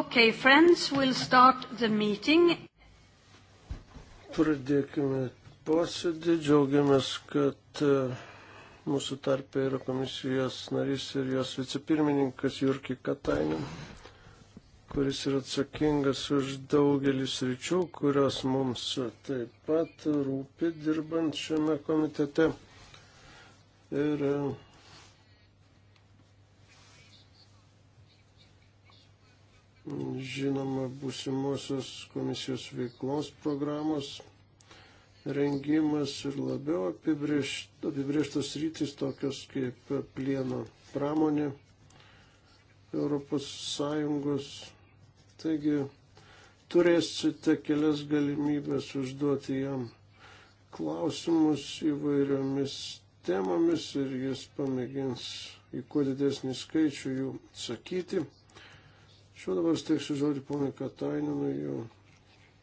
Okay, friends, we'll start the meeting. Pradėkime posėdį. Džiaugiamės, kad e, mūsų tarpe yra komisijos narys ir jos vicepirmininkas Jurki Katainin, kuris yra atsakingas už daugelį sričių, kurios mums taip pat rūpi dirbant šiame komitete. Ir e, žinoma, būsimosios komisijos veiklos programos rengimas ir labiau apibrieštos rytis tokios kaip plieno pramonė Europos Sąjungos. Taigi turėsite kelias galimybės užduoti jam klausimus įvairiomis temomis ir jis pamėgins į kuo didesnį skaičių jų atsakyti. Šiuo dabar steiksiu žodį ponui Katainenui jo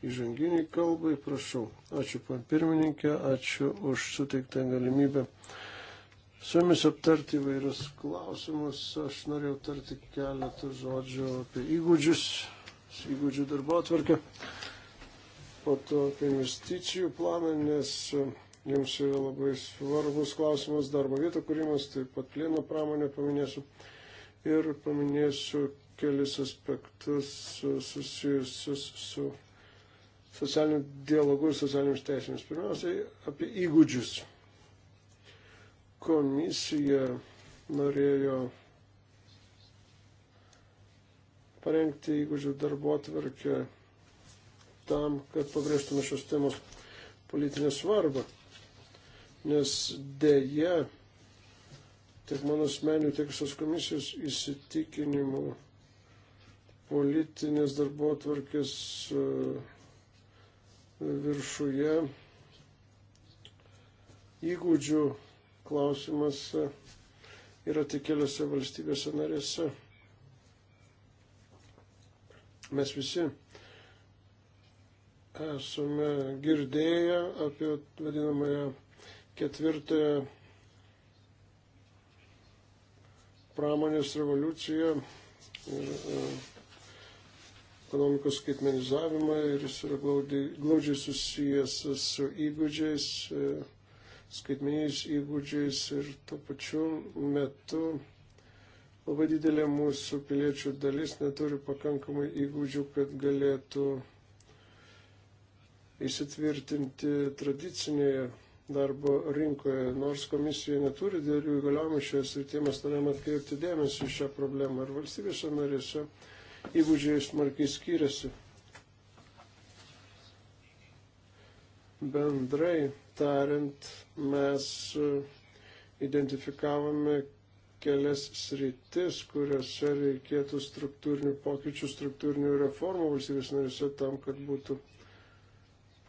įžanginiai kalbai. Prašau. Ačiū pan pirmininkė, ačiū už suteiktą galimybę su jumis aptarti įvairius klausimus. Aš norėjau tarti keletą žodžių apie įgūdžius, įgūdžių darbo atvarkę, po to apie investicijų planą, nes jums yra labai svarbus klausimas darbo vietų kūrimas, taip pat plieno pramonė paminėsiu ir paminėsiu kelis aspektus susijusius su socialiniu dialogu ir socialinėmis teisėmis. Pirmiausiai apie įgūdžius. Komisija norėjo parengti įgūdžių darbo atvarkę tam, kad pabrėžtume šios temos politinę svarbą. Nes dėje tiek mano asmenių, tiek visos komisijos įsitikinimu politinės darbo atvarkės e, viršuje įgūdžių klausimas e, yra tik keliose valstybėse narėse. Mes visi esame girdėję apie vadinamąją ketvirtąją pramonės revoliuciją ir e, ekonomikos skaitmenizavimą ir jis yra glaudžiai susijęs su įgūdžiais, e, skaitmeniais įgūdžiais ir tuo pačiu metu labai didelė mūsų piliečių dalis neturi pakankamai įgūdžių, kad galėtų įsitvirtinti tradicinėje darbo rinkoje. Nors komisija neturi dėlių įgaliojimų šioje srityje, mes norėjome atkreipti dėmesį į šią problemą ir valstybėse narėse įgūdžiai smarkiai skiriasi. Bendrai tariant, mes e, identifikavome kelias sritis, kuriuose reikėtų struktūrinių pokyčių, struktūrinių reformų valstybės narėse tam, kad būtų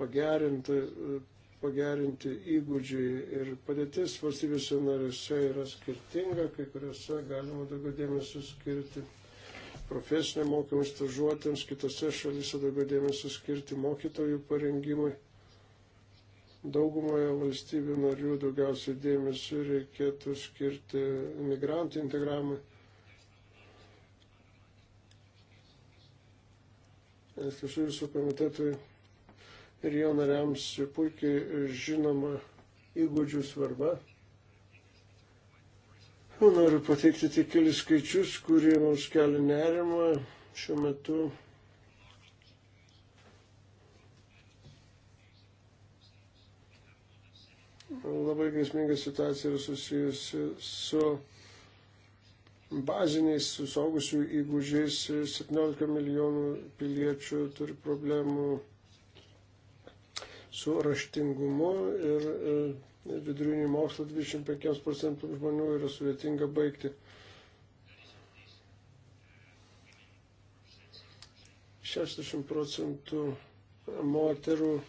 pagerinti, e, pagerinti įgūdžiai ir padėtis valstybėse narėse yra skirtinga, kai kuriuose galima daugiau dėmesio skirti profesinė mokymai stažuotėms, kitose šalyse daugiau dėmesio skirti mokytojų parengimui. Daugumoje valstybių narių daugiausiai dėmesio reikėtų skirti migrantų integramui. Esu jūsų komitetui ir jo nariams puikiai žinoma įgūdžių svarba. Nu, noriu pateikti tik kelis skaičius, kurie mums kelia nerimą šiuo metu. Labai grėsminga situacija yra susijusi su baziniais suaugusių įgūdžiais 17 milijonų piliečių turi problemų su raštingumu ir e, vidurinį mokslą 25 procentų žmonių yra sudėtinga baigti. Šešdešimt procentų moterų e,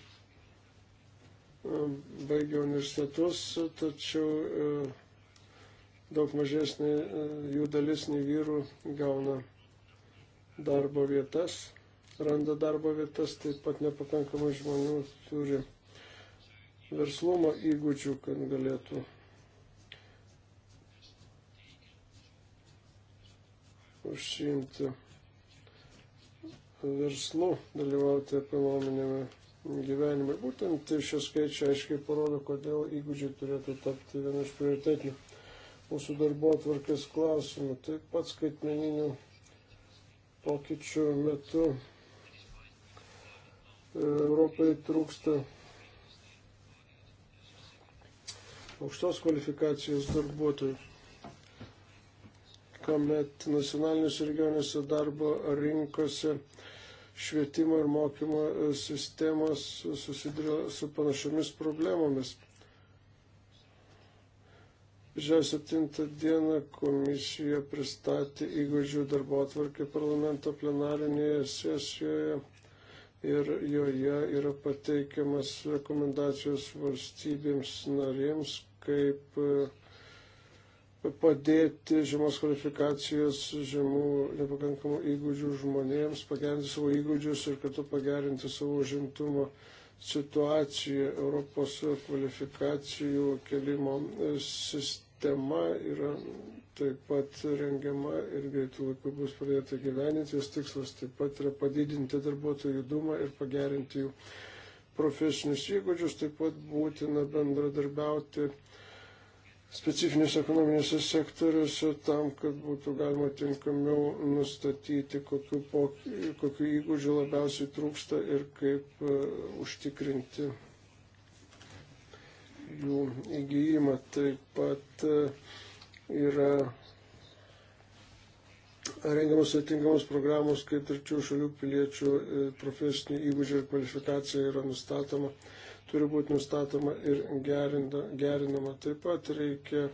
baigia universitetus, tačiau e, daug mažesnė e, jų dalis nei vyrų gauna darbo vietas, randa darbo vietas, taip pat nepakankamai žmonių turi verslumo įgūdžių, kad galėtų užsiimti verslu, dalyvauti ekonominėme gyvenime. Būtent šie skaičiai aiškiai parodo, kodėl įgūdžiai turėtų tapti vienu iš prioritetinių mūsų darbo atvarkės klausimų. Taip pat skaitmeninių pokyčių metu e, Europai trūksta aukštos kvalifikacijos darbuotojų, kuomet nacionalinėse regionėse darbo rinkose švietimo ir mokymo sistemos susiduria su panašiomis problemomis. Žiaus 7 dieną komisija pristatė įgūdžių darbo atvarkį parlamento plenarinėje sesijoje ir joje yra pateikiamas rekomendacijos valstybėms narėms, kaip e, padėti žemos kvalifikacijos, žemų nepakankamų įgūdžių žmonėms, pagerinti savo įgūdžius ir kartu pagerinti savo žimtumo situaciją. Europos kvalifikacijų kelimo sistema yra taip pat rengiama ir greitų laikų bus pradėta gyveninti. Jos tikslas taip pat yra padidinti darbuotojų judumą ir pagerinti jų profesinius įgūdžius, taip pat būtina bendradarbiauti specifinius ekonominėse sektoriuose tam, kad būtų galima tinkamiau nustatyti, kokiu, po, kokiu įgūdžiu labiausiai trūksta ir kaip uh, užtikrinti jų įgyjimą. Taip pat uh, yra rengiamus atitinkamus programus, kaip trečių šalių piliečių e, profesinių įgūdžių ir kvalifikacija yra nustatoma, turi būti nustatoma ir gerinda, gerinama. Taip pat reikia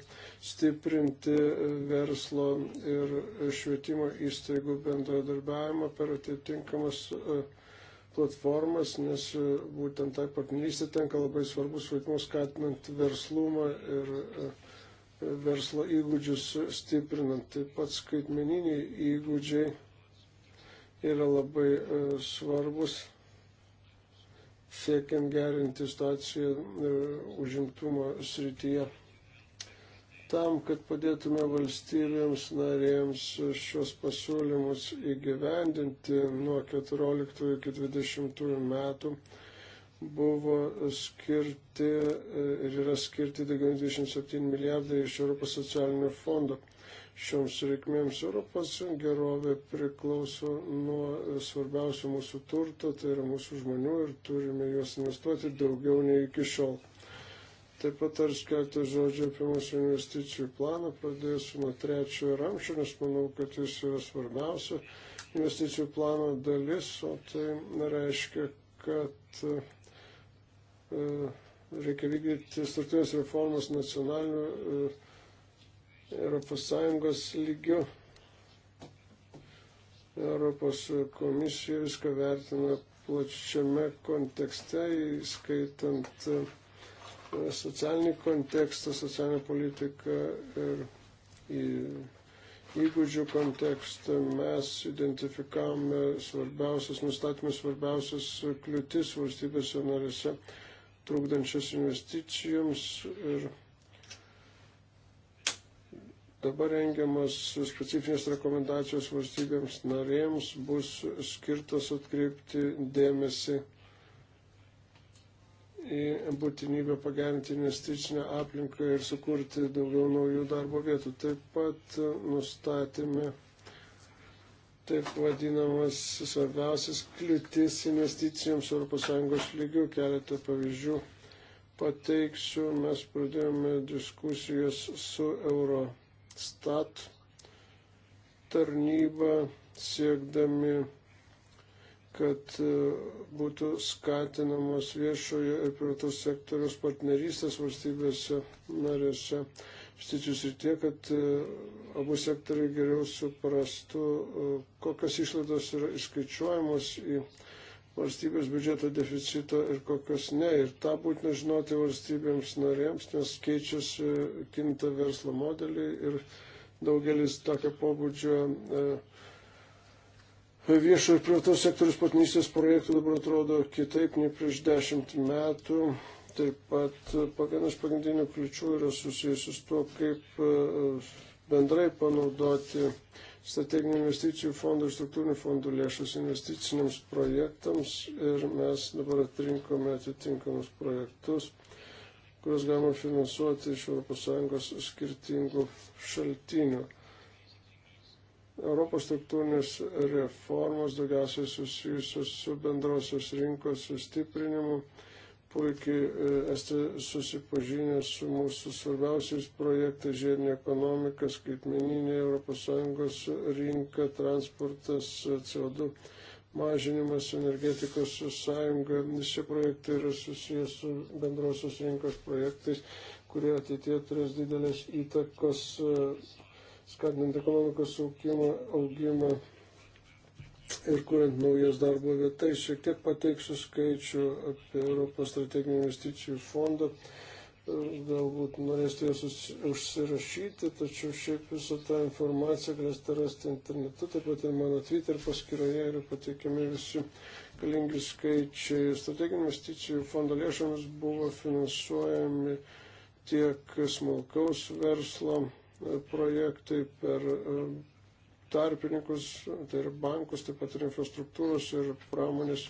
stiprinti e, verslo ir švietimo įstaigų bendradarbiavimą per atitinkamas e, platformas, nes būtent tai partnerystė tenka labai svarbus vaidmuo skatinant verslumą ir uh, verslo įgūdžius stiprinant. Taip pat skaitmeniniai įgūdžiai yra labai e, svarbus siekiant gerinti situaciją e, užimtumo srityje. Tam, kad padėtume valstybėms narėms šios pasiūlymus įgyvendinti nuo 14 iki 20 metų, buvo skirti e, ir yra skirti daugiau 27 milijardai iš Europos socialinio fondo. Šioms reikmėms Europos gerovė priklauso nuo svarbiausių mūsų turto, tai yra mūsų žmonių ir turime juos investuoti daugiau nei iki šiol. Taip pat ar skelbti žodžią apie mūsų investicijų planą, pradėsiu nuo trečiojo ramščio, nes manau, kad jis yra svarbiausia investicijų plano dalis, o tai reiškia, kad E, reikia vykdyti struktūros reformas nacionaliniu e, Europos Sąjungos lygiu. Europos komisija viską vertina plačiame kontekste, įskaitant e, socialinį kontekstą, socialinę politiką ir įgūdžių kontekstą. Mes identifikavome svarbiausias, nustatėme svarbiausias kliūtis valstybėse narėse trukdančias investicijoms ir dabar rengiamas specifinės rekomendacijos valstybėms narėms bus skirtas atkreipti dėmesį į būtinybę pagerinti investicinę aplinką ir sukurti daugiau naujų darbo vietų. Taip pat nustatėme taip vadinamas svarbiausias kliūtis investicijoms ES lygių. Keletą pavyzdžių pateiksiu. Mes pradėjome diskusijas su Eurostat tarnyba siekdami kad e, būtų skatinamos viešojo ir privatus sektoriaus partnerystės valstybėse narėse stičius ir tie, kad e, abu sektoriai geriau suprastų, e, kokios išlaidos yra išskaičiuojamos į valstybės biudžeto deficito ir kokios ne. Ir tą būtina žinoti valstybėms norėms, nes keičiasi, kinta verslo modeliai ir daugelis tokio pobūdžio e, viešo ir privataus sektoriaus partnerystės projektų dabar atrodo kitaip nei prieš dešimt metų. Taip pat e, viena iš pagrindinių kliučių yra susijusi su tuo, kaip e, bendrai panaudoti strateginių investicijų fondų ir struktūrinių fondų lėšas investiciniams projektams ir mes dabar atrinkome atitinkamus projektus, kuriuos galima finansuoti iš ES skirtingų šaltinių. Europos struktūrinės reformos daugiausiai susijusios su bendrosios rinkos sustiprinimu puikiai e, esate susipažinę su mūsų svarbiausiais projektais - žiedinė ekonomika, skaitmeninė ES rinka, transportas, CO2 mažinimas, energetikos sąjunga. Visi projektai yra susijęs su bendrosios rinkos projektais, kurie ateitie turės didelės įtakos e, skatinant ekonomikos augimą, augimą ir kuriant naujas darbo vietas. Šiek tiek pateiksiu skaičių apie Europos strateginių investicijų fondą. Galbūt norėsite jas užsirašyti, tačiau šiaip visą tą informaciją galėsite rasti internetu, taip pat ir mano Twitter paskyroje yra pateikiami visi galingi skaičiai. Strateginių investicijų fondo lėšomis buvo finansuojami tiek smulkaus verslo projektai per tarpininkus, tai ir bankus, taip pat ir infrastruktūros ir pramonės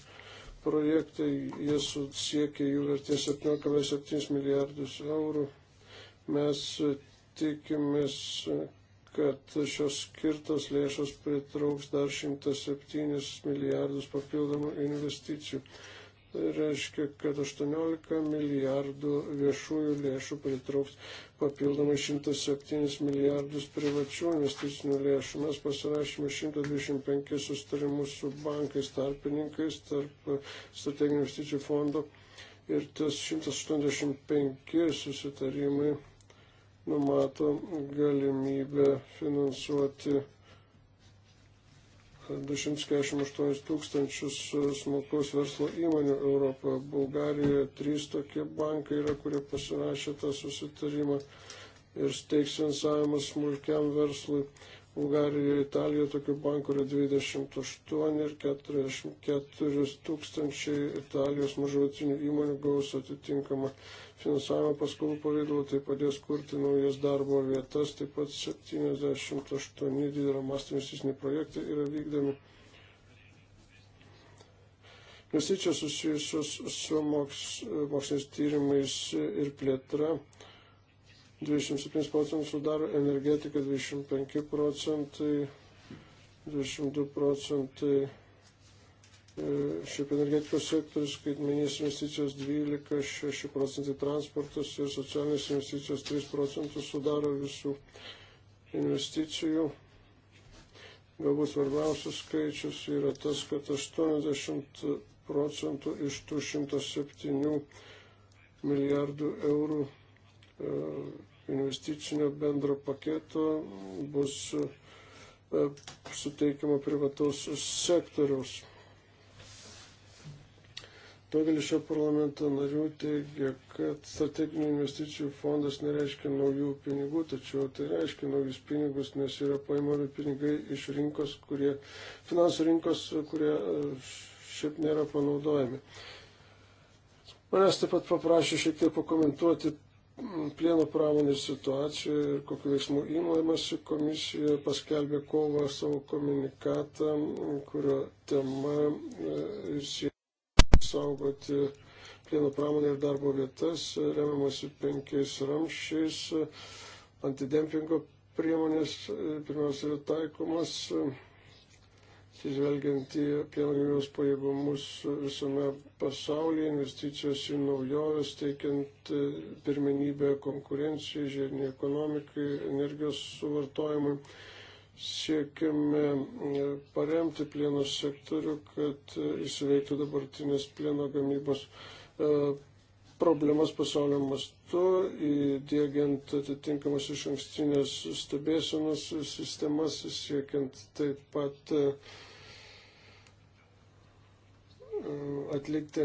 projektai, jie siekia jų vertės 17,7 milijardus eurų. Mes tikimės, kad šios skirtos lėšos pritrauks dar 107 milijardus papildomų investicijų. Tai reiškia, kad 18 milijardų viešųjų lėšų pritrauks papildomai 107 milijardus privačių investicinių lėšų. Mes pasirašėme 125 sustarimus su bankais, tarpininkais, tarp strateginių investicijų fondo ir tas 185 susitarimai numato galimybę finansuoti 248 tūkstančius e, smulkaus verslo įmonių Europoje. Bulgarijoje trys tokie bankai yra, kurie pasirašė tą susitarimą ir steiks finansavimą smulkiam verslui. Bulgarijoje, Italijoje tokių bankų yra 28 ir 44 tūkstančiai Italijos mažuotinių įmonių gaus atitinkamą finansavimo paskolų pavydalu, tai padės kurti naujas darbo vietas, taip pat 78 didelio masto investiciniai projektai yra vykdomi. Investicijos susijusios su moks, moksliniais tyrimais ir plėtra 27 procentus sudaro energetika, 25 procentai, 22 procentai e, šiaip energetikos sektorius, skaitmeninės investicijos 12, 6 procentai transportas ir socialinės investicijos 3 procentus sudaro visų investicijų. Galbūt svarbiausias skaičius yra tas, kad 80 procentų iš tų 107 milijardų eurų e, investicinio bendro paketo bus e, suteikiama privataus sektoriaus Daugelis šio parlamento narių teigia, kad strateginių investicijų fondas nereiškia naujų pinigų, tačiau tai reiškia naujus pinigus, nes yra paimami pinigai iš rinkos, kurie, finansų rinkos, kurie e, šiaip nėra panaudojami. Manęs taip pat paprašė šiek tiek pakomentuoti plieno pramonės situaciją ir kokiu veiksmu įmojamasi komisija paskelbė kovą savo komunikatą, kurio tema e, ir siekia apsaugoti plieno pramonę ir darbo vietas, remiamasi penkiais ramščiais, antidempingo priemonės pirmiausia yra taikomas, atsižvelgiant į plieno gamybos pajėgumus visame pasaulyje, investicijos į naujoves, teikiant e, pirmenybę konkurencijai, žiedinė ekonomikai, energijos suvartojimui siekiame e, paremti plieno sektorių, kad e, įsiveiktų dabartinės plieno gamybos e, problemas pasaulio mastu, įdėgiant atitinkamas iš ankstinės stebėsenos sistemas, siekiant taip pat uh, atlikti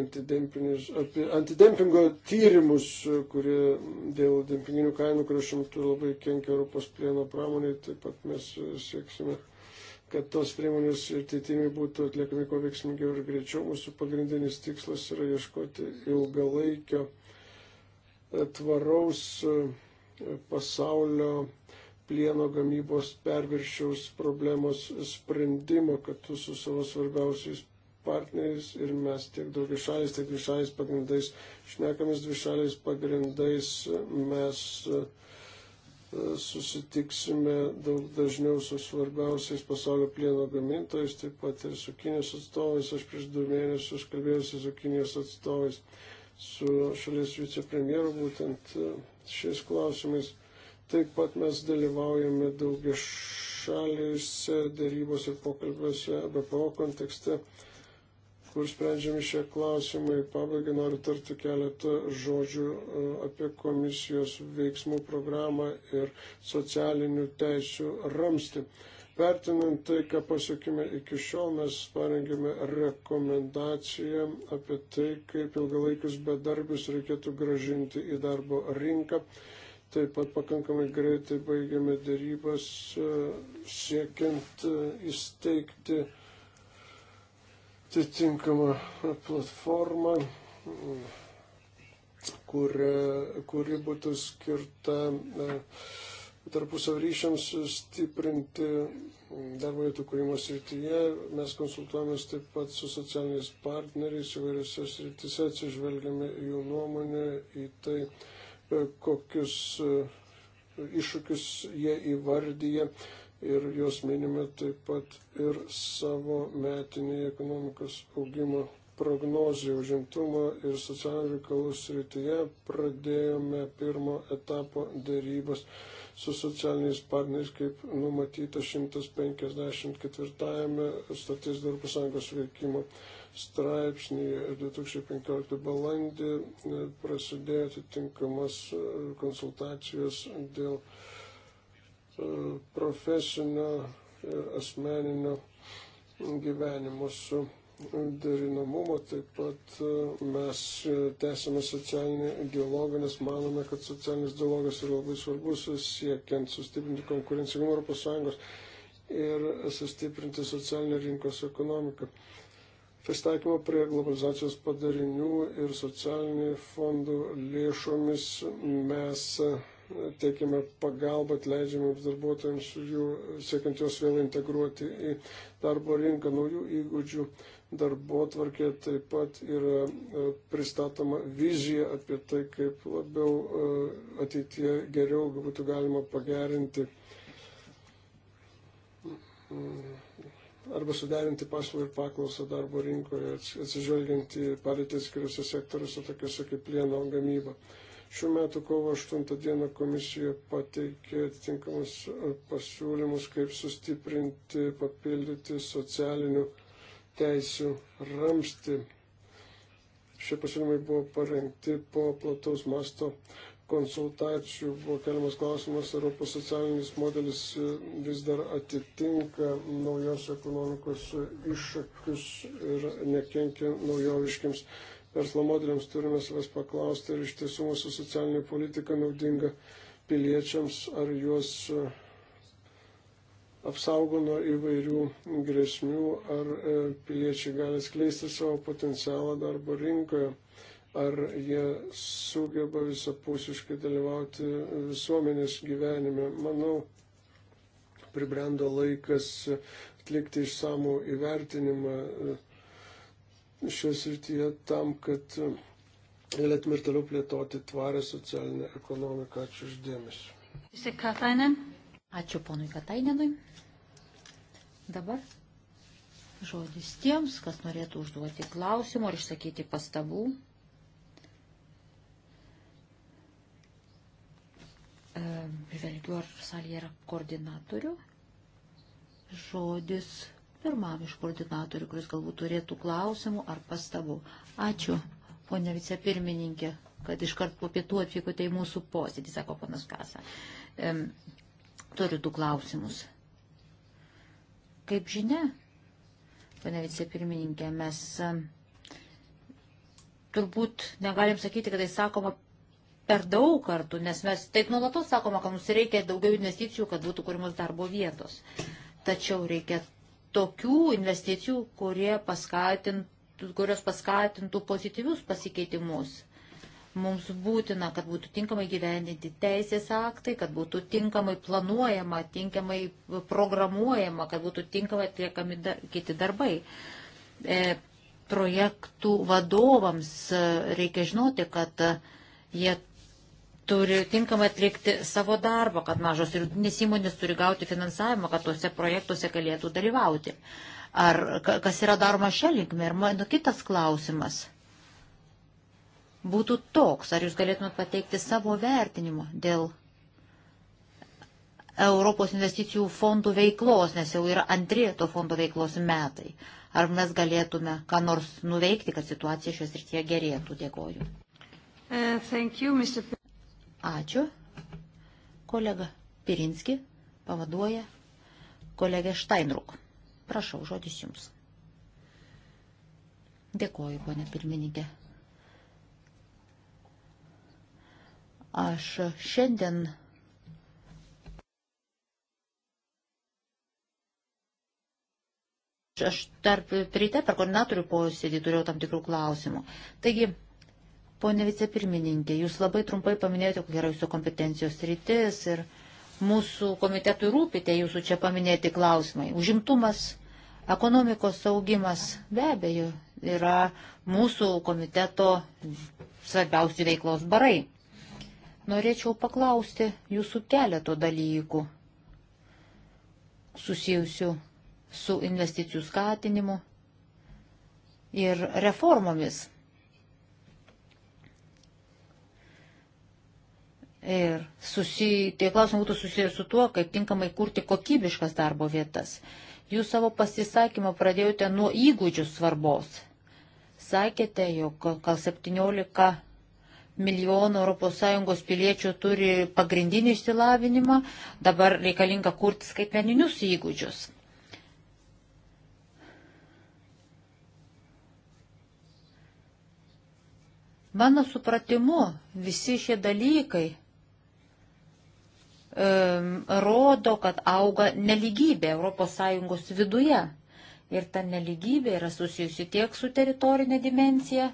antidempingo tyrimus, kurie dėl dempinginių kainų, kurie šimtų labai kenkia Europos plieno pramoniai, taip pat mes sieksime, kad tos priemonės ir teitimai būtų atliekami kuo veiksmingiau ir greičiau. Mūsų pagrindinis tikslas yra ieškoti ilgalaikio tvaraus pasaulio plieno gamybos perviršiaus problemos sprendimo, kad tu su savo svarbiausiais partneriais ir mes tiek daugišaliais, tiek dvišaliais pagrindais, šnekamės dvišaliais pagrindais, mes e, susitiksime daug dažniau su svarbiausiais pasaulio plieno gamintojais, taip pat ir su Kinijos atstovais. Aš prieš du mėnesius kalbėjausi su Kinijos atstovais, su šalies vicepremjeru būtent e, šiais klausimais. Taip pat mes dalyvaujame daugiaš šalis dėrybos ir pokalbiuose BPO kontekste kur sprendžiami šie klausimai. Pabaigai noriu tarti keletą žodžių e, apie komisijos veiksmų programą ir socialinių teisių ramstį. Vertinant tai, ką pasiekime iki šiol, mes parengėme rekomendaciją apie tai, kaip ilgalaikius bedarbius reikėtų gražinti į darbo rinką. Taip pat pakankamai greitai baigėme dėrybas e, siekiant e, įsteigti uh, atitinkamą platformą, kuri, kuri būtų skirta e, tarpusio ryšiams stiprinti darbo vietų kūrimo srityje. Mes konsultuojamės taip pat su socialiniais partneriais įvairiose srityse, atsižvelgiame jų nuomonę į tai, e, kokius e, iššūkius jie įvardyje ir juos minime taip pat ir savo metinėje ekonomikos augimo prognozijų užimtumo ir socialinių reikalų srityje pradėjome pirmo etapo darybas su socialiniais partneriais, kaip numatyta 154-ame statys darbų sąjungos veikimo straipsnėje 2015 balandį prasidėjo atitinkamas konsultacijos dėl E, profesinio ir asmeninio gyvenimo su derinamumo. Taip pat e, mes tęsime socialinį dialogą, nes manome, kad socialinis dialogas yra labai svarbus siekiant sustiprinti konkurencingumą ES ir sustiprinti socialinę rinkos ekonomiką. Pristaikymo prie globalizacijos padarinių ir socialinių fondų lėšomis mes teikiame pagalbą atleidžiamiems darbuotojams, jų, siekiant juos vėl integruoti į darbo rinką, naujų įgūdžių darbo tvarkė taip pat yra e, pristatoma vizija apie tai, kaip labiau e, ateitie geriau būtų galima pagerinti mm, arba suderinti pasiūlą ir paklausą darbo rinkoje, atsižvelgiant į padėtis skiriuose sektoriuose, tokiuose kaip plieno gamyba. Šiuo metu kovo 8 dieną komisija pateikė atitinkamus e, pasiūlymus, kaip sustiprinti, papildyti socialinių teisių ramsti. Šie pasiūlymai buvo parengti po plataus masto konsultacijų buvo keliamas klausimas, ar Europos socialinis modelis e, vis dar atitinka naujos ekonomikos iššūkius ir nekenkia naujoviškiams verslo modeliams turime savęs paklausti, ar iš tiesų mūsų socialinė politika naudinga piliečiams, ar juos e, apsaugo nuo įvairių grėsmių, ar e, piliečiai gali skleisti savo potencialą darbo rinkoje, ar jie sugeba visapusiškai dalyvauti visuomenės gyvenime. Manau, pribrendo laikas atlikti išsamų įvertinimą šioje srityje tam, kad e, galėtume ir toliau plėtoti tvarę socialinę ekonomiką. Ačiū uždėmesi. Ačiū ponui Katainenui. Dabar žodis tiems, kas norėtų užduoti klausimų ar išsakyti pastabų. E, žvelgiu, ar salėje yra koordinatorių. Žodis pirmam iš koordinatorių, kuris galbūt turėtų klausimų ar pastabų. Ačiū, ponė vicepirmininkė, kad iškart po pietų atvykote į mūsų posėdį, sako ponas Kasa. Ehm, turiu du klausimus. Kaip žinia, ponė vicepirmininkė, mes turbūt negalim sakyti, kad tai sakoma per daug kartų, nes mes taip nuolatos sakoma, kad mums reikia daugiau investicijų, kad būtų kūrimos darbo vietos. Tačiau reikia tokių investicijų, paskatintų, kurios paskatintų pozityvius pasikeitimus. Mums būtina, kad būtų tinkamai gyveninti teisės aktai, kad būtų tinkamai planuojama, tinkamai programuojama, kad būtų tinkamai atliekami dar, kiti darbai. E, projektų vadovams e, reikia žinoti, kad e, jie turi tinkamai atlikti savo darbą, kad mažos ir vidutinės įmonės turi gauti finansavimą, kad tuose projektuose galėtų dalyvauti. Ar kas yra daroma šią linkmę? Ir mano kitas klausimas būtų toks, ar jūs galėtumėt pateikti savo vertinimą dėl Europos investicijų fondų veiklos, nes jau yra antrie to fondo veiklos metai. Ar mes galėtume ką nors nuveikti, kad situacija šios rytyje gerėtų? Dėkoju. Uh, thank you, Mr. P Ačiū. Kolega Pirinski pavaduoja kolegę Štainruk. Prašau, žodis jums. Dėkoju, ponė pirmininkė. Aš šiandien aš tarp ryte per koordinatorių posėdį turėjau tam tikrų klausimų. Taigi, Pone vicepirmininkė, jūs labai trumpai paminėjote, kokia yra jūsų kompetencijos rytis ir mūsų komitetui rūpite jūsų čia paminėti klausimai. Užimtumas, ekonomikos saugimas be abejo yra mūsų komiteto svarbiausi veiklos barai. Norėčiau paklausti jūsų keleto dalykų susijusių su investicijų skatinimu ir reformomis Ir susi, tie klausimai būtų susijęs su tuo, kaip tinkamai kurti kokybiškas darbo vietas. Jūs savo pasisakymą pradėjote nuo įgūdžių svarbos. Sakėte, jog gal 17 milijonų ES piliečių turi pagrindinį išsilavinimą, dabar reikalinga kurti skaitmeninius įgūdžius. Mano supratimu, visi šie dalykai rodo, kad auga neligybė ES viduje. Ir ta neligybė yra susijusi tiek su teritorinė dimencija,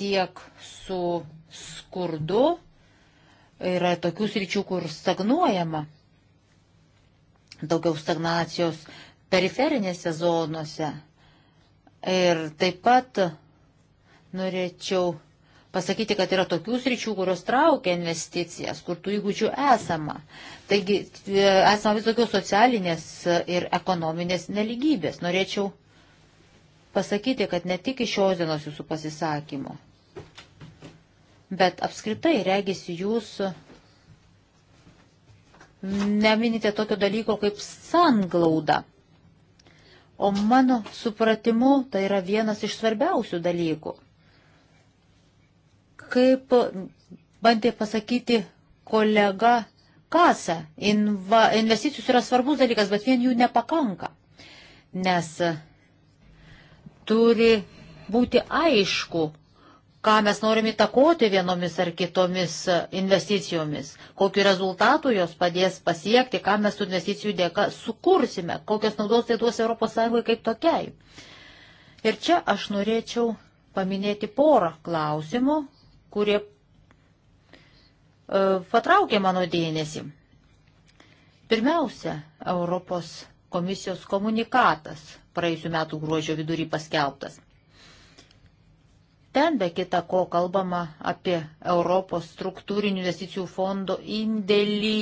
tiek su skurdu. Yra tokių sričių, kur stagnuojama. Daugiau stagnacijos periferinėse zonuose. Ir taip pat norėčiau pasakyti, kad yra tokių sričių, kurios traukia investicijas, kur tų įgūdžių esama. Taigi e, esama vis daugiau socialinės ir ekonominės neligybės. Norėčiau pasakyti, kad ne tik iš šios dienos jūsų pasisakymo, bet apskritai regis jūs neminite tokio dalyko kaip sanglauda. O mano supratimu, tai yra vienas iš svarbiausių dalykų kaip bandė pasakyti kolega Kasa, inva, investicijos yra svarbus dalykas, bet vien jų nepakanka, nes turi būti aišku, ką mes norime įtakoti vienomis ar kitomis investicijomis, kokiu rezultatu jos padės pasiekti, ką mes tų investicijų dėka sukursime, kokios naudos tai duos ES kaip tokiai. Ir čia aš norėčiau paminėti porą klausimų, kurie e, patraukė mano dėmesį. Pirmiausia, Europos komisijos komunikatas praėjusiu metu gruodžio vidury paskelbtas. Ten be kita ko kalbama apie Europos struktūrinių investicijų fondo indėlį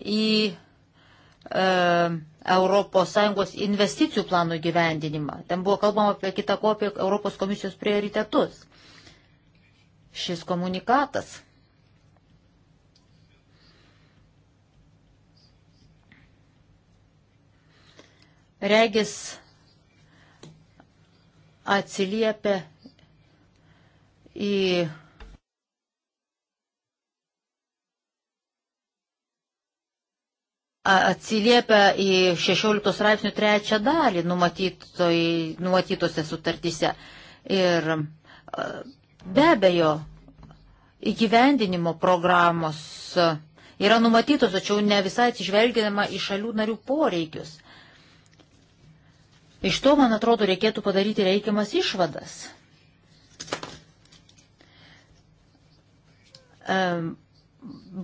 į e, ES investicijų planų gyvendinimą. Ten buvo kalbama apie kitą ko apie Europos komisijos prioritetus. E, šis komunikatas. Regis atsiliepia į atsiliepia į 16 straipsnių trečią dalį numatytose sutartyse. Ir Be abejo, įgyvendinimo programos e, yra numatytos, tačiau ne visai atsižvelginama į šalių narių poreikius. Iš to, man atrodo, reikėtų padaryti reikiamas išvadas. E,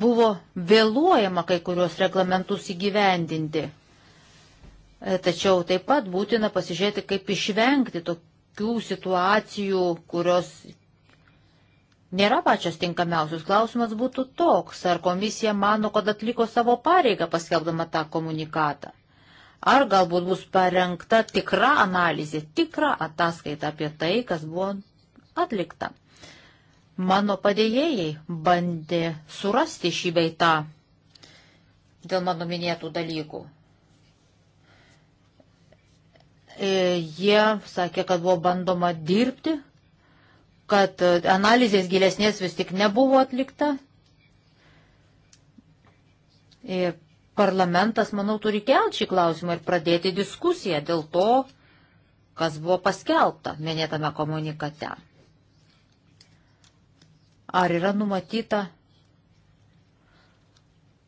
buvo vėluojama kai kurios reglamentus įgyvendinti. E, tačiau taip pat būtina pasižiūrėti, kaip išvengti tokių situacijų, kurios nėra pačios tinkamiausios. Klausimas būtų toks, ar komisija mano, kad atliko savo pareigą paskelbdama tą komunikatą. Ar galbūt bus parengta tikra analizė, tikra ataskaita apie tai, kas buvo atlikta. Mano padėjėjai bandė surasti šį beitą dėl mano minėtų dalykų. E, jie sakė, kad buvo bandoma dirbti kad e, analizės gilesnės vis tik nebuvo atlikta. Ir e, parlamentas, manau, turi kelti šį klausimą ir pradėti diskusiją dėl to, kas buvo paskelbta minėtame komunikate. Ar yra numatyta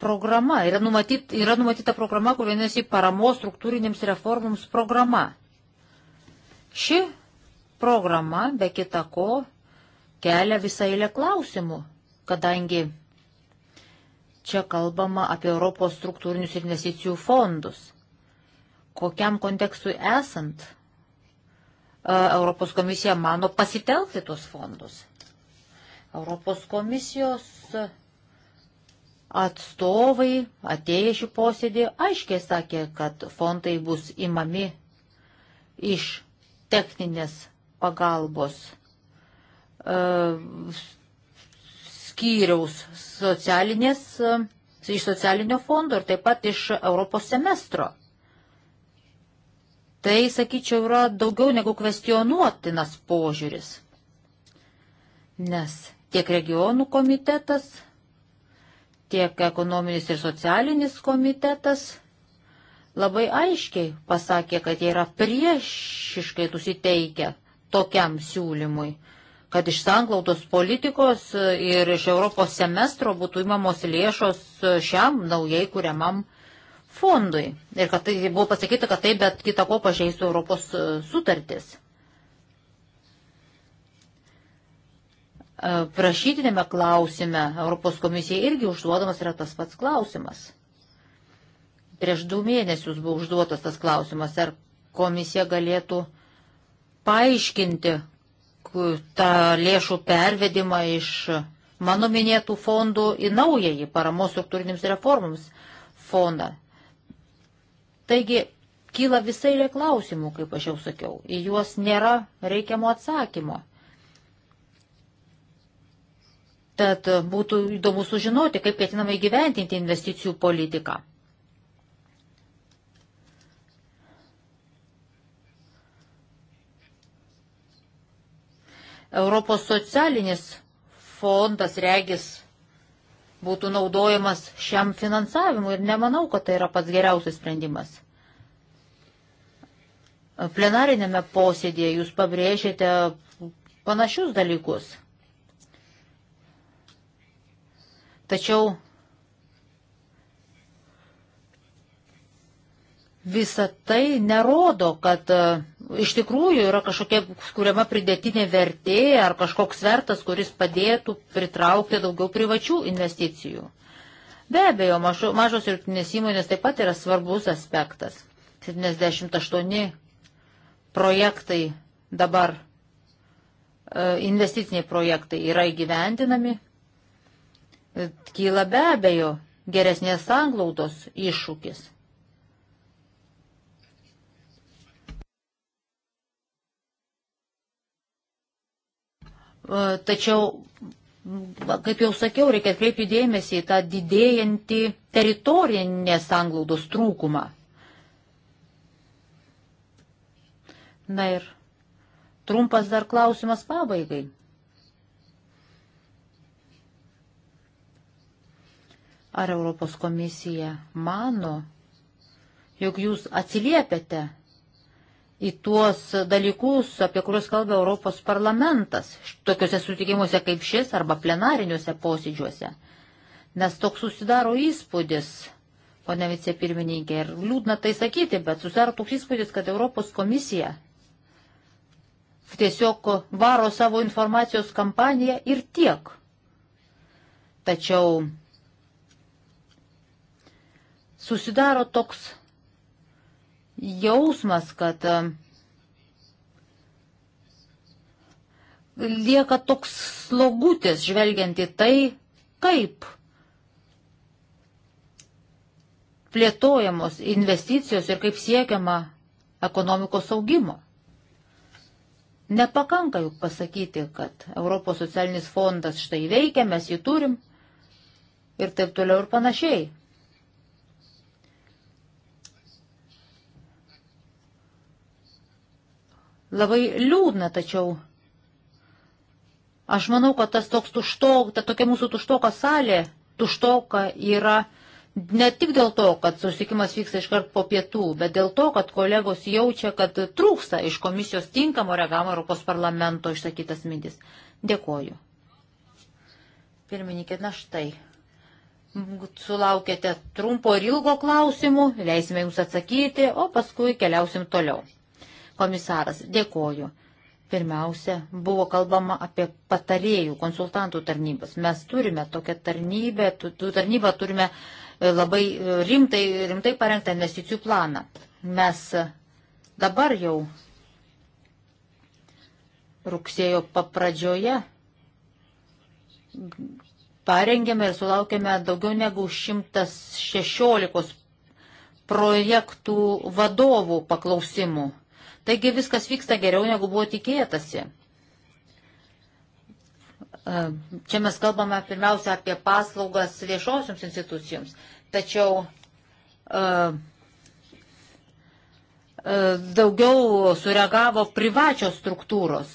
programa, yra, numatyt, yra numatyta programa, kur vienasi paramos struktūrinėms reformoms programa. Ši programa, be kita ko, kelia visą eilę klausimų, kadangi čia kalbama apie Europos struktūrinius ir investicijų fondus. Kokiam kontekstui esant, e, Europos komisija mano pasitelkti tuos fondus. Europos komisijos atstovai atėję šį posėdį aiškiai sakė, kad fondai bus imami iš techninės pagalbos e, skyriaus socialinės, e, iš socialinio fondo ir taip pat iš Europos semestro. Tai, sakyčiau, yra daugiau negu kvestionuotinas požiūris, nes tiek regionų komitetas, tiek ekonominis ir socialinis komitetas labai aiškiai pasakė, kad jie yra priešiškai nusiteikę tokiam siūlymui, kad iš sanglautos politikos ir iš Europos semestro būtų įmamos lėšos šiam naujai kuriamam fondui. Ir kad tai buvo pasakyta, kad tai bet kita ko pažeistų Europos sutartis. Prašytinėme klausime Europos komisijai irgi užduodamas yra tas pats klausimas. Prieš du mėnesius buvo užduotas tas klausimas, ar komisija galėtų paaiškinti tą lėšų pervedimą iš mano minėtų fondų į naująjį paramos struktūrinėms reformams fondą. Taigi, kyla visai yra klausimų, kaip aš jau sakiau, į juos nėra reikiamo atsakymo. Tad būtų įdomu sužinoti, kaip ketinama įgyventinti investicijų politiką. Europos socialinis fondas regis būtų naudojamas šiam finansavimui ir nemanau, kad tai yra pats geriausias sprendimas. Plenarinėme posėdėje jūs pabrėžėte panašius dalykus. Tačiau visa tai nerodo, kad e, iš tikrųjų yra kažkokia kuriama pridėtinė vertė ar kažkoks svertas, kuris padėtų pritraukti daugiau privačių investicijų. Be abejo, mažo, mažos ir vidutinės įmonės taip pat yra svarbus aspektas. 78 projektai dabar, e, investiciniai projektai yra įgyvendinami. Kyla be abejo geresnės sanglaudos iššūkis E, tačiau, kaip jau sakiau, reikia atkreipti dėmesį į tą didėjantį teritorinės sanglaudos trūkumą. Na ir trumpas dar klausimas pabaigai. Ar Europos komisija mano, jog jūs atsiliepiate į tuos dalykus, apie kuriuos kalba Europos parlamentas, tokiuose sutikimuose kaip šis arba plenariniuose posėdžiuose. Nes toks susidaro įspūdis, ponia vicepirmininkė, ir liūdna tai sakyti, bet susidaro toks įspūdis, kad Europos komisija tiesiog varo savo informacijos kampaniją ir tiek. Tačiau susidaro toks jausmas, kad e, lieka toks slogutis žvelgiant į tai, kaip plėtojamos investicijos ir kaip siekiama ekonomikos augimo. Nepakanka juk pasakyti, kad Europos socialinis fondas štai veikia, mes jį turim ir taip toliau ir panašiai. Labai liūdna, tačiau aš manau, kad tas toks tušto, ta tokia mūsų tuštoka salė, tuštoka yra ne tik dėl to, kad susitikimas vyksta iškart po pietų, bet dėl to, kad kolegos jaučia, kad trūksta iš komisijos tinkamo reagavimo Europos parlamento išsakytas mintis. Dėkoju. Pirmininkė, na štai. Sulaukėte trumpo ir ilgo klausimų, leisime jums atsakyti, o paskui keliausim toliau komisaras, dėkoju. Pirmiausia, buvo kalbama apie patarėjų, konsultantų tarnybas. Mes turime tokią tarnybę, tų tarnybą turime e, labai e, rimtai, rimtai parengtą investicijų planą. Mes e, dabar jau rugsėjo papradžioje parengėme ir sulaukėme daugiau negu 116 projektų vadovų paklausimų Taigi viskas vyksta geriau, negu buvo tikėtasi. E, čia mes kalbame pirmiausia apie paslaugas viešosioms institucijoms, tačiau e, e, daugiau sureagavo privačios struktūros,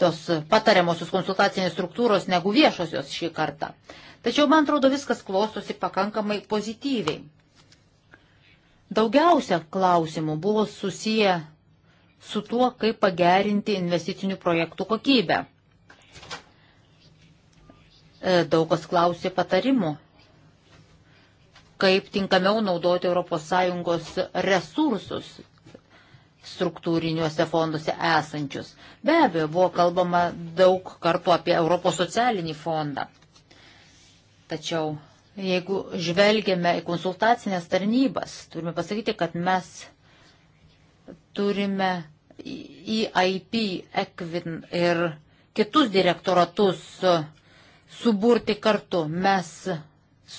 tos patariamosios konsultacinės struktūros negu viešosios šį kartą. Tačiau man atrodo viskas klostosi pakankamai pozityviai. Daugiausia klausimų buvo susiję su tuo, kaip pagerinti investicinių projektų kokybę. E, daug kas klausė patarimų, kaip tinkamiau naudoti ES resursus struktūriniuose fonduose esančius. Be abejo, buvo kalbama daug kartų apie Europos socialinį fondą. Tačiau Jeigu žvelgiame į konsultacinės tarnybas, turime pasakyti, kad mes turime EIP, Equin ir kitus direktoratus suburti kartu. Mes,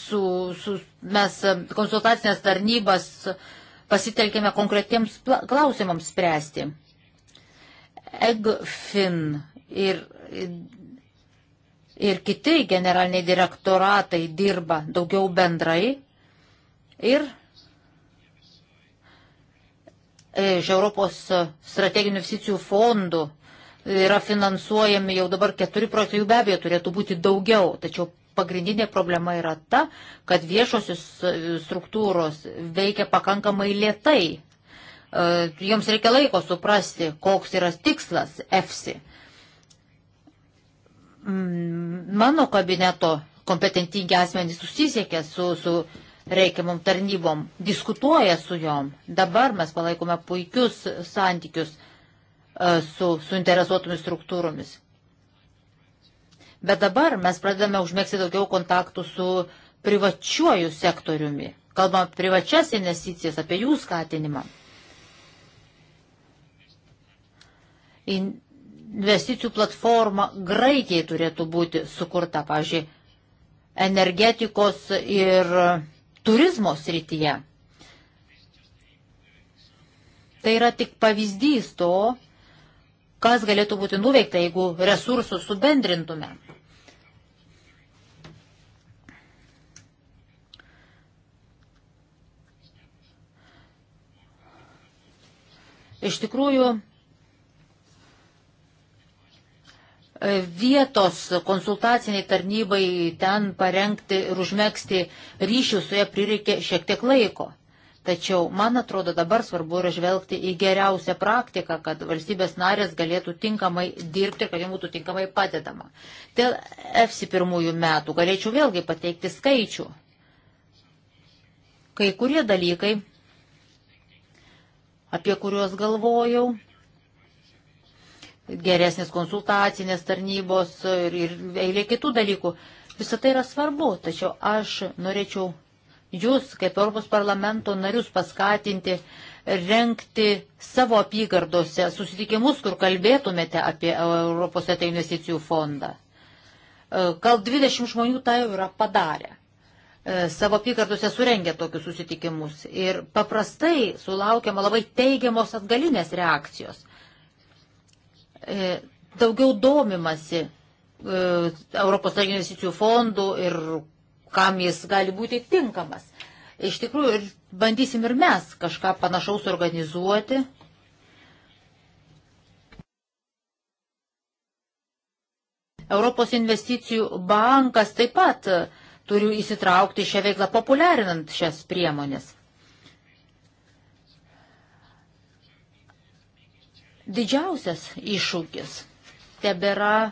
su, su, mes konsultacinės tarnybas pasitelkėme konkretiems klausimams spręsti. EGFIN ir ir kiti generaliniai direktoratai dirba daugiau bendrai ir e, iš Europos strateginių investicijų fondų yra finansuojami jau dabar keturi projektai, jų be abejo turėtų būti daugiau, tačiau pagrindinė problema yra ta, kad viešosios e, struktūros veikia pakankamai lietai. E, Joms reikia laiko suprasti, koks yra tikslas EFSI. Mm, mano kabineto kompetentingi asmenys susisiekia su, su reikiamom tarnybom, diskutuoja su jom. Dabar mes palaikome puikius santykius e, su suinteresuotomis struktūromis. Bet dabar mes pradedame užmėgsti daugiau kontaktų su privačiuoju sektoriumi. Kalbam apie privačias investicijas, apie jų skatinimą. In investicijų platforma Graikijai turėtų būti sukurta, pavyzdžiui, energetikos ir turizmo srityje. Tai yra tik pavyzdys to, kas galėtų būti nuveikta, jeigu resursus subendrintume. Iš tikrųjų, vietos konsultaciniai tarnybai ten parengti ir užmėgsti ryšių su ja prireikė šiek tiek laiko. Tačiau, man atrodo, dabar svarbu yra žvelgti į geriausią praktiką, kad valstybės narės galėtų tinkamai dirbti ir kad jiems būtų tinkamai padedama. Dėl EFSI pirmųjų metų galėčiau vėlgi pateikti skaičių. Kai kurie dalykai, apie kuriuos galvojau, geresnės konsultacinės tarnybos ir, ir eilė kitų dalykų. Visą tai yra svarbu, tačiau aš norėčiau jūs, kaip Europos parlamento narius, paskatinti renkti savo apygardose susitikimus, kur kalbėtumėte apie Europos ateitų investicijų fondą. E, gal 20 žmonių tai jau yra padarę. E, savo apygardose surengia tokius susitikimus ir paprastai sulaukiama labai teigiamos atgalinės reakcijos. E, daugiau domimasi e, Europos strateginių investicijų fondų ir kam jis gali būti tinkamas. Iš tikrųjų, bandysim ir mes kažką panašaus organizuoti. Europos investicijų bankas taip pat turi įsitraukti šią veiklą populiarinant šias priemonės. Didžiausias iššūkis tebėra e,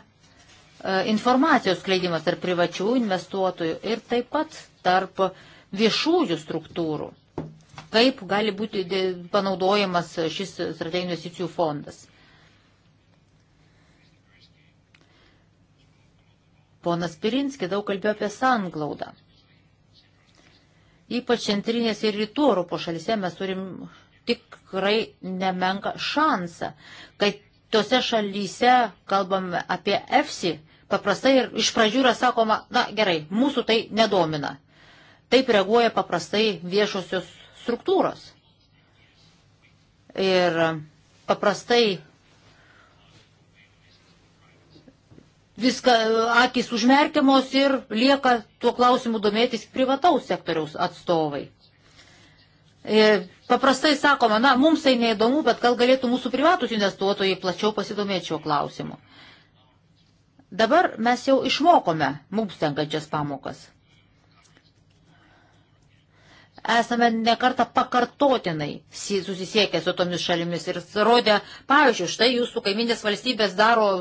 informacijos skleidimas tarp privačių investuotojų ir taip pat tarp viešųjų struktūrų. Kaip gali būti panaudojamas šis strateginių investicijų fondas? Ponas Pirinski daug kalbėjo apie sanglaudą. Ypač centrinės ir rytų Europos šalise mes turim tikrai nemenka šansą, kad tose šalyse kalbame apie EFSI, paprastai ir iš pradžių yra sakoma, na gerai, mūsų tai nedomina. Taip reaguoja paprastai viešosios struktūros. Ir paprastai viską akis užmerkiamos ir lieka tuo klausimu domėtis privataus sektoriaus atstovai. E, paprastai sakoma, na, mums tai neįdomu, bet gal galėtų mūsų privatus investuotojai plačiau pasidomėti šiuo klausimu. Dabar mes jau išmokome mums tenkančias pamokas. Esame nekartą pakartotinai susisiekę su tomis šalimis ir rodė, pavyzdžiui, štai jūsų kaiminės valstybės daro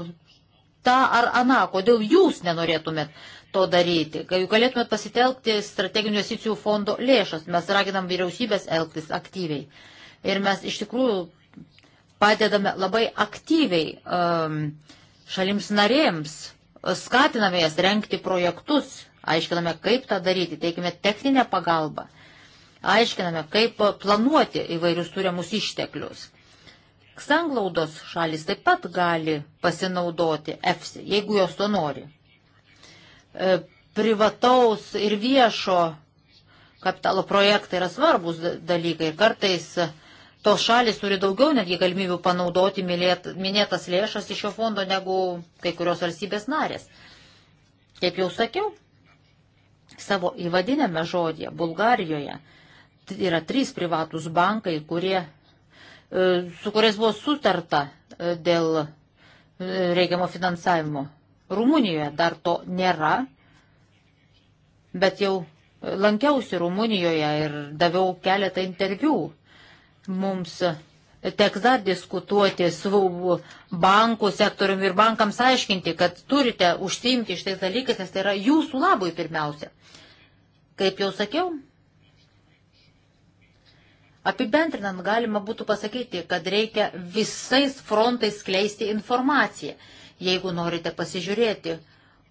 tą ar aną, kodėl jūs nenorėtumėt to daryti, kai galėtumėt pasitelkti strateginių investicijų fondo lėšas. Mes raginam vyriausybės elgtis aktyviai. Ir mes iš tikrųjų padedame labai aktyviai um, šalims narėms, skatiname jas renkti projektus, aiškiname, kaip tą daryti, teikime techninę pagalbą, aiškiname, kaip planuoti įvairius turiamus išteklius. Ksanglaudos šalis taip pat gali pasinaudoti EFSI, jeigu jos to nori. E, privataus ir viešo kapitalo projektai yra svarbus dalykai. Kartais tos šalis turi daugiau netgi galimybių panaudoti minėtas lėšas iš šio fondo negu kai kurios valstybės narės. Kaip jau sakiau, savo įvadinėme žodėje Bulgarijoje yra trys privatus bankai, kurie, e, su kuriais buvo sutarta e, dėl reikiamo finansavimo. Rumunijoje dar to nėra, bet jau lankiausi Rumunijoje ir daviau keletą interviu. Mums teks dar diskutuoti su bankų sektoriumi ir bankams aiškinti, kad turite užsiimti šitais dalykais, nes tai yra jūsų labui pirmiausia. Kaip jau sakiau, apibendrinant galima būtų pasakyti, kad reikia visais frontais skleisti informaciją. Jeigu norite pasižiūrėti,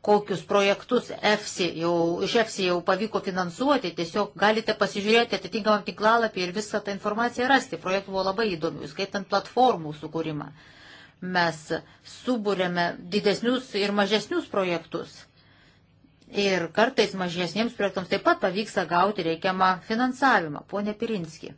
kokius projektus EFSI jau, iš EFSI jau pavyko finansuoti, tiesiog galite pasižiūrėti atitinkamam tinklalapį ir visą tą informaciją rasti. Projektų buvo labai įdomių, skaitant platformų sukūrimą. Mes subūrėme didesnius ir mažesnius projektus. Ir kartais mažesniems projektams taip pat pavyksta gauti reikiamą finansavimą. Pone Pirinski,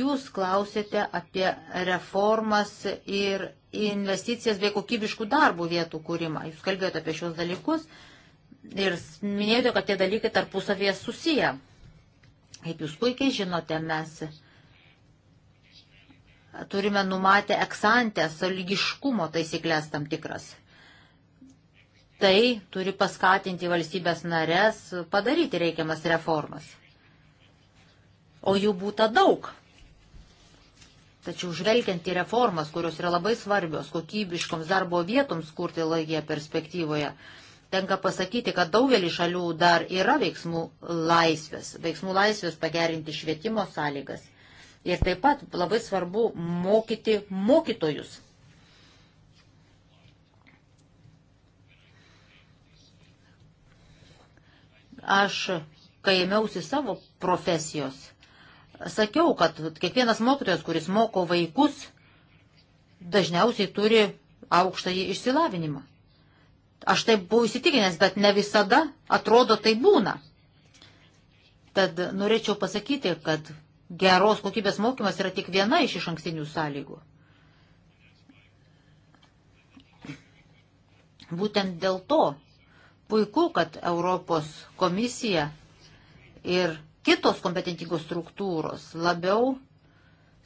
jūs klausėte apie reformas ir investicijas bei kokybiškų darbų vietų kūrimą. Jūs kalbėjote apie šios dalykus ir minėjote, kad tie dalykai tarpusavėje susiję. Kaip jūs puikiai žinote, mes turime numatę eksantę sąlygiškumo taisyklės tam tikras. Tai turi paskatinti valstybės narės padaryti reikiamas reformas. O jų būta daug Tačiau žvelgiant į reformas, kurios yra labai svarbios kokybiškoms darbo vietoms kurti laikėje perspektyvoje, tenka pasakyti, kad daugelį šalių dar yra veiksmų laisvės, veiksmų laisvės pagerinti švietimo sąlygas. Ir taip pat labai svarbu mokyti mokytojus. Aš, kai ėmiausi savo profesijos, sakiau, kad kiekvienas mokytojas, kuris moko vaikus, dažniausiai turi aukštąjį išsilavinimą. Aš taip buvau įsitikinęs, bet ne visada atrodo tai būna. Tad norėčiau pasakyti, kad geros kokybės mokymas yra tik viena iš iš ankstinių sąlygų. Būtent dėl to puiku, kad Europos komisija ir kitos kompetentingos struktūros labiau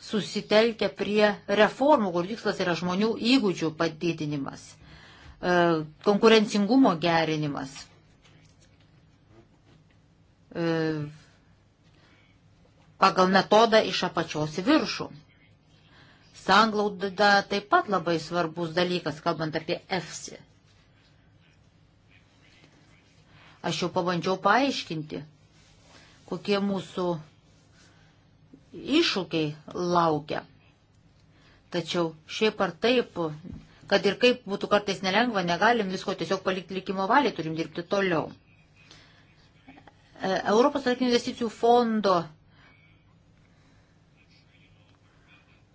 susitelkia prie reformų, kur tikslas yra žmonių įgūdžių padidinimas, e, konkurencingumo gerinimas, e, pagal metodą iš apačios į viršų. Sanglauda taip pat labai svarbus dalykas, kalbant apie EFSI. Aš jau pabandžiau paaiškinti, kokie mūsų iššūkiai laukia. Tačiau šiaip ar taip, kad ir kaip būtų kartais nelengva, negalim visko tiesiog palikti likimo valiai, turim dirbti toliau. E, Europos strateginių investicijų fondo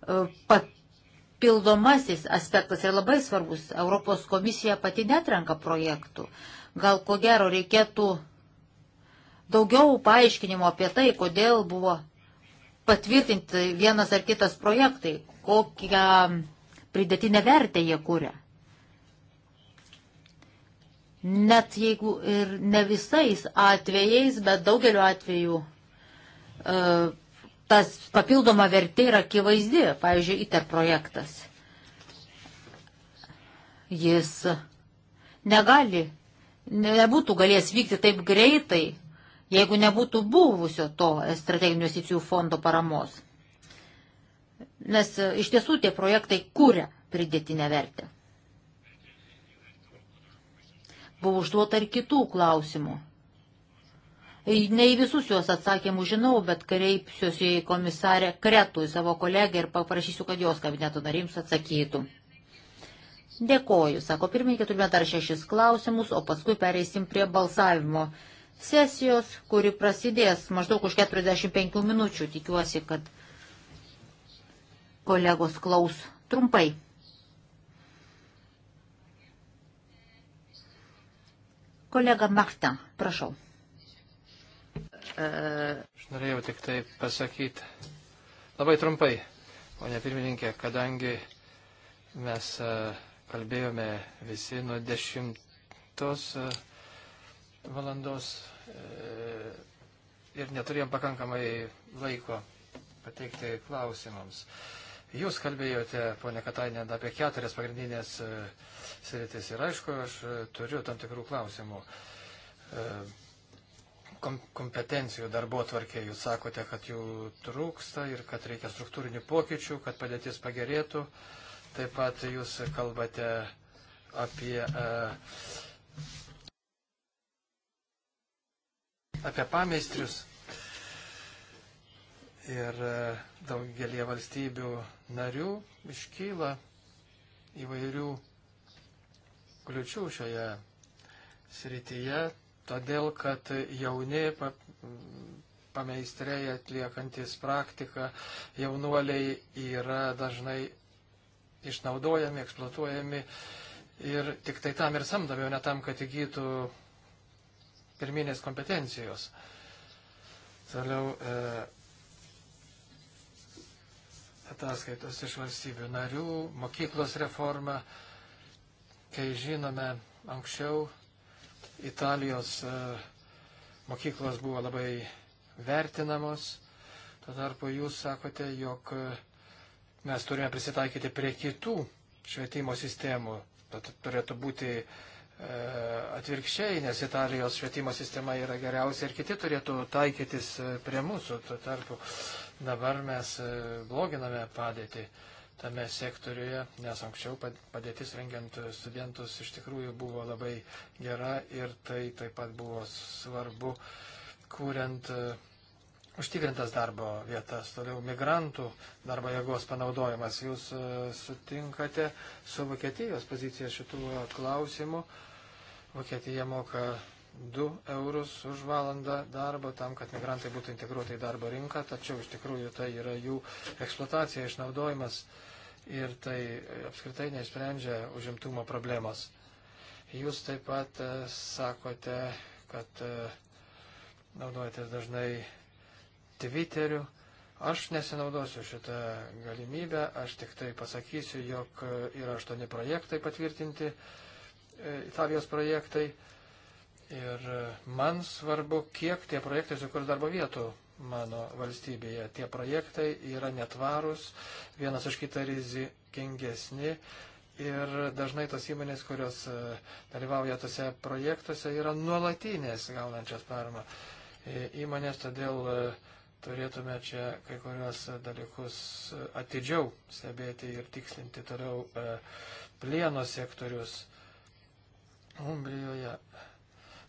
e, papildomasis aspektas yra labai svarbus. Europos komisija pati netrenka projektų. Gal ko gero reikėtų daugiau paaiškinimo apie tai, kodėl buvo patvirtinti vienas ar kitas projektai, kokią pridėtinę vertę jie kūrė. Net jeigu ir ne visais atvejais, bet daugeliu atveju e, tas papildoma vertė yra akivaizdi, pavyzdžiui, ITER projektas. Jis negali, nebūtų galės vykti taip greitai, jeigu nebūtų buvusio to strateginių investicijų fondo paramos. Nes e, iš tiesų tie projektai kūrė pridėtinę vertę. Buvo užduota ir kitų klausimų. Ne į visus juos atsakymų žinau, bet kreipsiuosi į komisarę Kretų, į savo kolegę ir paprašysiu, kad jos kabineto narims atsakytų. Dėkoju, sako pirmininkė, turime dar šešis klausimus, o paskui pereisim prie balsavimo sesijos, kuri prasidės maždaug už 45 minučių. Tikiuosi, kad kolegos klaus trumpai. Kolega Marta, prašau. Aš norėjau tik tai pasakyti labai trumpai, o ne pirmininkė, kadangi mes e, kalbėjome visi nuo dešimtos. 10 e, valandos e, ir neturėjom pakankamai laiko pateikti klausimams. Jūs kalbėjote, ponė Katainė, apie keturias pagrindinės e, sritis ir aišku, aš e, turiu tam tikrų klausimų. Kom kompetencijų darbo tvarkė, jūs sakote, kad jų trūksta ir kad reikia struktūrinių pokyčių, kad padėtis pagerėtų. Taip pat jūs kalbate apie uh, apie pameistrius. Ir e, daugelie valstybių narių iškyla įvairių kliučių šioje srityje, todėl kad jauni pameistrei atliekantis praktiką jaunuoliai yra dažnai išnaudojami, eksploatuojami ir tik tai tam ir samdomi, o ne tam, kad įgytų pirminės kompetencijos. Toliau e, ataskaitos iš valstybių narių, mokyklos reforma, kai žinome anksčiau, Italijos e, mokyklos buvo labai vertinamos, tuo tarpu jūs sakote, jog e, mes turime prisitaikyti prie kitų švietimo sistemų, tad turėtų būti e, E, atvirkščiai, nes Italijos švietimo sistema yra geriausia ir kiti turėtų taikytis e, prie mūsų. Tuo tarpu dabar mes e, bloginame padėtį tame sektoriuje, nes anksčiau padėtis rengiant studentus iš tikrųjų buvo labai gera ir tai taip pat buvo svarbu, kuriant užtikrintas darbo vietas, toliau migrantų darbo jėgos panaudojimas. Jūs sutinkate su Vokietijos pozicija šituo klausimu. Uh, Vokietija moka 2 eurus už valandą darbo tam, kad migrantai būtų integruoti į darbo rinką, tačiau iš tikrųjų tai yra jų eksploatacija, išnaudojimas ir tai apskritai neįsprendžia užimtumo problemos. Jūs taip pat e, sakote, kad e, naudojate dažnai Twitteriu. Aš nesinaudosiu šitą galimybę, aš tik tai pasakysiu, jog e, yra aštuoni projektai patvirtinti E, Italijos projektai. Ir e, man svarbu, kiek tie projektai sukurs darbo vietų mano valstybėje. Tie projektai yra netvarūs, vienas už kitą rizikingesni. Ir dažnai tos įmonės, kurios e, dalyvauja tose projektuose, yra nuolatinės gaunančios paramą įmonės, todėl turėtume čia kai kurios dalykus atidžiau stebėti ir tikslinti toliau plieno sektorius Umbrijoje.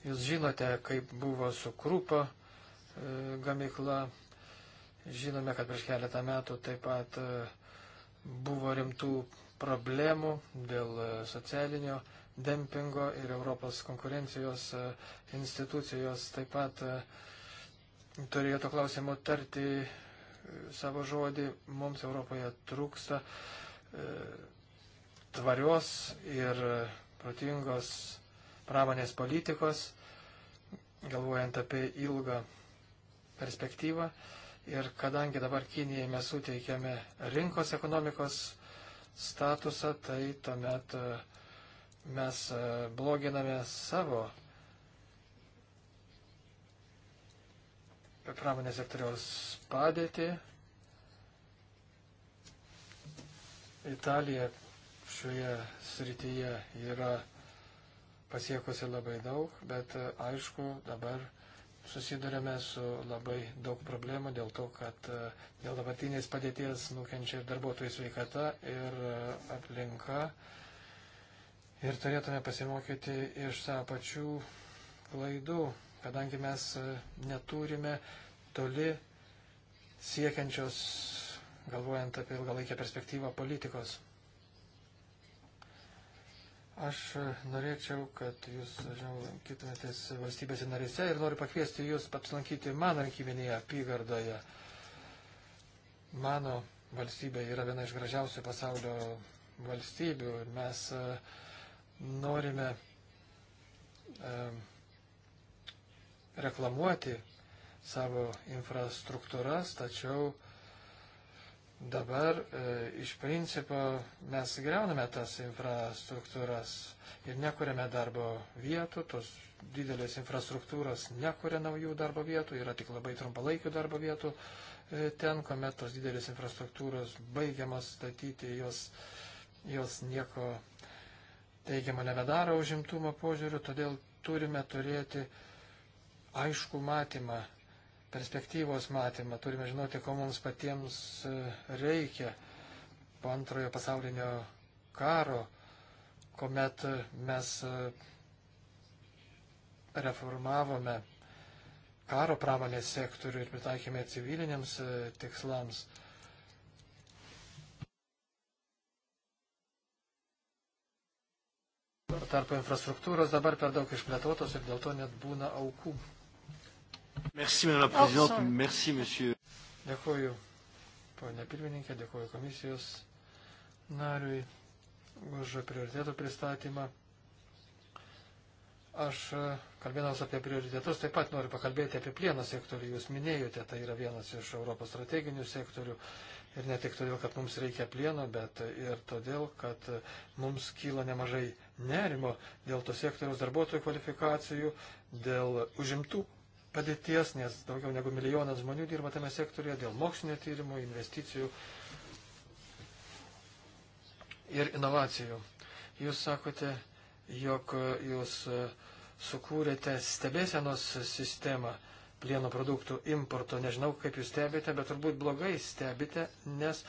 Jūs žinote, kaip buvo su Krupo e, gamykla. Žinome, kad prieš keletą metų taip pat e, buvo rimtų problemų dėl e, socialinio dempingo ir Europos konkurencijos institucijos taip pat turėjo to klausimo tarti savo žodį. Mums Europoje trūksta tvarios ir protingos pramonės politikos, galvojant apie ilgą perspektyvą. Ir kadangi dabar Kinijai mes suteikiame rinkos ekonomikos statusą, tai tuomet e, mes e, bloginame savo pramonės sektoriaus padėtį. Italija šioje srityje yra pasiekusi labai daug, bet e, aišku, dabar susidurėme su labai daug problemų dėl to, kad e, dėl dabartinės padėties nukenčia ir darbuotojų sveikata, ir e, aplinka. Ir turėtume pasimokyti iš savo pačių klaidų, kadangi mes neturime toli siekiančios, galvojant apie ilgalaikę perspektyvą, politikos. Aš norėčiau, kad jūs dažniau lankytumėtės valstybėse narėse ir noriu pakviesti jūs apsilankyti mano rinkiminėje apygardoje. Mano valstybė yra viena iš gražiausių pasaulio valstybių ir mes e, norime e, reklamuoti savo infrastruktūras, tačiau uh, dabar e, iš principo mes greuname tas infrastruktūras ir nekuriame darbo vietų, tos didelės infrastruktūros nekuria naujų darbo vietų, yra tik labai trumpalaikių darbo vietų e, ten, kuomet tos didelės infrastruktūros baigiamas statyti, jos, jos nieko teigiamo nebedaro užimtumo požiūriu, todėl turime turėti aišku matymą perspektyvos matymą. Turime žinoti, ko mums patiems e, reikia po antrojo pasaulinio karo, kuomet e, mes e, reformavome karo pramonės sektorių ir pritaikėme civiliniams tikslams. Tarpo infrastruktūros dabar per daug išplėtotos ir dėl to net būna aukų. Merci, Madame la Présidente. Oh, Merci, Monsieur. Dėkuoju, ponia pirmininkė, dėkuoju komisijos nariui už prioritėtų pristatymą. Aš e, kalbėdamas apie prioritetus taip pat noriu pakalbėti apie plieno sektorių. Jūs minėjote, tai yra vienas iš Europos strateginių sektorių. Ir ne tik todėl, kad mums reikia plieno, bet ir todėl, kad mums kyla nemažai nerimo dėl to sektoriaus darbuotojų kvalifikacijų, dėl užimtų padėties, nes daugiau negu milijonas žmonių dirba tame sektorėje dėl mokslinio tyrimų, investicijų ir inovacijų. Jūs sakote, jog jūs sukūrėte stebėsenos sistemą plieno produktų importo. Nežinau, kaip jūs stebite, bet turbūt blogai stebite, nes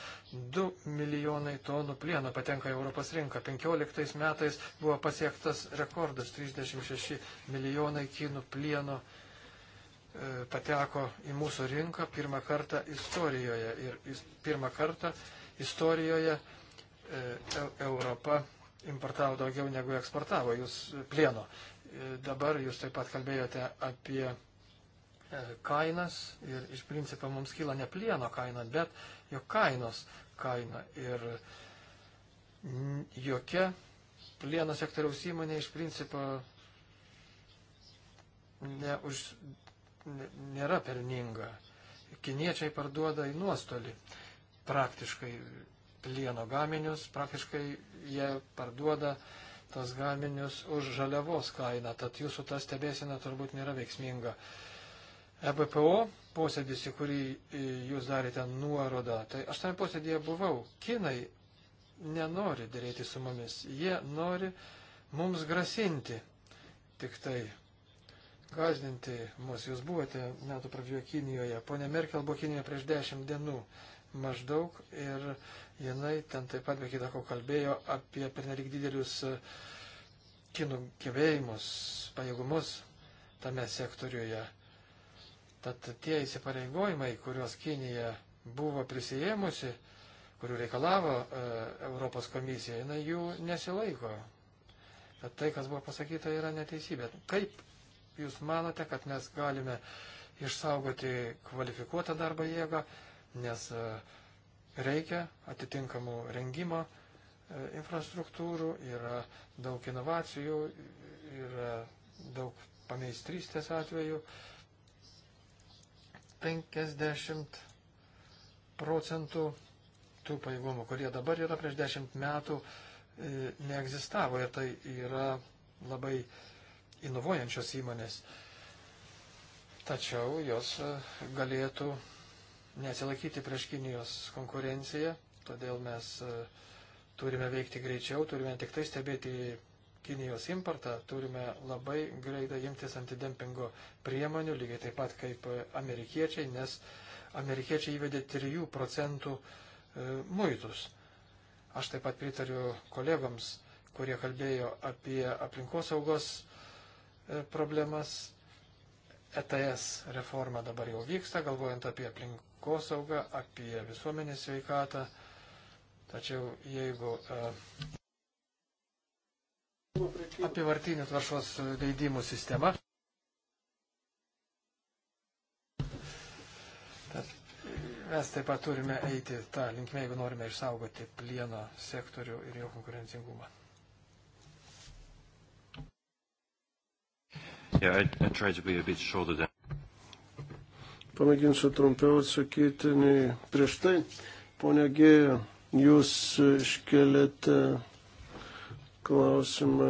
2 milijonai tonų plieno patenka į Europos rinką. 15 metais buvo pasiektas rekordas 36 milijonai kinų plieno importo E, pateko į mūsų rinką pirmą kartą istorijoje. Ir pirmą kartą istorijoje e, e, Europa importavo daugiau negu eksportavo jūs plieno. Dabar jūs taip pat kalbėjote apie kainas ir iš principo mums kyla ne plieno kaina, bet jo kainos kaina. Ir jokia plieno sektoriaus įmonė iš principo neuž, nėra pelninga. Kiniečiai parduoda į nuostolį praktiškai plieno gaminius, praktiškai jie parduoda tos gaminius už žaliavos kainą, tad jūsų ta stebėsena turbūt nėra veiksminga. EBPO posėdis, į kurį jūs darėte nuorodą, tai aš tam posėdėje buvau. Kinai nenori dėrėti su mumis, jie nori mums grasinti tik tai gazdinti mus. Jūs buvote metų pradžioje Kinijoje. Pone Merkel buvo Kinijoje prieš dešimt dienų maždaug ir jinai ten taip pat be kitako kalbėjo apie pernelik didelius e, kinų gyvėjimus, pajėgumus tame sektoriuje. Tad tie įsipareigojimai, kuriuos Kinija buvo prisijėmusi, kurių reikalavo e, Europos komisija, jinai jų nesilaiko. Tad tai, kas buvo pasakyta, yra neteisybė. Kaip jūs manote, kad mes galime išsaugoti kvalifikuotą darbo jėgą, nes e, reikia atitinkamų rengimo e, infrastruktūrų, yra daug inovacijų, yra daug pameistrystės atvejų. 50 procentų tų pajėgumų, kurie dabar yra prieš 10 metų, e, neegzistavo ir tai yra labai inovuojančios įmonės, tačiau jos e, galėtų nesilaikyti prieš Kinijos konkurenciją, todėl mes e, turime veikti greičiau, turime tik tai stebėti Kinijos importą, turime labai greitai imtis antidempingo priemonių, lygiai taip pat kaip amerikiečiai, nes amerikiečiai įvedė 3 procentų e, muitus. Aš taip pat pritariu kolegoms, kurie kalbėjo apie aplinkosaugos E, problemas. ETS reforma dabar jau vyksta, galvojant apie aplinkosaugą, apie visuomenės sveikatą. Tačiau jeigu e, apivartinių tvaršos leidimų sistema. Tad mes taip pat turime eiti tą linkmę, jeigu norime išsaugoti plieno sektorių ir jo konkurencingumą. Yeah, I, I Pamėginsiu trumpiau atsakyti nei prieš tai. Pone Gėja, jūs iškelėte klausimą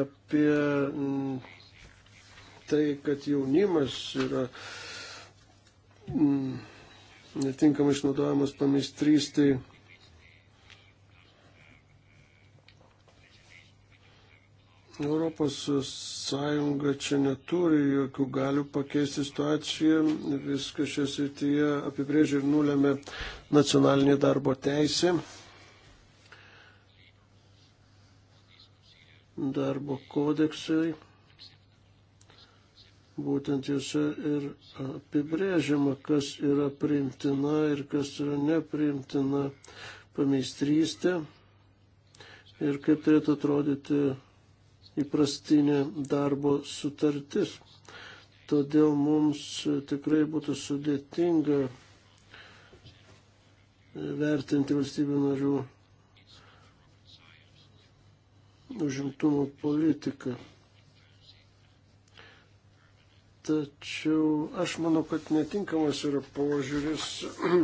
apie tai, kad jaunimas yra mm, netinkamai išnaudojamas pameistrystai Europos Sąjunga čia neturi jokių galių pakeisti situaciją, viską šią srityje apibrėžia ir nulėmė nacionalinė darbo teisė. Darbo kodeksai. Būtent juose ir apibrėžiama, kas yra priimtina ir kas yra nepriimtina pameistrystė ir kaip turėtų atrodyti įprastinė darbo sutartis. Todėl mums tikrai būtų sudėtinga vertinti valstybių narių užimtumo politiką. Tačiau aš manau, kad netinkamas yra požiūris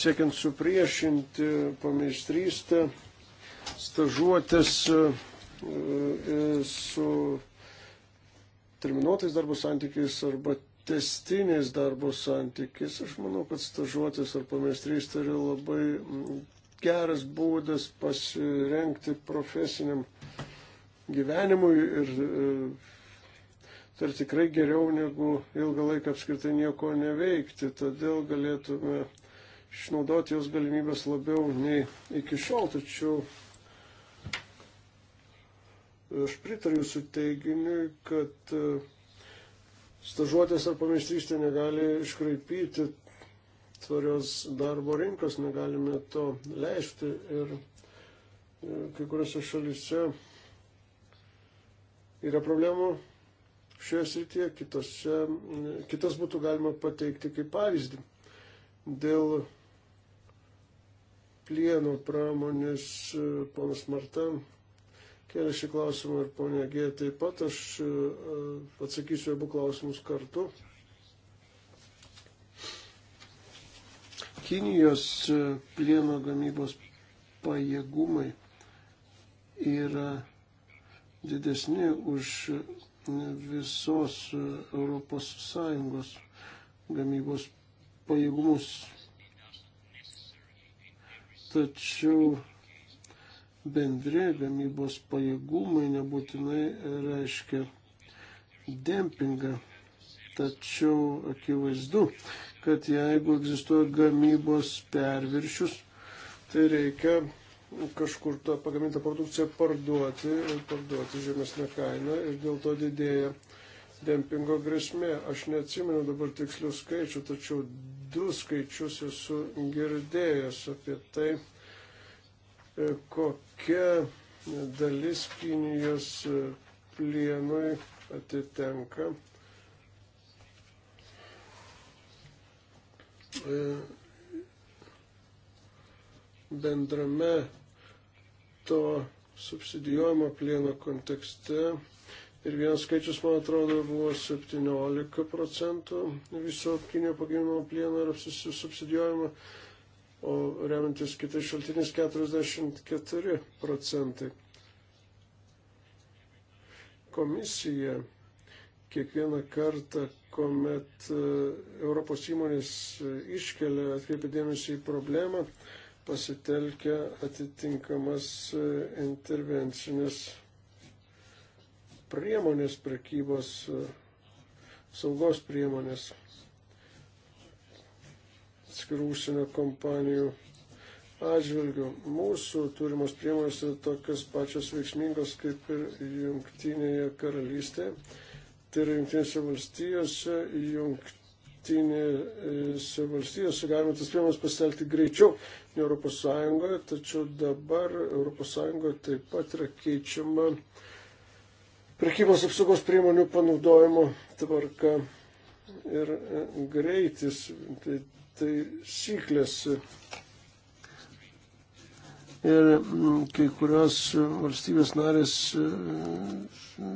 siekiant supriešinti pameistrystę, stažuotės E, su terminuotais darbo santykiais arba testiniais darbo santykiais. Aš manau, kad stažuotis ar pamestrys turi labai geras būdas pasirenkti profesiniam gyvenimui ir tai tikrai geriau negu ilgą laiką apskritai nieko neveikti. Todėl galėtume išnaudoti jos galimybės labiau nei iki šiol. Tačiau Aš pritariu jūsų teiginiui, kad e, stažuotės ar pameistrystė negali iškraipyti tvarios darbo rinkos, negalime to leisti. Ir e, kai kuriuose šalise yra problemų šioje srityje, kitose, kitas būtų galima pateikti kaip pavyzdį. Dėl plieno pramonės e, ponas Martam kėlė šį klausimą ir ponia G. Taip pat aš e, atsakysiu abu klausimus kartu. Kinijos e, plieno gamybos pajėgumai yra didesni už visos e, Europos Sąjungos gamybos pajėgumus. Tačiau bendri gamybos pajėgumai nebūtinai reiškia dempingą. Tačiau akivaizdu, kad jeigu egzistuoja gamybos perviršius, tai reikia kažkur tą pagamintą produkciją parduoti, parduoti žemesnę kainą ir dėl to didėja dempingo grėsmė. Aš neatsimenu dabar tikslių skaičių, tačiau du skaičius esu girdėjęs apie tai, E, kokia dalis Kinijos e, plienui atitenka. E, bendrame to subsidijuojamo plieno kontekste ir vienas skaičius, man atrodo, buvo 17 procentų viso Kinio pagamimo plieno yra subsidijuojama o remiantis kitais šaltinis 44 procentai. Komisija kiekvieną kartą, kuomet e, Europos įmonės iškelia, atkreipia dėmesį į problemą, pasitelkia atitinkamas e, intervencinės priemonės, prekybos e, saugos priemonės atskirų užsienio kompanijų atžvilgių. Mūsų turimos priemonės yra tokios pačios veiksmingos kaip ir Junktinėje karalystėje. Tai yra Junktinėse valstijose, Junktinėse valstijose galima tas priemonės pasitelkti greičiau nei Europos Sąjungoje, tačiau dabar Europos Sąjungoje taip pat yra keičiama prekybos apsaugos priemonių panaudojimo tvarka ir greitis. Tai taisyklės. Ir mm, kai kurios valstybės narės mm,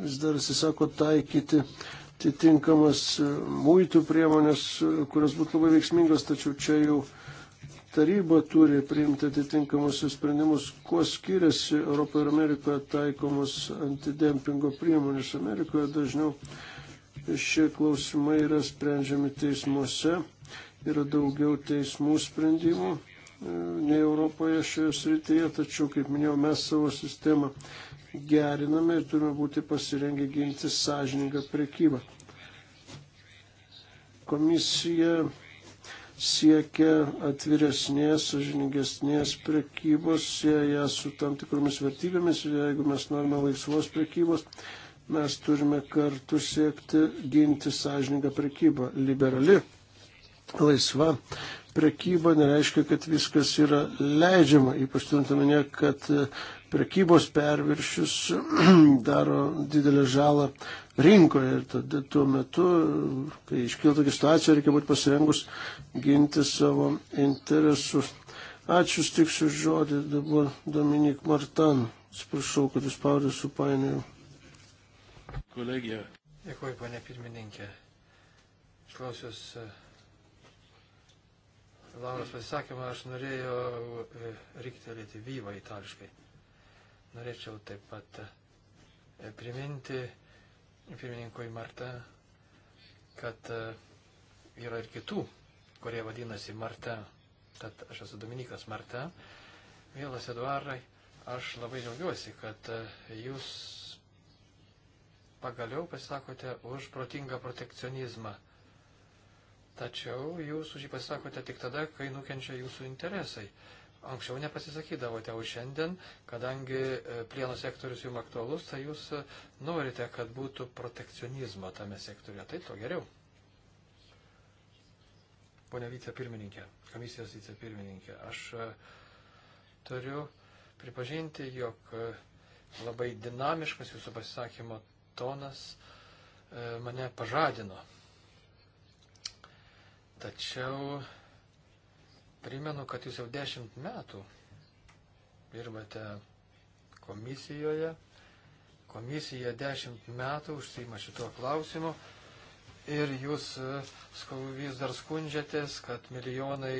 vis dar atsisako taikyti atitinkamas mm, muitų priemonės, kurios būtų labai veiksmingos, tačiau čia jau taryba turi priimti atitinkamus sprendimus, kuo skiriasi Europoje ir Amerikoje taikomos antidempingo priemonės. Amerikoje dažniau šie klausimai yra sprendžiami teismuose yra daugiau teismų sprendimų e, nei Europoje šioje srityje, tačiau, kaip minėjau, mes savo sistemą geriname ir turime būti pasirengę ginti sąžiningą prekybą. Komisija siekia atviresnės, sažiningesnės prekybos, sieja su tam tikromis vertybėmis ir jeigu mes norime laisvos prekybos, mes turime kartu siekti ginti sąžininką prekybą. Liberali laisva prekyba nereiškia, kad viskas yra leidžiama, ypač turintuomenė, kad e, prekybos perviršius daro didelę žalą rinkoje ir tada tuo metu, kai iškyla tokia situacija, reikia būti pasirengus ginti savo interesus. Ačiū, stiksiu žodį dabar Dominik Martan. Atsiprašau, kad jūs pavardę supainėjau. Kolegija. Dėkuoju, ponė pirmininkė. Išklausius. Uh e, Lauros pasisakymą aš norėjau e, riktelėti vyvą itališkai. Norėčiau taip pat e, priminti pirmininkui Marta, kad e, yra ir kitų, kurie vadinasi Marta. Tad aš esu Dominikas Marta. Mielas Eduarai, aš labai džiaugiuosi, kad jūs pagaliau pasisakote už protingą protekcionizmą Tačiau jūs už jį pasisakote tik tada, kai nukenčia jūsų interesai. Anksčiau nepasisakydavote, o šiandien, kadangi e, plieno sektorius jums aktualus, tai jūs e, norite, kad būtų protekcionizmo tame sektoriuje. Tai to geriau. Pone vicepirmininkė, komisijos vicepirmininkė, aš e, turiu pripažinti, jog labai dinamiškas jūsų pasisakymo tonas mane pažadino. Tačiau primenu, kad jūs jau dešimt metų dirbate komisijoje. Komisija dešimt metų užsima šituo klausimu ir jūs vis e, dar skundžiatės, kad milijonai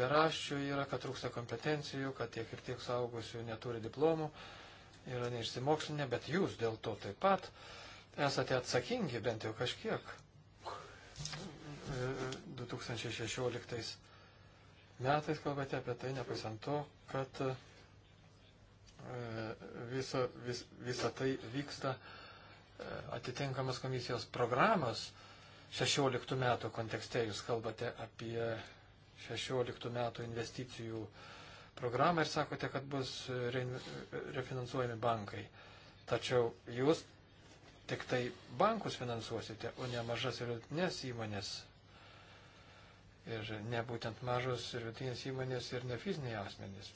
beraščių yra, kad trūksta kompetencijų, kad tiek ir tiek saugusių neturi diplomų, yra neišsimokslinė, bet jūs dėl to taip pat esate atsakingi bent jau kažkiek 2016 metais kalbate apie tai, nepaisant to, kad e, visa, vis, visa tai vyksta e, atitinkamas komisijos programos 16 metų kontekste. Jūs kalbate apie 16 metų investicijų programą ir sakote, kad bus refinansuojami bankai. Tačiau jūs tik tai bankus finansuosite, o ne mažas ir nes įmonės ir ne būtent mažos ir vidutinės įmonės ir ne fiziniai asmenys.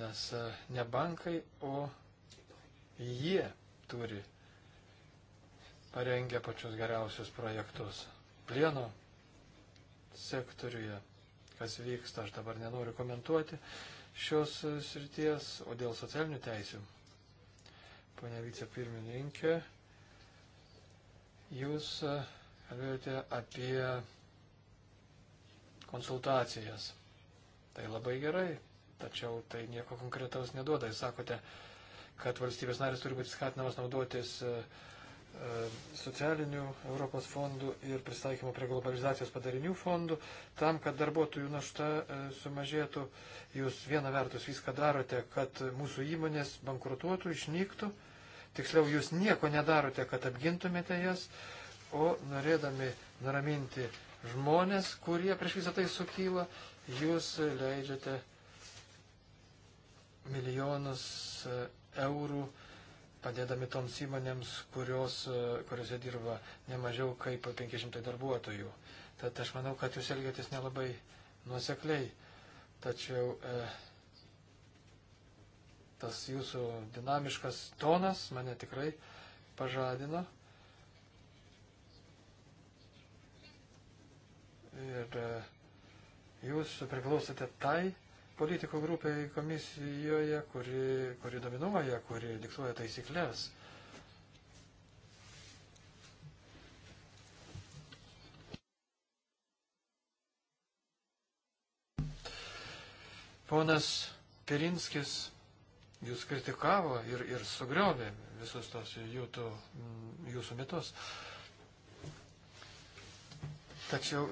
Nes e, ne bankai, o jie turi parengę pačius geriausius projektus. Plieno sektoriuje, kas vyksta, aš dabar nenoriu komentuoti šios e, srities, o dėl socialinių teisių. Pone vicepirmininkė, jūs uh, kalbėjote apie konsultacijas. Tai labai gerai, tačiau tai nieko konkretaus neduoda. Jūs sakote, kad valstybės narės turi būti skatinamas naudotis e, e, socialinių Europos fondų ir pristaikymo prie globalizacijos padarinių fondų, tam, kad darbuotojų našta e, sumažėtų. Jūs viena vertus viską darote, kad mūsų įmonės bankrutuotų, išnyktų. Tiksliau, jūs nieko nedarote, kad apgintumėte jas, o norėdami nuraminti žmonės, kurie prieš visą tai sukyla, jūs leidžiate milijonus e, eurų padėdami toms įmonėms, kurios, e, kuriuose dirba ne mažiau kaip 500 darbuotojų. Tad aš manau, kad jūs elgėtės nelabai nuosekliai. Tačiau e, tas jūsų dinamiškas tonas mane tikrai pažadino. Ir e, jūs priklausote tai politikų grupiai komisijoje, kuri, kuri dominuoja, kuri diktuoja taisyklės. Ponas Pirinskis jūs kritikavo ir, ir sugriovė visus tos jūtų, jūsų mitus. Uh, Tačiau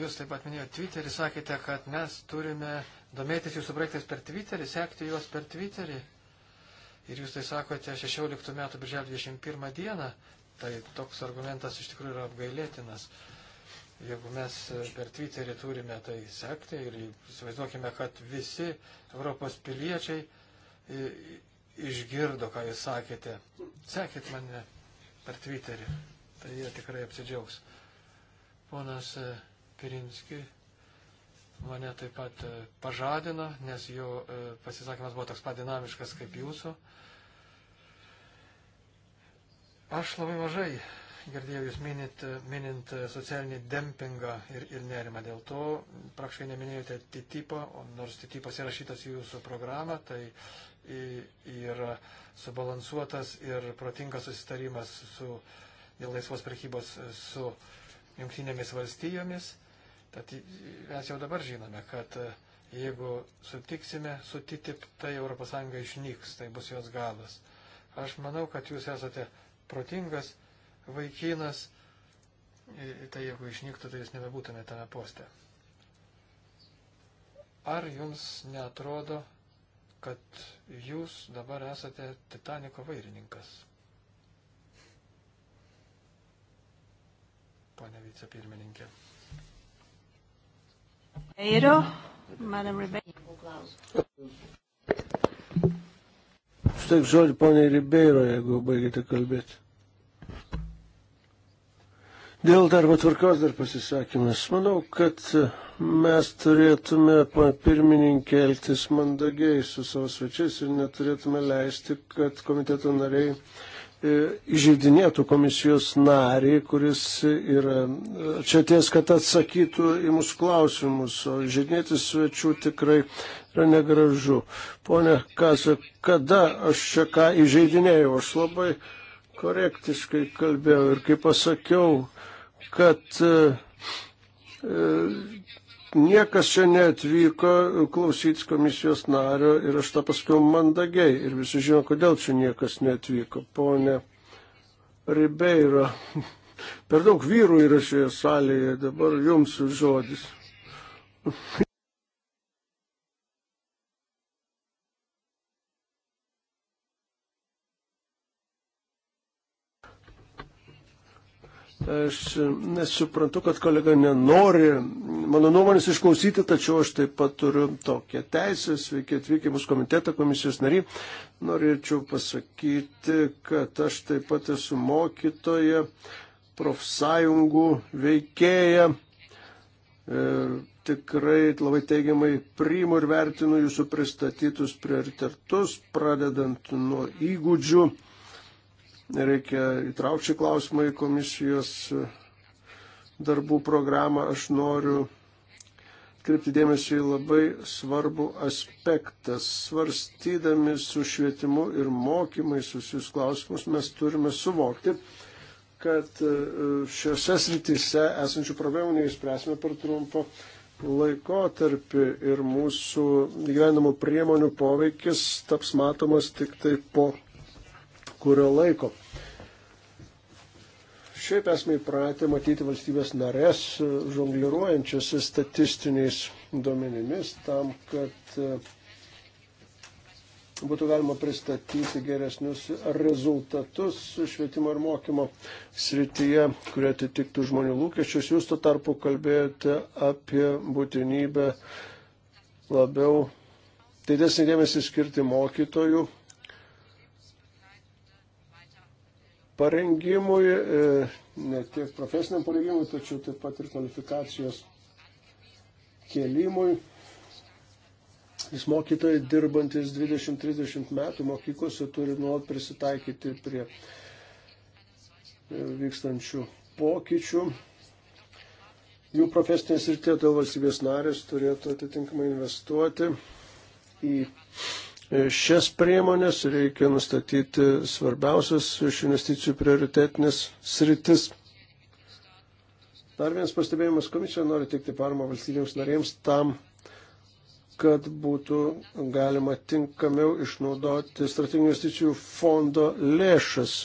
jūs taip pat minėjote Twitterį, sakėte, kad mes turime domėtis jūsų projektais per Twitterį, sekti juos per Twitterį. Ir jūs tai sakote 16 metų birželio 21 dieną. Tai toks argumentas iš tikrųjų yra apgailėtinas. Jeigu mes per Twitterį turime tai sekti ir įsivaizduokime, kad visi Europos piliečiai išgirdo, ką jūs sakėte. Sekit mane per Twitterį. Tai jie tikrai apsidžiaugs. Ponas e, Pirinski mane taip pat e, pažadino, nes jo e, pasisakymas buvo toks pat dinamiškas kaip jūsų. Aš labai mažai girdėjau jūs minint, minint socialinį dempingą ir, ir nerimą. Dėl to praktiškai neminėjote TTIP, o nors TTIP įrašytas į jūsų programą, tai yra subalansuotas ir protingas susitarimas su, dėl laisvos prekybos su jungtinėmis valstijomis. Tad mes jau dabar žinome, kad e, jeigu sutiksime su TTIP, tai ES išnyks, tai bus jos galas. Aš manau, kad jūs esate protingas vaikinas, e, tai jeigu išnyktų, tai jūs nebebūtumėte tame poste. Ar jums netrodo, kad jūs dabar esate Titaniko vairininkas? ponė vicepirmininkė. Eiro, madam Rebeka. Štai žodį ponė Ribeiro, jeigu baigėte kalbėti. Dėl darbo tvarkos dar pasisakymas. Manau, kad mes turėtume, pirmininkė, elgtis mandagiai su savo svečiais ir neturėtume leisti, kad komiteto nariai E, įžeidinėtų komisijos narį, kuris yra čia ties, kad atsakytų į mūsų klausimus, o įžeidinėti svečių tikrai yra negražu. Pone Kasa, kada aš čia ką įžeidinėjau, aš labai korektiškai kalbėjau ir kaip pasakiau, kad e, e Niekas čia neatvyko klausytis komisijos nario ir aš tą pasakiau mandagiai ir visi žino, kodėl čia niekas neatvyko. Pone Ribeiro, per daug vyrų yra šioje salėje, dabar jums žodis. Aš nesuprantu, kad kolega nenori mano nuomonės išklausyti, tačiau aš taip pat turiu tokią teisę. Sveiki atvykę mūsų komiteto komisijos nariai. Norėčiau pasakyti, kad aš taip pat esu mokytoja, profsąjungų veikėja. E, tikrai labai teigiamai priimu ir vertinu jūsų pristatytus prioritetus, pradedant nuo įgūdžių reikia įtraukti klausimą į komisijos e, darbų programą. Aš noriu kreipti dėmesį į labai svarbų aspektą. Svarstydami su švietimu ir mokymai susijus klausimus mes turime suvokti, kad e, šiuose srityse esančių problemų neįspręsime per trumpą laikotarpį ir mūsų gyvenimo priemonių poveikis taps matomas tik tai po kurio laiko. Šiaip esame įpratę matyti valstybės narės žongliruojančias statistiniais duomenimis tam, kad e, būtų galima pristatyti geresnius rezultatus švietimo ir mokymo srityje, kurie atitiktų žmonių lūkesčius. Jūs tuo tarpu kalbėjote apie būtinybę labiau didesnį dėmesį skirti mokytojų parengimui, e, ne tiek profesiniam parengimui, tačiau taip pat ir kvalifikacijos kėlimui. Jis mokytojai dirbantis 20-30 metų mokyklose turi nuolat prisitaikyti prie e, vykstančių pokyčių. Jų profesinės ir tie valstybės narės turėtų atitinkamai investuoti į šias priemonės, reikia nustatyti svarbiausias iš investicijų prioritetinės sritis. Dar vienas pastebėjimas komisija nori teikti paramą valstybėms narėms tam, kad būtų galima tinkamiau išnaudoti strateginių investicijų fondo lėšas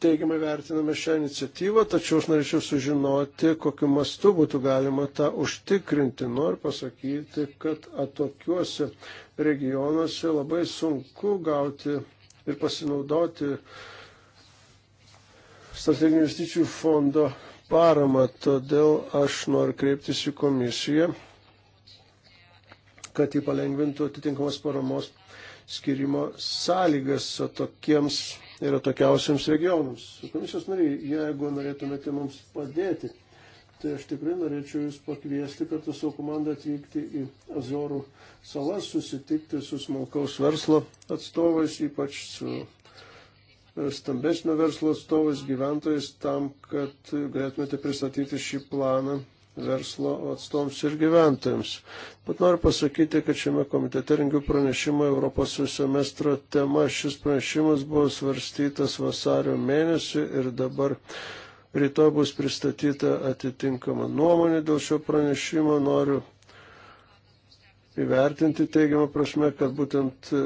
teigiamai vertiname šią iniciatyvą, tačiau aš norėčiau sužinoti, kokiu mastu būtų galima tą užtikrinti. Noriu pasakyti, kad atokiuose regionuose labai sunku gauti ir pasinaudoti strateginių investicijų fondo paramą. Todėl aš noriu kreiptis į komisiją, kad jį palengvintų atitinkamas paramos skirimo sąlygas tokiems ir atokiausiams regionams. Komisijos nariai, jeigu norėtumėte mums padėti, tai aš tikrai norėčiau Jūs pakviesti kartu su komanda atvykti į Azorų salas, susitikti su smulkaus verslo atstovais, ypač su e, stambesnio verslo atstovais, gyventojais, tam, kad galėtumėte pristatyti šį planą verslo atstovams ir gyventojams. Bet noriu pasakyti, kad šiame komitete rengiu pranešimą Europos semestro tema. Šis pranešimas buvo svarstytas vasario mėnesį ir dabar rytoj bus pristatyta atitinkama nuomonė dėl šio pranešimo. Noriu įvertinti teigiamą prasme, kad būtent e,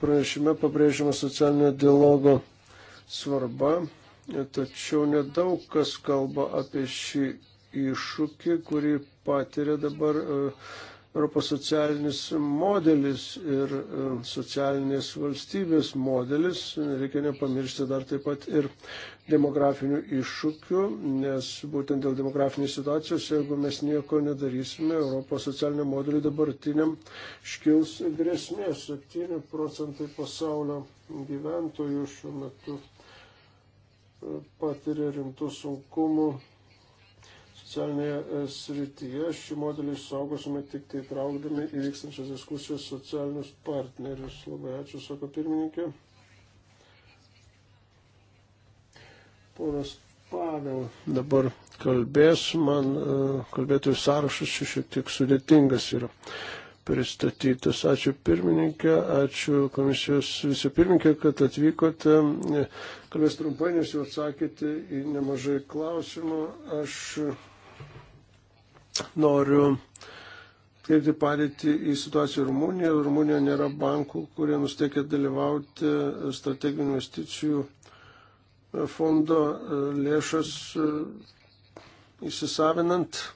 pranešime pabrėžiama socialinio dialogo svarba tačiau nedaug kas kalba apie šį iššūkį, kurį patiria dabar e, Europos socialinis modelis ir e, socialinės valstybės modelis. Reikia nepamiršti dar taip pat ir demografinių iššūkių, nes būtent dėl demografinės situacijos, jeigu mes nieko nedarysime, Europos socialiniam modeliui dabartiniam iškils grėsmė. 7 procentai pasaulio gyventojų šiuo metu e, patiria rimtų sunkumų socialinėje e, srityje. Šį modelį išsaugosime tik tai traukdami įvykstančias diskusijas socialinius partnerius. Labai ačiū, sako pirmininkė. Ponas Pavel dabar kalbės, man e, kalbėtojų sąrašas šiek tiek sudėtingas yra pristatytas. Ačiū pirmininkė, ačiū komisijos vicepirmininkė, kad atvykote. Kalbės trumpai, nes jau atsakėte į nemažai klausimų. Aš Noriu kreipti padėtį į situaciją Rumunijoje. Rumunijoje nėra bankų, kurie nusteikia dalyvauti strateginių investicijų fondo lėšas įsisavinant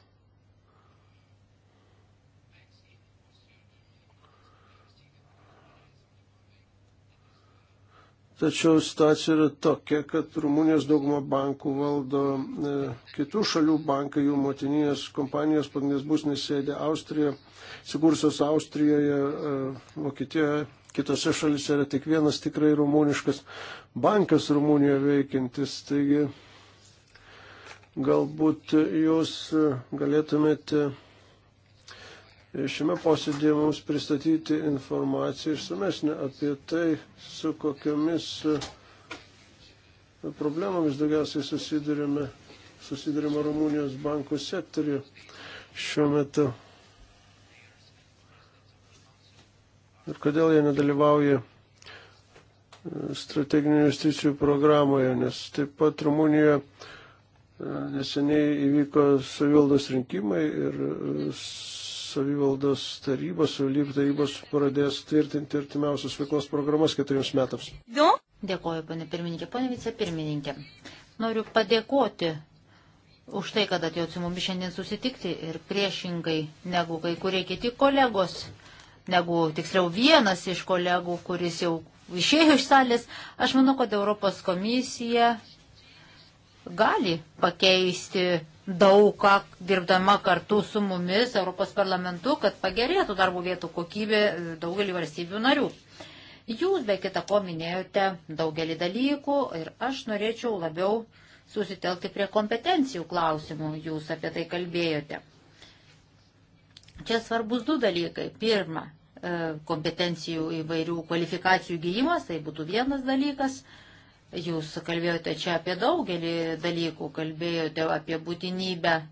Tačiau situacija yra tokia, kad Rumunijos dauguma bankų valdo e, kitų šalių bankai, jų motininės kompanijos pagrindinės būsnės sėdė Austrija, sigursios Austrijoje, e, Vokietijoje, kitose šalise yra tik vienas tikrai rumuniškas bankas Rumunijoje veikiantis. Taigi galbūt jūs e, galėtumėte. E, šiame posėdėje mums pristatyti informaciją išsamesnę apie tai, su kokiamis e, problemomis daugiausiai susidurime, susidurime Rumunijos bankų sektoriuje šiuo metu. Ir kodėl jie nedalyvauja e, strateginių investicijų programoje, nes taip pat Rumunijoje e, neseniai įvyko savildos rinkimai ir savivaldos tarybos, savivaldybių tarybos pradės tvirtinti artimiausias veiklos programas keturiems metams. Dėkoju, ponė pirmininkė. Ponė vicepirmininkė, noriu padėkoti už tai, kad atėjot su mumis šiandien susitikti ir priešingai negu kai kurie kiti kolegos, negu tiksliau vienas iš kolegų, kuris jau išėjo iš salės, aš manau, kad Europos komisija gali pakeisti daugą dirbdama kartu su mumis Europos parlamentu, kad pagerėtų darbo vietų kokybė daugelį valstybių narių. Jūs be kita ko minėjote daugelį dalykų ir aš norėčiau labiau susitelkti prie kompetencijų klausimų. Jūs apie tai kalbėjote. Čia svarbus du dalykai. Pirma, e, kompetencijų įvairių kvalifikacijų gyjimas, tai būtų vienas dalykas. Jūs kalbėjote čia apie daugelį dalykų, kalbėjote apie būtinybę e,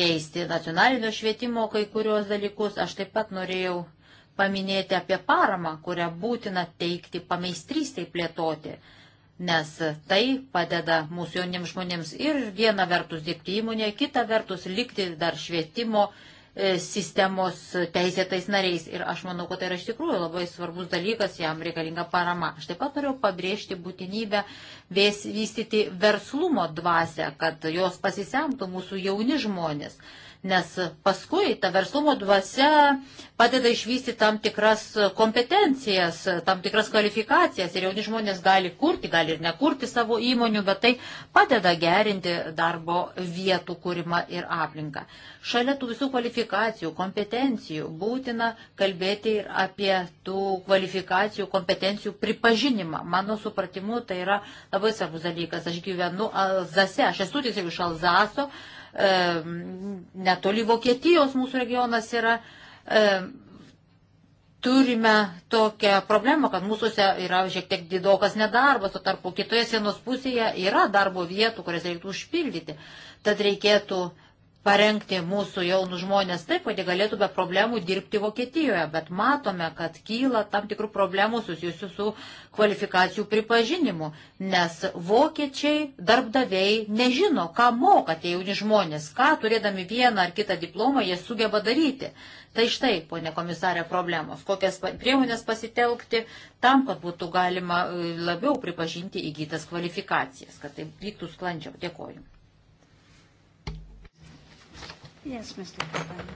keisti nacionalinio švietimo kai kurios dalykus. Aš taip pat norėjau paminėti apie paramą, kurią būtina teikti pameistrystai plėtoti, nes tai padeda mūsų jauniems žmonėms ir viena vertus dirbti įmonėje, kita vertus likti dar švietimo E, sistemos teisėtais nariais. Ir aš manau, kad tai yra iš tikrųjų labai svarbus dalykas, jam reikalinga parama. Aš taip pat noriu pabrėžti būtinybę vės, vystyti verslumo dvasę, kad jos pasisemtų mūsų jauni žmonės nes paskui ta verslumo dvasia padeda išvysti tam tikras kompetencijas, tam tikras kvalifikacijas ir jauni žmonės gali kurti, gali ir nekurti savo įmonių, bet tai padeda gerinti darbo vietų kūrimą ir aplinką. Šalia tų visų kvalifikacijų, kompetencijų būtina kalbėti ir apie tų kvalifikacijų, kompetencijų pripažinimą. Mano supratimu, tai yra labai svarbus dalykas. Aš gyvenu Alzase, aš esu tiesiog iš Alzaso netoli Vokietijos mūsų regionas yra. Turime tokią problemą, kad mūsųse yra šiek tiek didokas nedarbas, o tarpu kitoje sienos pusėje yra darbo vietų, kurias reiktų užpildyti. Tad reikėtų uh, parengti mūsų jaunų žmonės taip, kad jie galėtų be problemų dirbti Vokietijoje, bet matome, kad kyla tam tikrų problemų susijusių su kvalifikacijų pripažinimu, nes vokiečiai darbdaviai nežino, ką moka tie jauni žmonės, ką turėdami vieną ar kitą diplomą jie sugeba daryti. Tai štai, ponė komisarė, problemos, kokias priemonės pasitelkti tam, kad būtų galima e, labiau pripažinti įgytas kvalifikacijas, kad tai vyktų sklandžiau. Dėkoju. Yes, Mr. Katainen.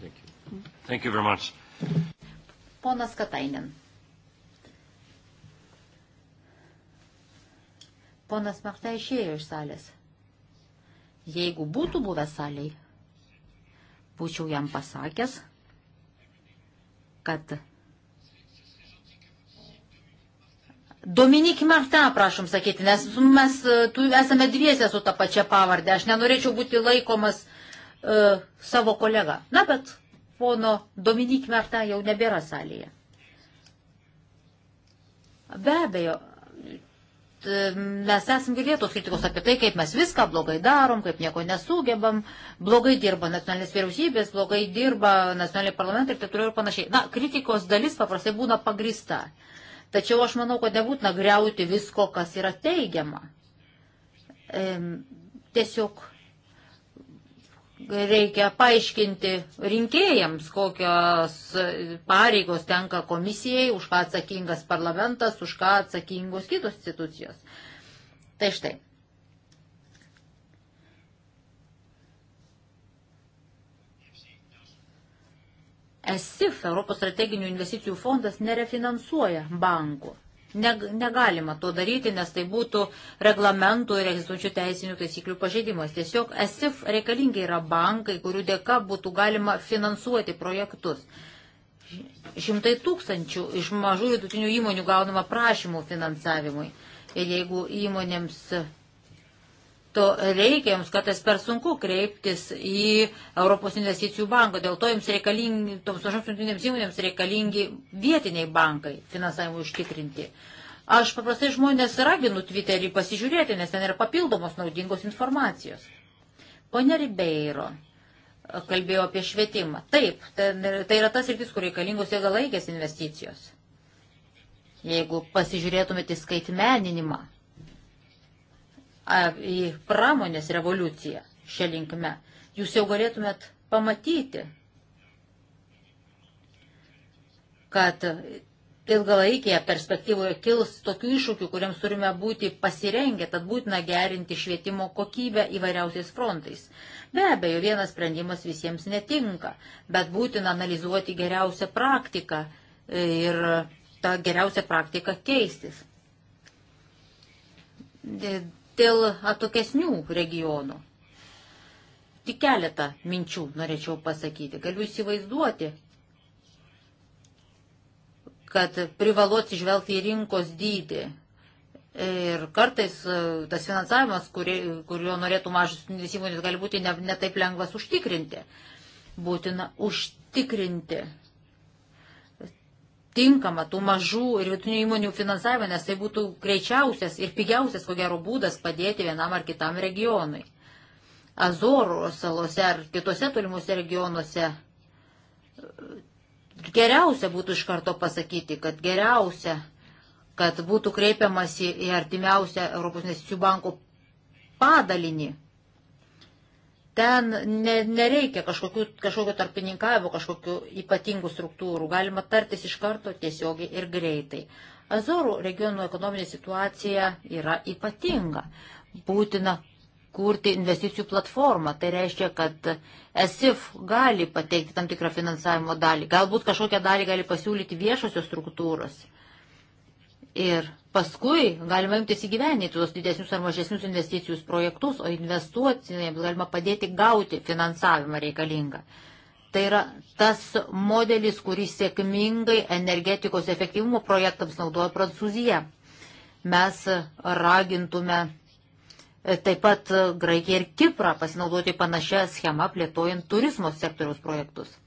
Thank you. Thank you very much. Ponas Katainen. Ponas Martai išėjo iš salės. Jeigu būtų buvęs saliai, būčiau jam pasakęs, kad Dominik Marta, prašom sakyti, nes mes tu, esame dviese su ta pačia pavardė. Aš nenorėčiau būti laikomas uh, e, savo kolegą. Na, bet pono Dominik Merta jau nebėra salėje. Be abejo, mes esam girdėtos kritikos apie tai, kaip mes viską blogai darom, kaip nieko nesugebam, blogai dirba nacionalinės vyriausybės, blogai dirba nacionaliniai parlamentai ir taip toliau ir panašiai. Na, kritikos dalis paprastai būna pagrista. Tačiau aš manau, kad nebūtina greuti visko, kas yra teigiama. E, tiesiog reikia paaiškinti rinkėjams, kokios pareigos tenka komisijai, už ką atsakingas parlamentas, už ką atsakingos kitos institucijos. Tai štai. ESIF, Europos strateginių investicijų fondas, nerefinansuoja bankų. Negalima to daryti, nes tai būtų reglamentų ir egzistuojančių teisinių taisyklių pažeidimas. Tiesiog ESIF reikalingi yra bankai, kurių dėka būtų galima finansuoti projektus. Šimtai tūkstančių iš mažų vidutinių įmonių gaunama prašymų finansavimui. Ir jeigu įmonėms to reikia, jums kartais per sunku kreiptis į Europos investicijų banką, dėl to jums reikalingi, toms mažoms jungtinėms įmonėms reikalingi vietiniai bankai finansavimui užtikrinti. Aš paprastai žmonės raginu Twitterį pasižiūrėti, nes ten yra papildomos naudingos informacijos. Pone Ribeiro kalbėjo apie švietimą. Taip, tai yra tas rytis, kur reikalingos ilgalaikės investicijos. Jeigu pasižiūrėtumėte skaitmeninimą, į pramonės revoliuciją šią linkme, jūs jau galėtumėt pamatyti, kad ilgalaikėje perspektyvoje kils tokių iššūkių, kuriems turime būti pasirengę, tad būtina gerinti švietimo kokybę įvairiausiais frontais. Be abejo, vienas sprendimas visiems netinka, bet būtina analizuoti geriausią praktiką ir tą geriausią praktiką keistis dėl atokesnių regionų. Tik keletą minčių norėčiau pasakyti. Galiu įsivaizduoti, kad privalu atsižvelgti į rinkos dydį. Ir kartais e, tas finansavimas, kurio, kurio norėtų mažas įmonės, gali būti netaip ne, ne lengvas užtikrinti. Būtina užtikrinti tinkamą tų mažų ir vidutinių įmonių finansavimą, nes tai būtų greičiausias ir pigiausias, ko gero, būdas padėti vienam ar kitam regionui. Azorų salose ar kitose tolimuose regionuose e, geriausia būtų iš karto pasakyti, kad geriausia, kad būtų kreipiamasi į artimiausią Europos investicijų banko padalinį ten ne, nereikia kažkokių, kažkokio tarpininkavimo, kažkokių ypatingų struktūrų, galima tartis iš karto tiesiogiai ir greitai. Azorų regionų ekonominė situacija yra ypatinga. Būtina kurti investicijų platformą. Tai reiškia, kad ESIF gali pateikti tam tikrą finansavimo dalį. Galbūt kažkokią dalį gali pasiūlyti viešosios struktūros. Ir Paskui galima imtis įgyveninti tuos didesnius ar mažesnius investicijus projektus, o investuotojams galima padėti gauti finansavimą reikalingą. Tai yra tas modelis, kurį sėkmingai energetikos efektyvumo projektams naudoja Prancūzija. Mes ragintume e, taip pat Graikiją ir Kiprą pasinaudoti panašią schemą plėtojant turizmo sektoriaus projektus.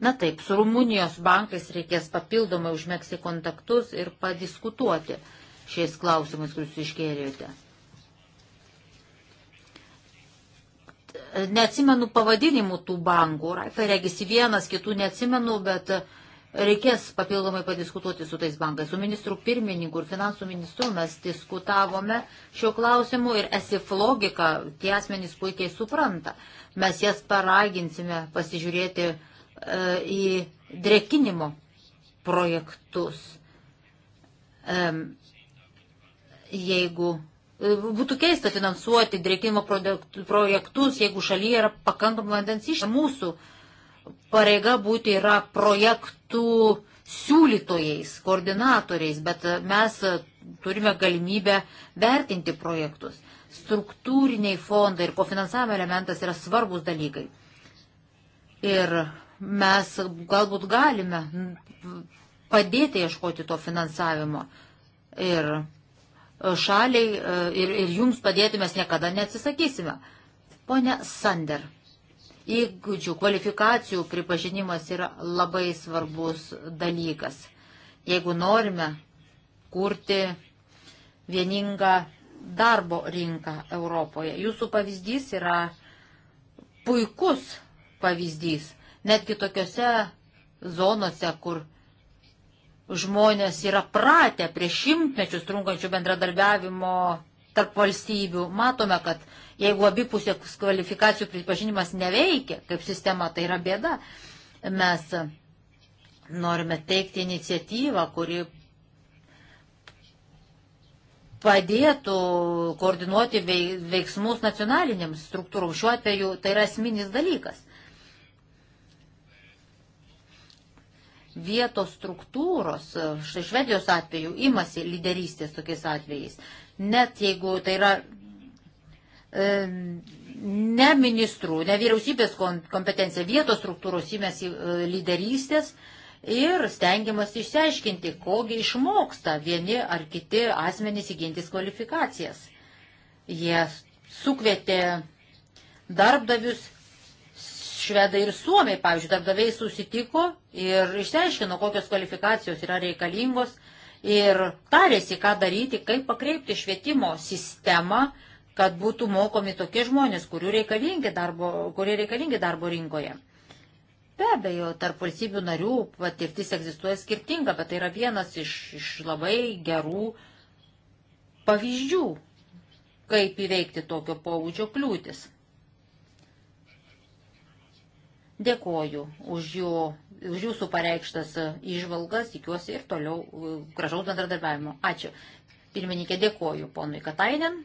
Na taip, su Rumunijos bankais reikės papildomai užmėgsti kontaktus ir padiskutuoti šiais klausimais, kuriuos iškėrėjote. Neatsimenu pavadinimų tų bankų, Raifai regisi vienas, kitų neatsimenu, bet reikės papildomai padiskutuoti su tais bankais. Su ministru pirmininku ir finansų ministru mes diskutavome šio klausimu ir esif logiką tie asmenys puikiai supranta. Mes jas paraginsime pasižiūrėti į drėkinimo projektus. Jeigu e, būtų keista finansuoti drėkinimo projektus, jeigu šalyje yra pakankamai vandens iš mūsų, pareiga būti yra projektų siūlytojais, koordinatoriais, bet mes turime galimybę vertinti projektus. Struktūriniai fondai ir kofinansavimo elementas yra svarbus dalykai. Ir mes galbūt galime padėti ieškoti to finansavimo. Ir šaliai e, ir, ir jums padėti mes niekada neatsisakysime. Pone Sander, įgūdžių kvalifikacijų pripažinimas yra labai svarbus dalykas. Jeigu norime kurti vieningą darbo rinką Europoje. Jūsų pavyzdys yra puikus pavyzdys netgi tokiuose zonose, kur žmonės yra pratę prie šimtmečius trunkančių bendradarbiavimo tarp valstybių. Matome, kad jeigu abipusės kvalifikacijų pripažinimas neveikia kaip sistema, tai yra bėda. Mes norime teikti iniciatyvą, kuri padėtų koordinuoti veiksmus nacionalinėms struktūroms. Šiuo atveju tai yra esminis dalykas. vietos struktūros, e, štai Švedijos atveju, imasi lyderystės tokiais atvejais. Net jeigu tai yra e, ne ministrų, ne vyriausybės kompetencija, vietos struktūros imasi e, lyderystės ir stengiamas išsiaiškinti, kogi išmoksta vieni ar kiti asmenys įgintis kvalifikacijas. Jie sukvietė darbdavius švedai ir suomiai, pavyzdžiui, darbdaviai susitiko ir išsiaiškino, kokios kvalifikacijos yra reikalingos ir tarėsi, ką daryti, kaip pakreipti švietimo sistemą, kad būtų mokomi tokie žmonės, reikalingi darbo, kurie reikalingi darbo rinkoje. Be abejo, tarp valstybių narių patirtis egzistuoja skirtinga, bet tai yra vienas iš, iš labai gerų pavyzdžių, kaip įveikti tokio pobūdžio kliūtis. Dėkoju už, jų, už jūsų pareikštas išvalgas, tikiuosi ir toliau e, gražaus bendradarbiavimo. Ačiū. Pirmininkė, dėkoju ponui Katainen.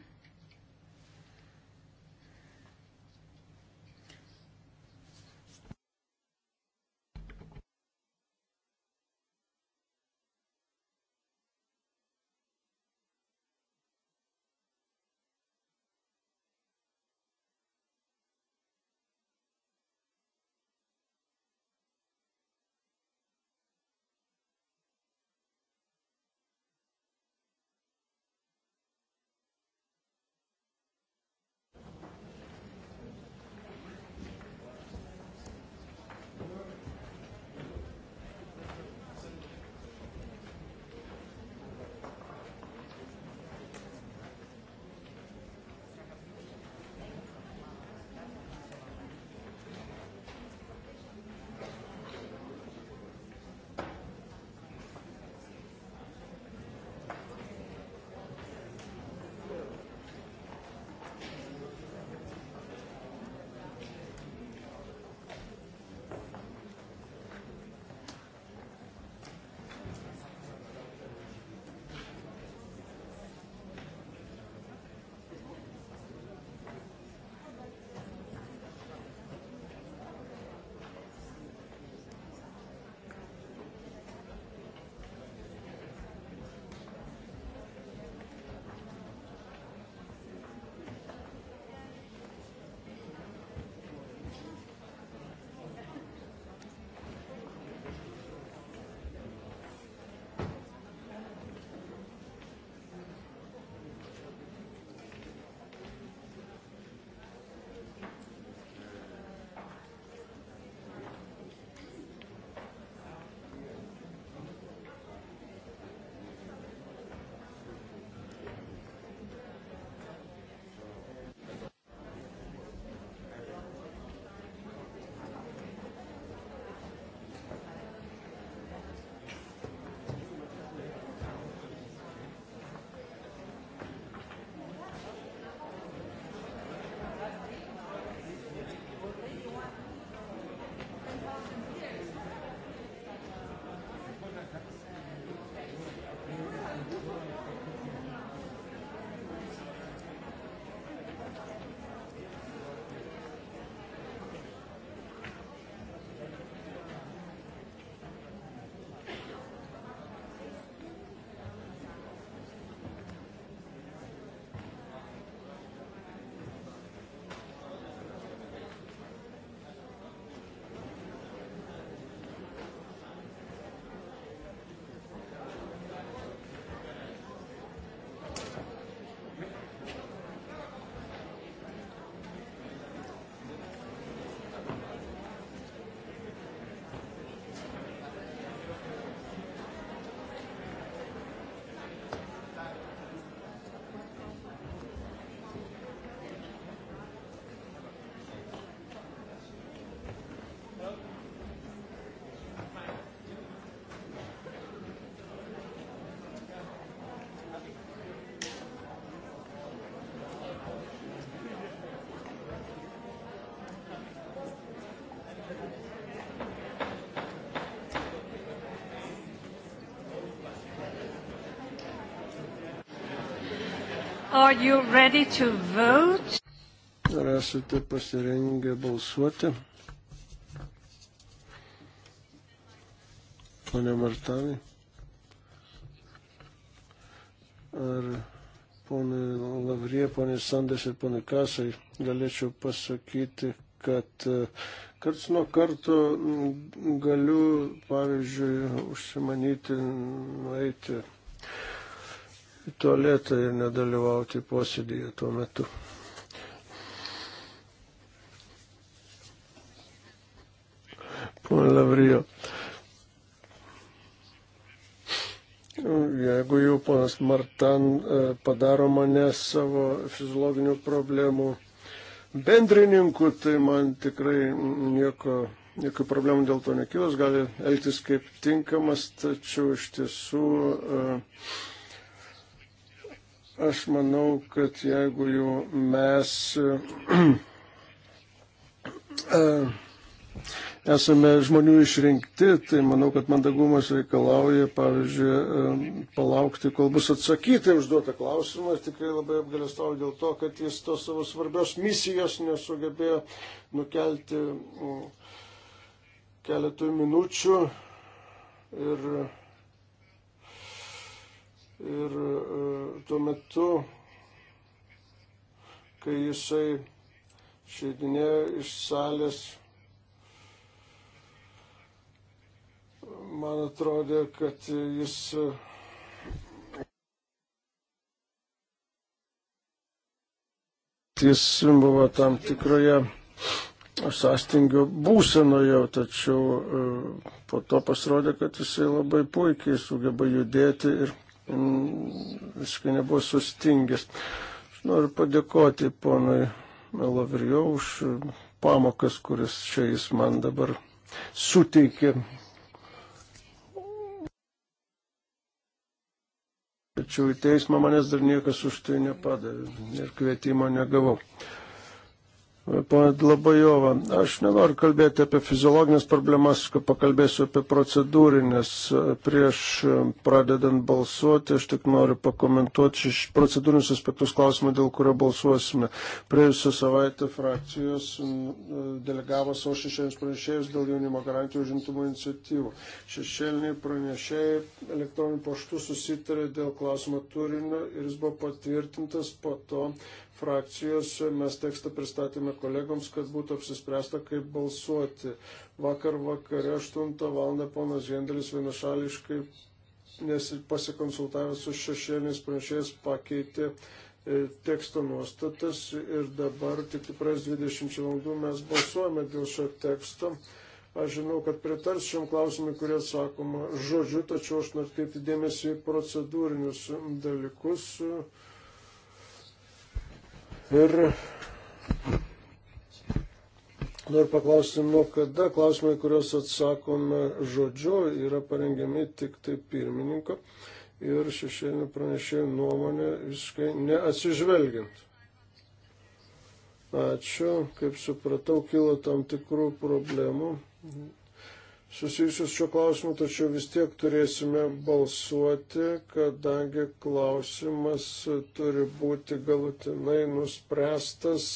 Are you ready to vote? Ar esate pasirengę balsuoti? Pone Martanai. Ar ponai Lavrie, ponai Sandas ir ponai Kasai galėčiau pasakyti, kad e, karts nuo karto galiu, pavyzdžiui, užsimanyti nueiti tualetą ir nedalyvauti posėdėje tuo metu. Pone Lavrijo. Jeigu jau ponas Martan e, padaro mane savo fiziologinių problemų bendrininku, tai man tikrai nieko, jokių problemų dėl to nekilos, gali elgtis kaip tinkamas, tačiau iš tiesų uh, Aš manau, kad jeigu jau mes eh, esame žmonių išrinkti, tai manau, kad mandagumas reikalauja, pavyzdžiui, eh, palaukti, kol bus atsakyti užduotą klausimą. Aš tikrai labai apgalėstau dėl to, kad jis tos savo svarbios misijos nesugebėjo nukelti mm, keletų minučių. Ir Ir e, tuo metu, kai jisai išeidinėjo iš salės, man atrodė, kad jis jis buvo tam tikroje sąstingio būsenoje, tačiau e, po to pasirodė, kad jisai labai puikiai sugeba judėti ir Mm, visiškai nebuvo sustingęs. Aš noriu padėkoti ponui Lavrijau už pamokas, kuris čia jis man dabar suteikė. Tačiau į teismą manęs dar niekas už tai nepadavė ir kvietimo negavau. Pane Labajova, aš nenoriu kalbėti apie fiziologinės problemas, pakalbėsiu apie procedūrinės. Prieš pradedant balsuoti, aš tik noriu pakomentuoti šis procedūrinius aspektus klausimą, dėl kurio balsuosime. Praėjusią savaitę frakcijos e, delegavo savo šešėlius pranešėjus dėl jaunimo garantijų užimtumo iniciatyvų. Šešėliniai pranešėjai elektroniniu paštu susitarė dėl klausimo turinio ir jis buvo patvirtintas po to, frakcijose mes tekstą pristatėme kolegoms, kad būtų apsispręsta, kaip balsuoti. Vakar vakare 8 val. ponas Žendelis vienašališkai pasikonsultavęs su šešėliniais pranešėjais pakeitė e, teksto nuostatas ir dabar tik praėjus 20 valandų mes balsuojame dėl šio teksto. Aš žinau, kad pritars šiam klausimui, kurie sakoma žodžiu, tačiau aš noriu atkreipti dėmesį į procedūrinius dalykus. Uh, Ir noriu paklausti, nuo kada klausimai, kuriuos atsakome žodžiu, yra parengiami tik tai pirmininko ir šešėlinių pranešėjų nuomonė visiškai neatsižvelgiant. Ačiū, kaip supratau, kilo tam tikrų problemų susijusius šio klausimu, tačiau vis tiek turėsime balsuoti, kadangi klausimas turi būti galutinai nuspręstas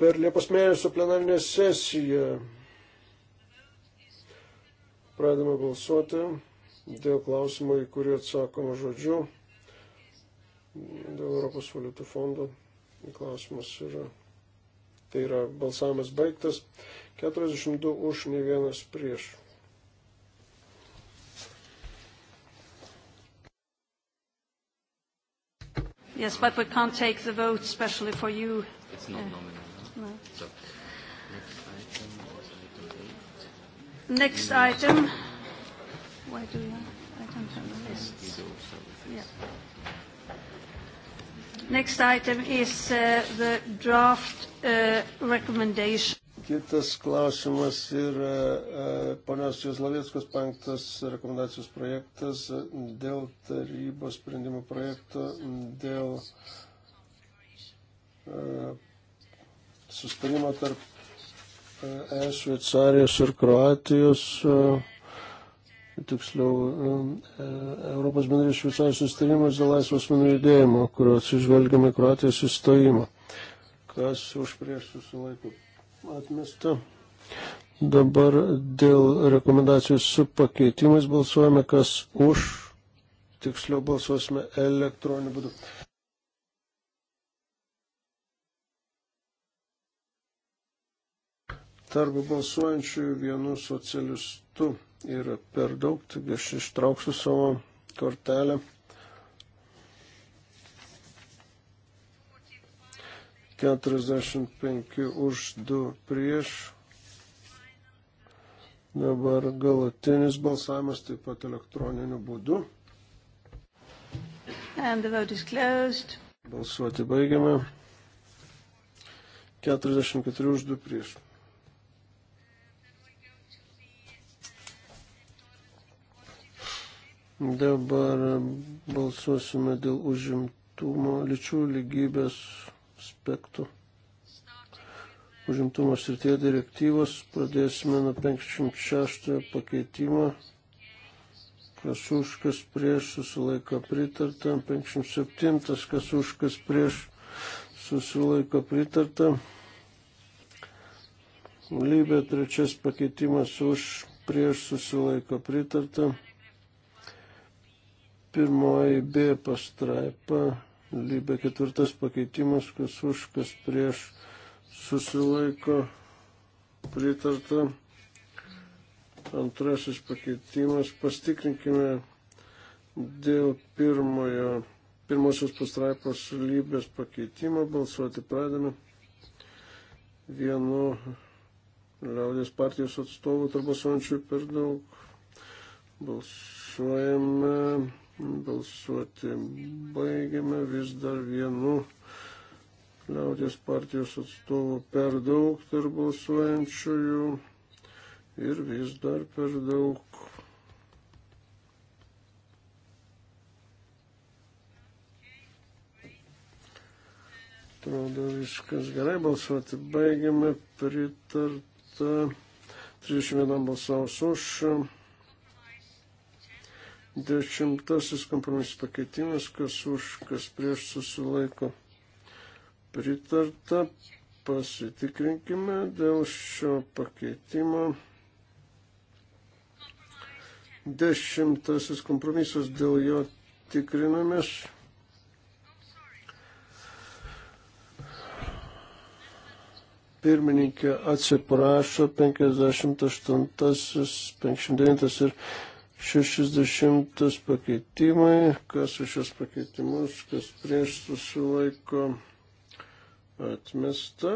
per Liepos mėnesio plenarinę sesiją. Pradame balsuoti dėl klausimo, į kurį atsakoma žodžiu, dėl Europos valiutų fondo. Klausimas yra Tai yra balsavimas baigtas. 42 už, ne vienas prieš. Yes, but we can't take the vote, especially for you. It's not uh, nominal. No. So, next item. Next item. Why do you? I don't have the list. You do, so yeah. Next item is uh, the draft uh, recommendation. Kitas klausimas yra uh, ponios Jūslavieckos penktas rekomendacijos projektas dėl tarybos sprendimo projekto, dėl uh, sustarimo tarp uh, ES, Šveicarijos ir Kroatijos. Uh, tiksliau, um, e, Europos bendrės šveicarijos sustarimas dėl laisvos menų judėjimo, kurios išvelgiame Kroatijos įstojimą. Kas už prieš susilaiko atmesta. Dabar dėl rekomendacijų su pakeitimais balsuojame, kas už, tiksliau balsuosime elektroniniu būdu. Tarp balsuojančių vienu socialistu yra per daug, taigi aš ištrauksiu savo kortelę. Keturiasdešimt penki už du prieš. Dabar galutinis balsavimas taip pat elektroniniu būdu. And the vote is closed. Balsuoti baigiame. 44 už 2 prieš. Dabar balsuosime dėl užimtumo lyčių lygybės aspektų. Užimtumo srityje direktyvos pradėsime nuo 56 pakeitimo kas už, kas prieš, susilaiko pritarta. 57, kas už, kas prieš, susilaiko pritarta. Lybė trečias pakeitimas už, prieš, susilaiko pritarta. Pirmoji B pastraipa, lybė ketvirtas pakeitimas, kas už, kas prieš susilaiko pritarta. Antrasis pakeitimas, pastikrinkime dėl pirmojo, pirmosios pastraipos lybės pakeitimo, balsuoti pradame. Vienu liaudės partijos atstovų tarp balsuojančių per daug. Balsuojame Balsuoti baigiame vis dar vienu liaudės partijos atstovų per daug tarp balsuojančiųjų ir vis dar per daug atrodo viskas gerai balsuoti. Baigiame pritartą 31 balsaus už. Dešimtasis kompromisų pakeitimas, kas už, kas prieš susilaiko pritarta. Pasitikrinkime dėl šio pakeitimo. Dešimtasis kompromisas, dėl jo tikrinamės. Pirmininkė atsiprašo 58, 59 ir 60 pakeitimai, kas už šios pakeitimus, kas prieš susilaiko atmesta.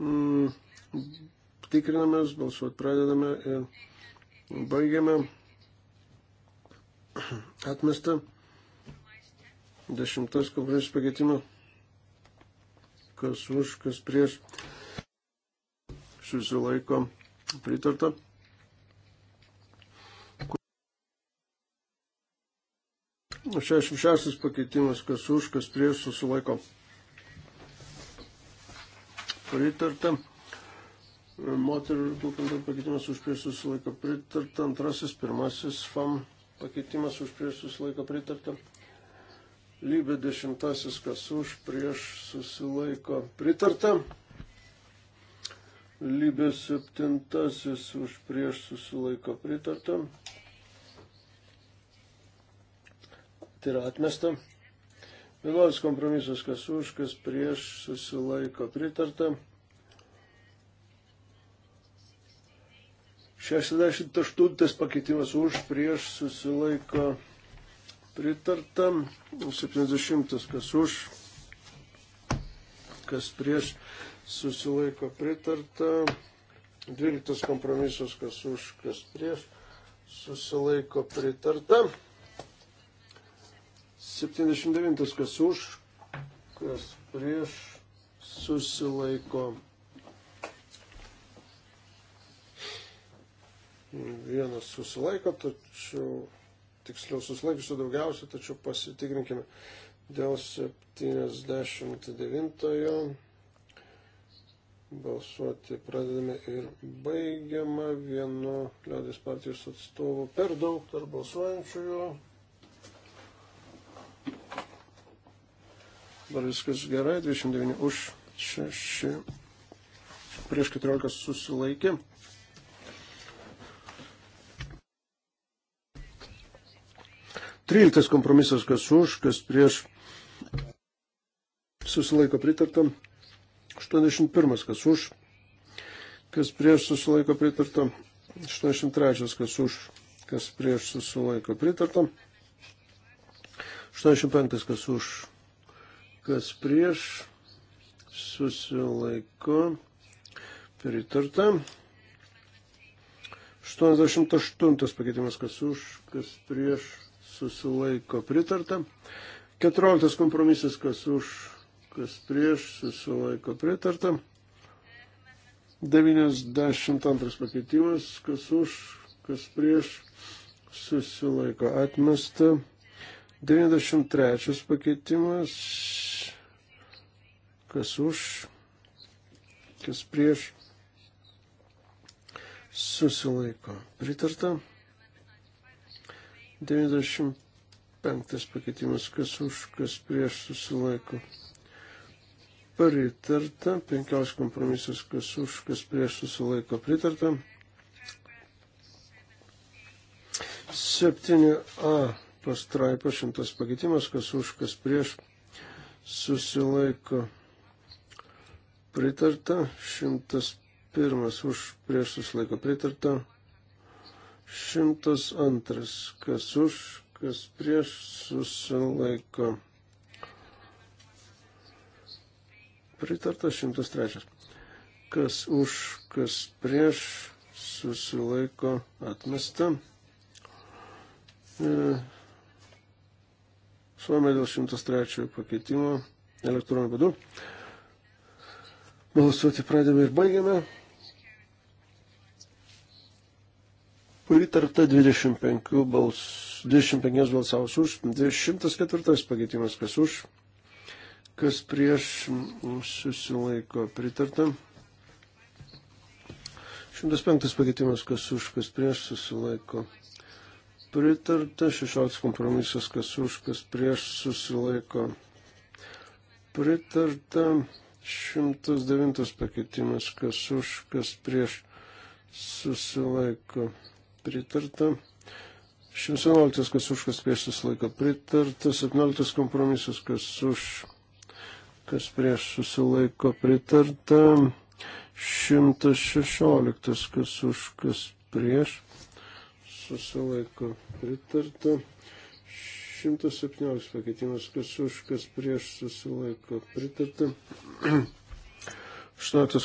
Mm, tikrinamės, balsuot pradedame ir baigiame. Atmesta. Dešimtas kompromisų pakeitimas. Kas už, kas prieš susilaiko pritarta. O 66 pakeitimas, kas už, kas prieš susilaiko pritarta. Moterų kultūros pakeitimas už prieš susilaiko pritarta. Antrasis, pirmasis FAM pakeitimas už prieš susilaiko pritarta. Lybė dešimtasis, kas už prieš susilaiko pritarta. Lybė septintasis už prieš susilaiko pritarta. Tai yra atmesta. Vienuolis kompromisas, kas už, kas prieš susilaiko pritarta. 68 pakeitimas už, prieš susilaiko pritarta. 70 kas už, kas prieš susilaiko pritarta. 12 kompromisas, kas už, kas prieš, susilaiko pritarta. 79 kas už, kas prieš, susilaiko. Vienas susilaiko, tačiau tiksliau susilaikiusių daugiausia, tačiau pasitikrinkime dėl 79. -ojo balsuoti pradedame ir baigiama vienu liaudės partijos atstovu. Per daug tarp balsuojančiųjų. Dar viskas gerai, 29 už, 6, prieš 14 susilaikė. Tryliktas kompromisas, kas už, kas prieš, susilaiko pritartam. 81. Kas už, kas prieš susilaiko pritarta. 83. Kas už, kas prieš susilaiko pritarta. 85. Kas už, kas prieš susilaiko pritarta. 88 pakeitimas, kas už, kas prieš, susilaiko pritarta. 14 kompromisas, kas už, kas prieš, susilaiko pritarta. 92 pakeitimas, kas už, kas prieš, susilaiko atmesta. 93 pakeitimas, kas už, kas prieš, susilaiko pritarta. 95 pakeitimas, kas už, kas prieš susilaiko pritarta, 15 kompromisas, kas už, kas prieš susilaiko pritarta. 7a pastraipa šimtas pakeitimas, kas už, kas prieš susilaiko pritarta. 101 už, prieš susilaiko pritarta. 102 kas už, kas prieš susilaiko pritarta. pritarta 103. Kas už, kas prieš susilaiko atmesta. E, Suomė dėl 103 pakeitimo elektroniniu būdu. Balsuoti pradėme ir baigiame. Pritarta 25 balsų, 25 balsaus už, 204 pakeitimas kas už, kas prieš susilaiko pritarta. 105 pakeitimas, kas už, kas prieš susilaiko pritarta. 16 kompromisas, kas už, kas prieš susilaiko pritarta. 109 pakeitimas, kas už, kas prieš susilaiko pritarta. 111 kas už, kas prieš susilaiko pritarta. 17 kompromisas, kas už kas prieš susilaiko pritarta, 116, kas už, kas prieš susilaiko pritarta. 117 pakeitimas, kas už, kas prieš susilaiko pritarta. 18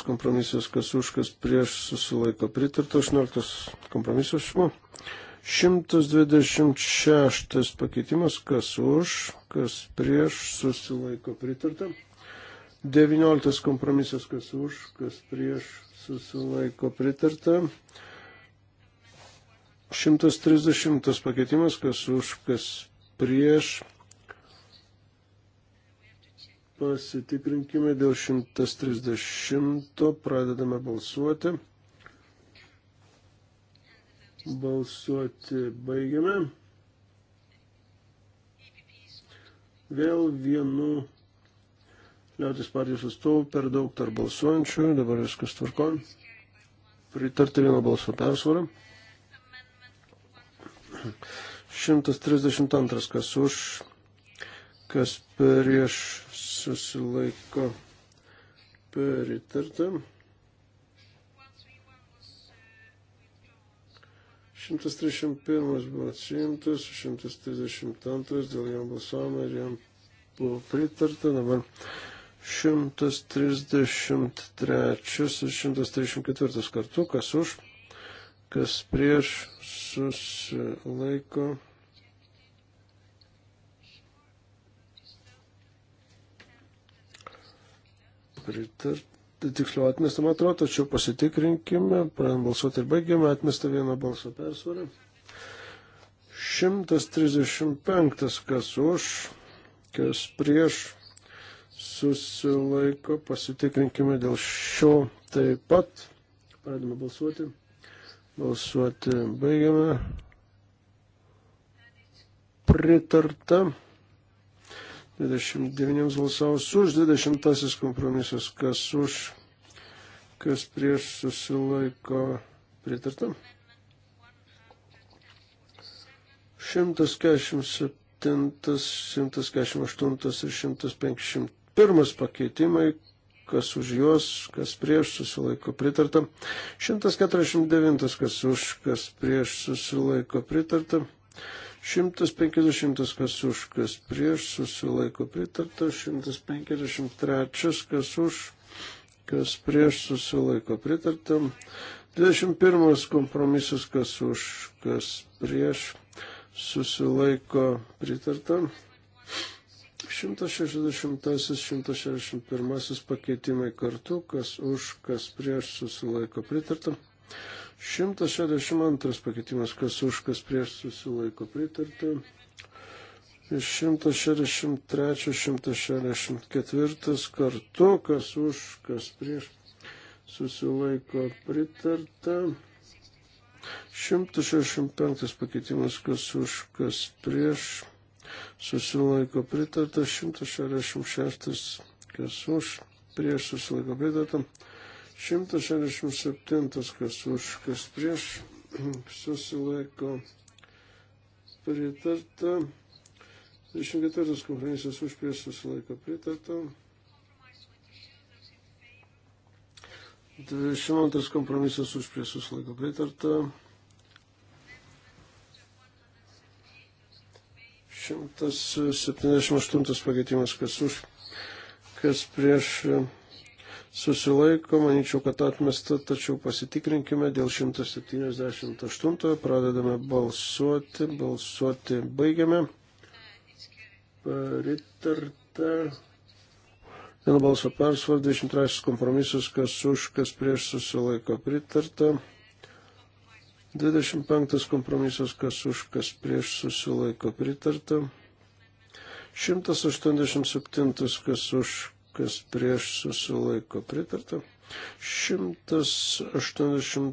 kompromisas, kas už, kas prieš susilaiko pritarta. 18 kompromisas šmo. 126 pakeitimas, kas už, kas prieš susilaiko pritarta. 19 kompromisas, kas už, kas prieš, susilaiko pritarta. 130 pakeitimas, kas už, kas prieš. Pasitikrinkime dėl 130, pradedame balsuoti. Balsuoti baigiame. Vėl vienu liautis partijos atstovų, per daug tarp balsuojančių, dabar viskas tvarko. Pritarti vieno balso persvarą. 132, kas už, kas prieš susilaiko pritarta. 131 buvo atsiimtas, 132 dėl jam balsavimo ir jam buvo pritarta. Dabar 133 ir 134 kartu, kas už, kas prieš susilaiko. Pritart, tiksliau atmestama atrodo, tačiau pasitikrinkime, pradėm balsuoti ir baigėme, atmestą vieną balsą persvarą. 135 kas už, kas prieš susilaiko, pasitikrinkime dėl šio taip pat. Pradėme balsuoti. Balsuoti baigiame. Pritarta. 29 balsavus už, 20 kompromisas, kas už, kas prieš susilaiko pritarta. 147, 148 ir 150 Pirmas pakeitimai, kas už juos, kas prieš susilaiko pritarta. 149, kas už, kas prieš susilaiko pritarta. 150, kas už, kas prieš susilaiko pritarta. 153, kas už, kas prieš susilaiko pritarta. 21 kompromisas, kas už, kas prieš susilaiko pritarta. 160-161 pakeitimai kartu, kas už, kas prieš susilaiko pritarta. 162 pakeitimas, kas už, kas prieš susilaiko pritarta. 163-164 kartu, kas už, kas prieš susilaiko pritarta. 165 pakeitimas, kas už, kas prieš susilaiko pritarta, 166 kas už, prieš susilaiko pritarta, 167 kas už, kas prieš susilaiko pritarta, 24 kompromisas už, prieš susilaiko pritarta. 22 kompromisas už prie susilaiko pritarta. 178 pakeitimas, kas už, kas prieš e, susilaiko, manyčiau, kad atmesta, tačiau pasitikrinkime dėl 178, pradedame balsuoti, balsuoti baigiame. Pritarta. Vieno balso persvar, 23 kompromisas, kas už, kas prieš susilaiko pritarta. 25 kompromisas, kas už, kas prieš susilaiko pritarta. 187, kas už, kas prieš susilaiko pritarta. 180. 190,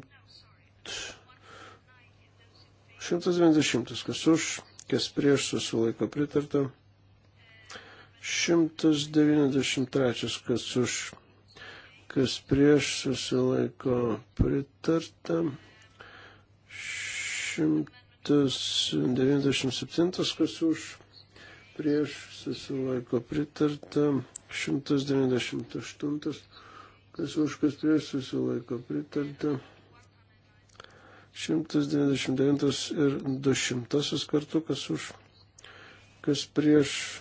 kas už, kas prieš susilaiko pritarta. 193, kas už, kas prieš susilaiko pritarta. 197, kas už, prieš susilaiko pritarta, 198, kas už, kas prieš susilaiko pritarta. 199 ir 200 kartu, kas už, kas prieš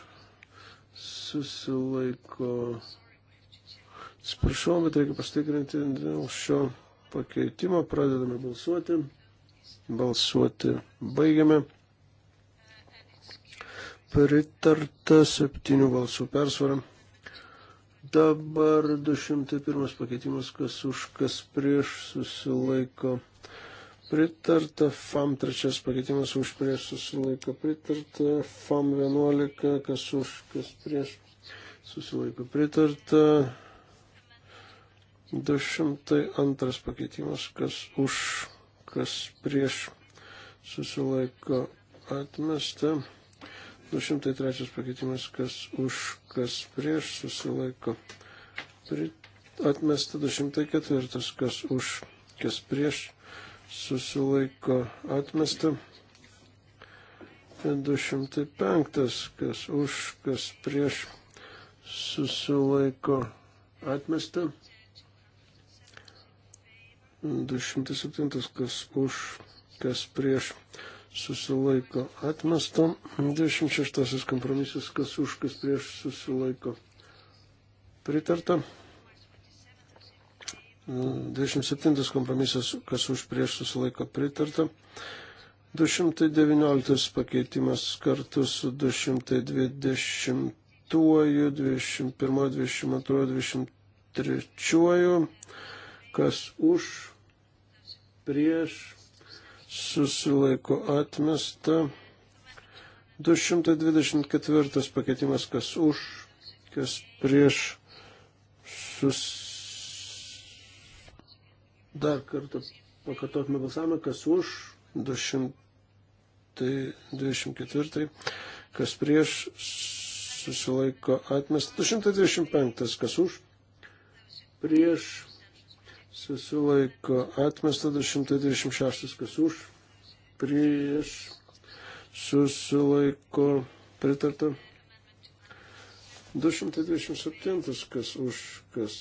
susilaiko. Atsiprašau, bet reikia pastikrinti dėl šio pakeitimo. Pradedame balsuoti. Balsuoti baigiame. Pritarta septynių balsų persvara. Dabar 201 pakeitimas, kas už, kas prieš susilaiko. Pritarta FAM trečias pakeitimas už prieš susilaiko. Pritarta FAM 11, kas už, kas prieš susilaiko. Pritarta 202 pakeitimas, kas už kas prieš susilaiko atmesta. 203 pakeitimas, kas už, kas prieš susilaiko atmesta. 204, kas už, kas prieš susilaiko atmesta. 205, kas už, kas prieš susilaiko atmesta. 207, kas už, kas prieš susilaiko atmesta. 26 kompromisas, kas už, kas prieš susilaiko pritarta. 27 kompromisas, kas už prieš susilaiko pritarta. 219 pakeitimas kartu su 220, 21, 22, 23, kas už prieš susilaiko atmesta. 224 pakeitimas, kas už, kas prieš sus. Dar kartą pakartokime balsavimą, kas už 224, kas prieš susilaiko atmestas 225, kas už prieš susilaiko atmesta 226, kas už, prieš, susilaiko pritarta 227, kas už, kas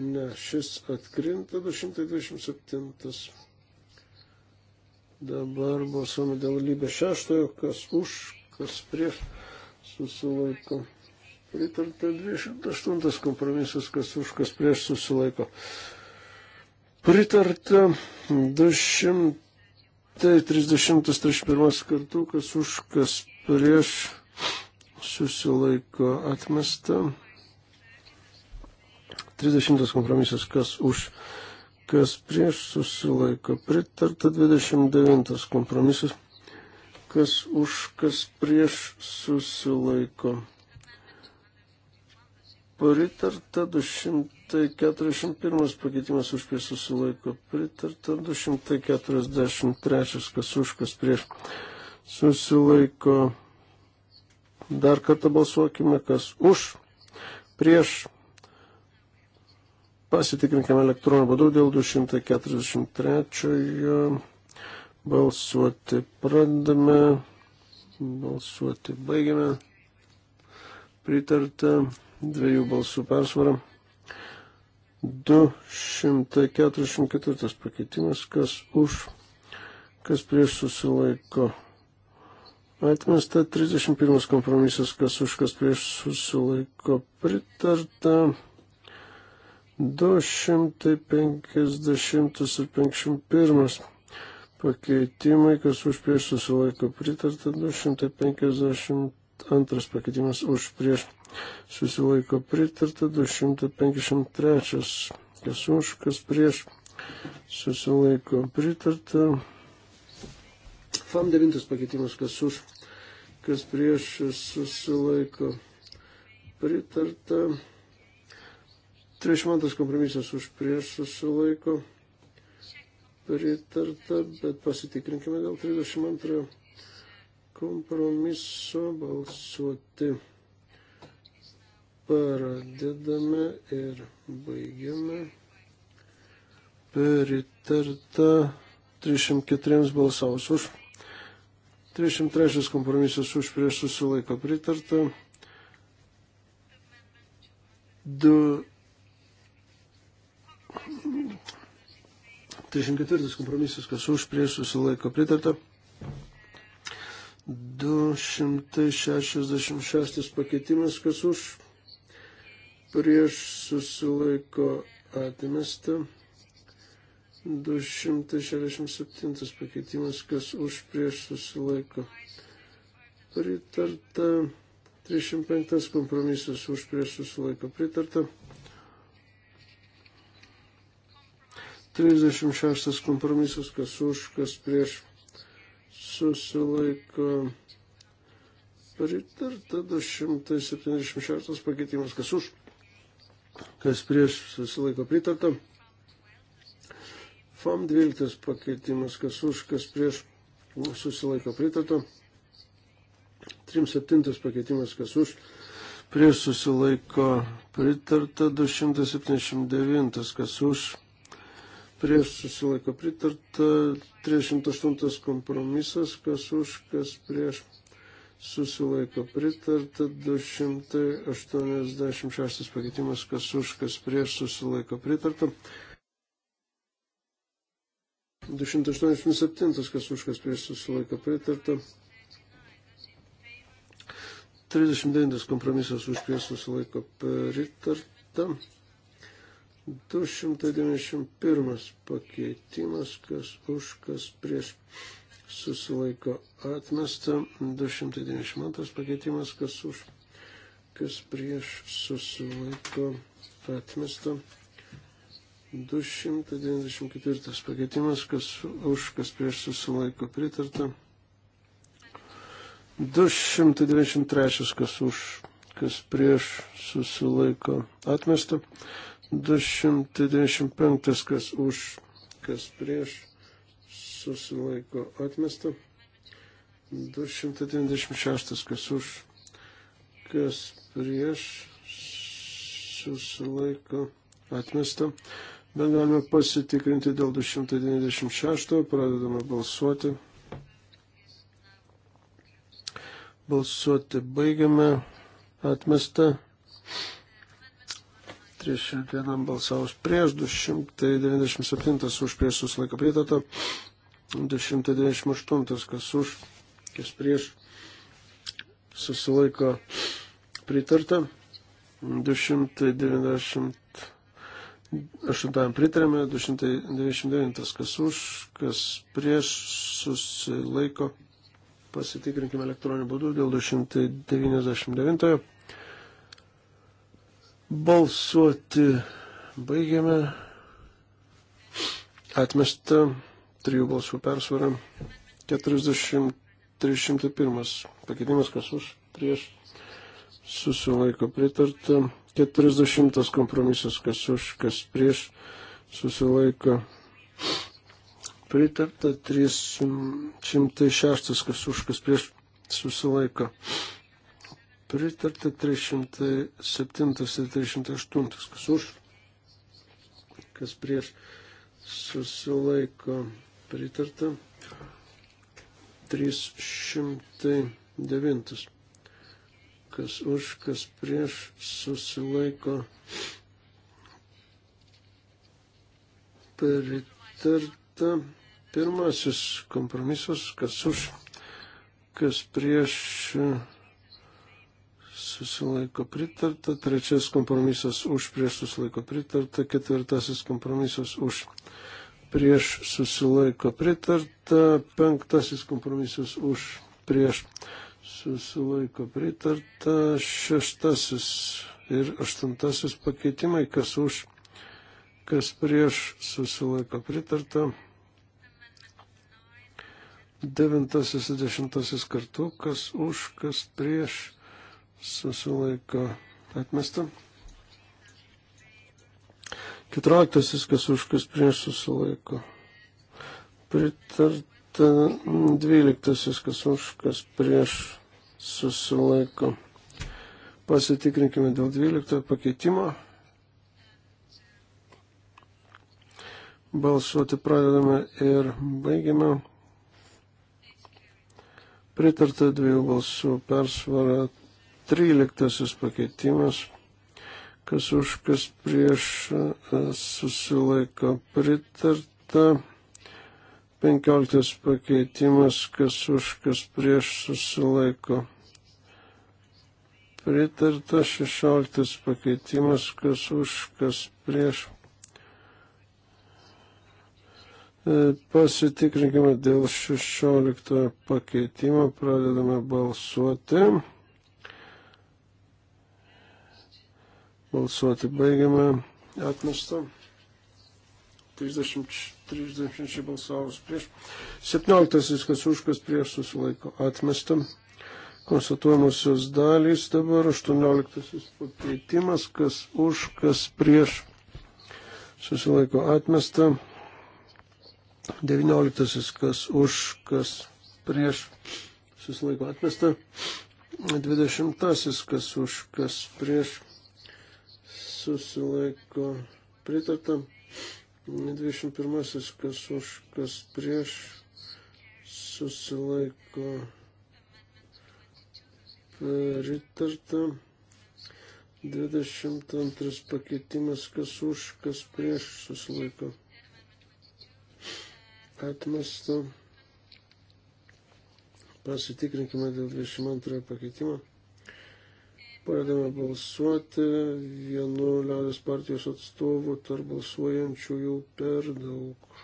Ne, šis atkrinta 227. Dabar balsuome dėl lybės šeštojo, kas už, kas prieš susilaiko Pritarta 28 kompromisas, kas už, kas prieš susilaiko. Pritarta 231 kartų, kas už, kas prieš susilaiko atmesta. 30 kompromisas, kas už, kas prieš susilaiko. Pritarta 29 kompromisas, kas už, kas prieš susilaiko pritarta 241 pakeitimas už prieš susilaiko, pritarta 243, kas už, kas prieš susilaiko. Dar kartą balsuokime, kas už, prieš. Pasitikrinkime elektroniniu būdu dėl 243. Balsuoti pradame, balsuoti baigiame. Pritarta dviejų balsų persvarą. 244 pakeitimas, kas už, kas prieš susilaiko. Atmesta 31 kompromisas, kas už, kas prieš susilaiko pritarta. 250 ir 51 pakeitimai, kas už prieš susilaiko pritarta, 252 Antras pakeitimas už prieš susilaiko pritarta. 253. Kas už, kas prieš susilaiko pritarta. FAM 9 pakeitimas. Kas už, kas prieš susilaiko pritarta. 32 kompromisas už prieš susilaiko pritarta, bet pasitikrinkime dėl 32 kompromiso balsuoti pradedame ir baigiame. Pritarta 304 balsaus už. 303 kompromisas už prieš susilaiko pritarta. 2. 304 kompromisas, kas už prieš susilaiko pritarta. 266 pakeitimas, kas už prieš susilaiko atmesta. 267 pakeitimas, kas už prieš susilaiko. Pritarta. 35 kompromisas už prieš susilaiko. Pritarta. 36 kompromisas, kas už, kas prieš susilaiko pritarta 276 pakeitimas, kas už, kas prieš susilaiko pritarta. FAM 12 pakeitimas, kas už, kas prieš susilaiko pritarta. 37 pakeitimas, kas už, prieš susilaiko pritarta 279, kas už prieš susilaiko pritarta, 308 kompromisas, kas už, kas prieš susilaiko pritarta, 286 pakeitimas, kas už, kas prieš susilaiko pritarta. 287, kas už, kas prieš susilaiko pritarta. 39 kompromisas už prieš susilaiko pritarta. 291 pakeitimas, kas už, kas prieš susilaiko atmesta. 292 pakeitimas, kas už, kas prieš susilaiko atmesta. 294 pakeitimas, kas už, kas prieš susilaiko pritarta. 293, kas už, kas prieš susilaiko atmesta. 295, kas už, kas prieš, susilaiko atmesta. 296, kas už, kas prieš, susilaiko atmesta. Bet galime pasitikrinti dėl 296, pradedame balsuoti. Balsuoti baigiame, atmesta. 301 balsavo už prieš, 297 už prieš susilaiko prietato, 298 kas už, kas prieš susilaiko pritarta, 298 pritarėme, 299 kas už, kas prieš susilaiko. Pasitikrinkime elektroniniu būdu dėl 299. Balsuoti baigiame. Atmesta trijų balsų persvara. 40, 301 pakeitimas, kas už, prieš, susilaiko pritarta. 40 kompromisas, kas už, kas prieš, susilaiko pritarta. 306, kas už, kas prieš, susilaiko pritarta. Pritarta 307 ir 308, kas už, kas prieš susilaiko pritarta 309, kas už, kas prieš susilaiko pritarta pirmasis kompromisas, kas už, kas prieš susilaiko pritarta susilaiko pritarta, trečias kompromisas už prieš susilaiko pritarta, ketvirtasis kompromisas už prieš susilaiko pritarta, penktasis kompromisas už prieš susilaiko pritarta, šeštasis ir aštuntasis pakeitimai, kas už, kas prieš susilaiko pritarta. Devintasis ir dešimtasis kartu, kas už, kas prieš susilaiko atmesta. 14. kas už kas prieš susilaiko. Pritarta 12. kas už kas prieš susilaiko. Pasitikrinkime dėl 12 pakeitimo. Balsuoti pradedame ir baigiame. Pritarta dviejų balsų persvara 13 e, pakeitimas, kas už, kas prieš susilaiko pritarta. 15 pakeitimas, kas už, kas prieš susilaiko pritarta. 16 pakeitimas, kas už, kas prieš Pasitikrinkime dėl 16 pakeitimo, pradedame balsuoti. Balsuoti baigiame. Atmesta. 30, 30 balsavus prieš. 17 kas už, kas prieš susilaiko. Atmesta. Konstatuojamosios dalys dabar. 18 pakeitimas, kas už, kas prieš susilaiko. Atmesta. 19 kas už, kas prieš susilaiko. Atmesta. 20 kas už, kas prieš susilaiko pritarta. 21. Kas už, kas prieš susilaiko pritarta. 22 pakeitimas, kas už, kas prieš susilaiko. Atmesta. Pasitikrinkime dėl 22 pakeitimo. Pradėjome balsuoti vienu liaudės partijos atstovu tarp balsuojančiųjų per daug.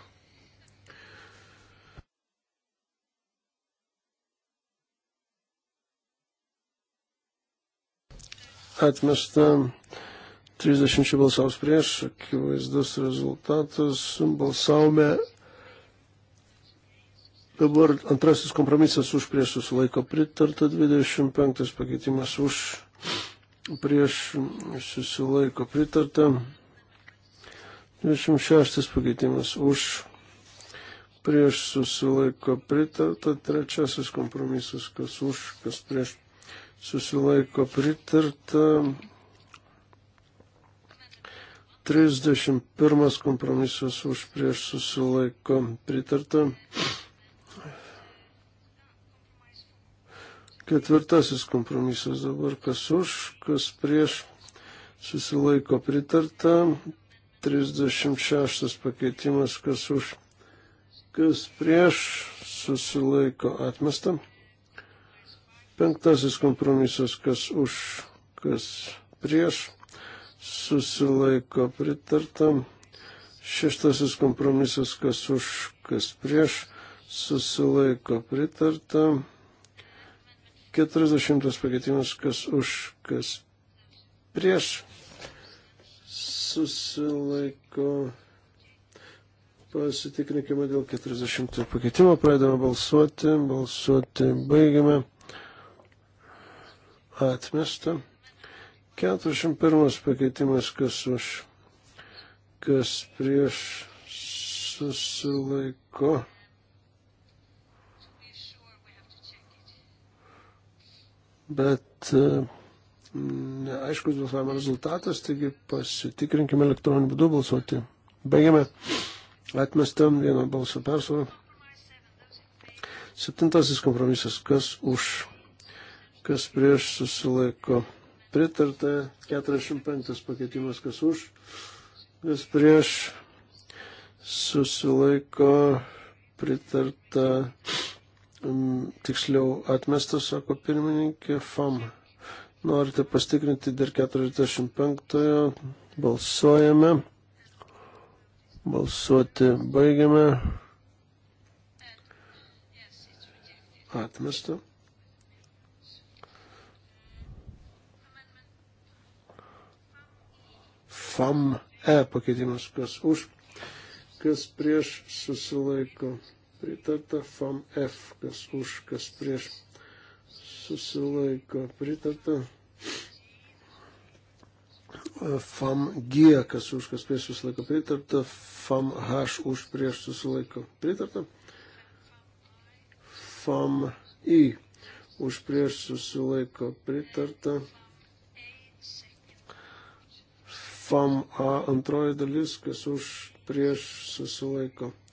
Atmesta 30 balsaus prieš, akivaizdus rezultatas. Balsavome Dabar antrasis kompromisas už prieš susilaiko pritarta, 25 pakeitimas už prieš susilaiko pritarta. 26 pakeitimas už prieš susilaiko pritarta. Trečiasis kompromisas, kas už, kas prieš susilaiko pritarta. 31 kompromisas už prieš susilaiko pritarta. Ketvirtasis kompromisas dabar kas už, kas prieš susilaiko pritarta. 36 pakeitimas kas už, kas prieš susilaiko atmesta. Penktasis kompromisas kas už, kas prieš susilaiko pritarta. Šeštasis kompromisas kas už, kas prieš susilaiko pritarta. 40 pakeitimas, kas už, kas prieš susilaiko. Pasitikrinkime dėl 40 pakeitimo, pradedame balsuoti, balsuoti baigiame. Atmesta. 41 pakeitimas, kas už, kas prieš susilaiko bet e, neaiškus balsavimo rezultatas, taigi pasitikrinkime elektroniniu būdu balsuoti. Baigiame. Atmestam vieną balsą persvarą. Septintasis kompromisas. Kas už? Kas prieš susilaiko? Pritarta 45 pakeitimas. Kas už? Kas prieš susilaiko? Pritarta tiksliau atmestas, sako pirmininkė FAM. Norite pastikrinti dar 45-ojo, balsuojame, balsuoti baigiame. Atmesta. FAM E pakeitimas, kas už, kas prieš susilaiko pritarta FAM F, kas už, kas prieš susilaiko pritarta. FAM G, kas už, kas prieš susilaiko pritarta. FAM H už, prieš susilaiko pritarta. FAM I už, prieš susilaiko pritarta. FAM A antroji dalis, kas už, prieš susilaiko pritarta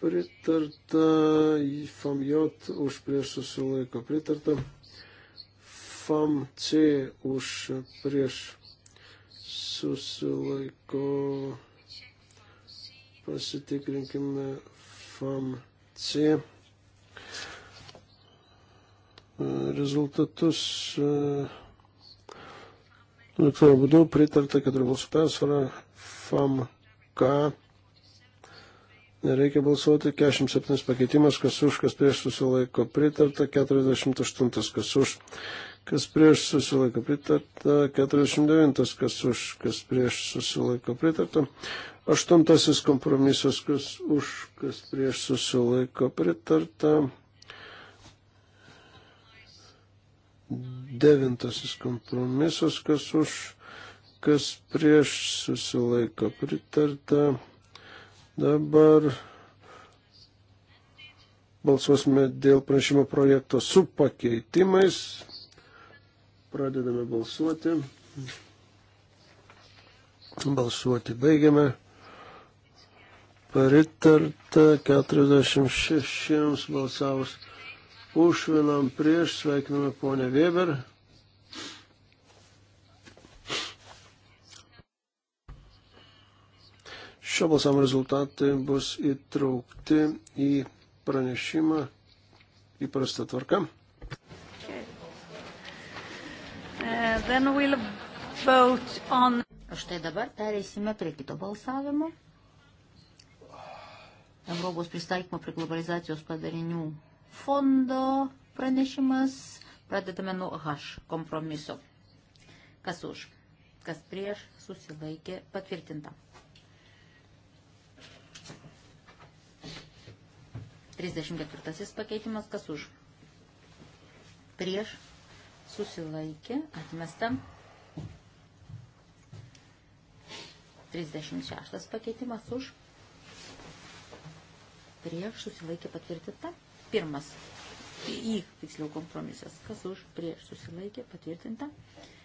pritarta, fam J už prieš susilaiko pritarta, fam C už prieš susilaiko pasitikrinkime fam C rezultatus e, elektroniniu būdu pritarta, kad ir balsų persvara FAMK Reikia balsuoti 47 pakeitimas, kas už, kas prieš susilaiko pritarta, 48 kas už, kas prieš susilaiko pritarta, 49 kas už, kas prieš susilaiko pritarta, 8 kompromisas, kas už, kas prieš susilaiko pritarta, 9 kompromisas, kas už, kas prieš susilaiko pritarta. Dabar balsuosime dėl pranešimo projekto su pakeitimais. Pradedame balsuoti. Balsuoti baigiame. Pritarta 46 balsavus už vienam prieš. Sveikiname ponę Weber. Šio balsavimo rezultatai bus įtraukti į pranešimą įprasta tvarka. Okay. Uh, we'll on... O štai dabar pereisime prie kito balsavimo. Europos pristaikymo prie globalizacijos padarinių fondo pranešimas. Pradedame nuo H kompromiso. Kas už, kas prieš, susilaikė, patvirtinta. 34 pakeitimas, kas už. Prieš susilaikė, atmesta. 36 pakeitimas už. Prieš susilaikė patvirtinta. Pirmas. Į, tiksliau, kompromisas. Kas už prieš susilaikė patvirtinta. 37.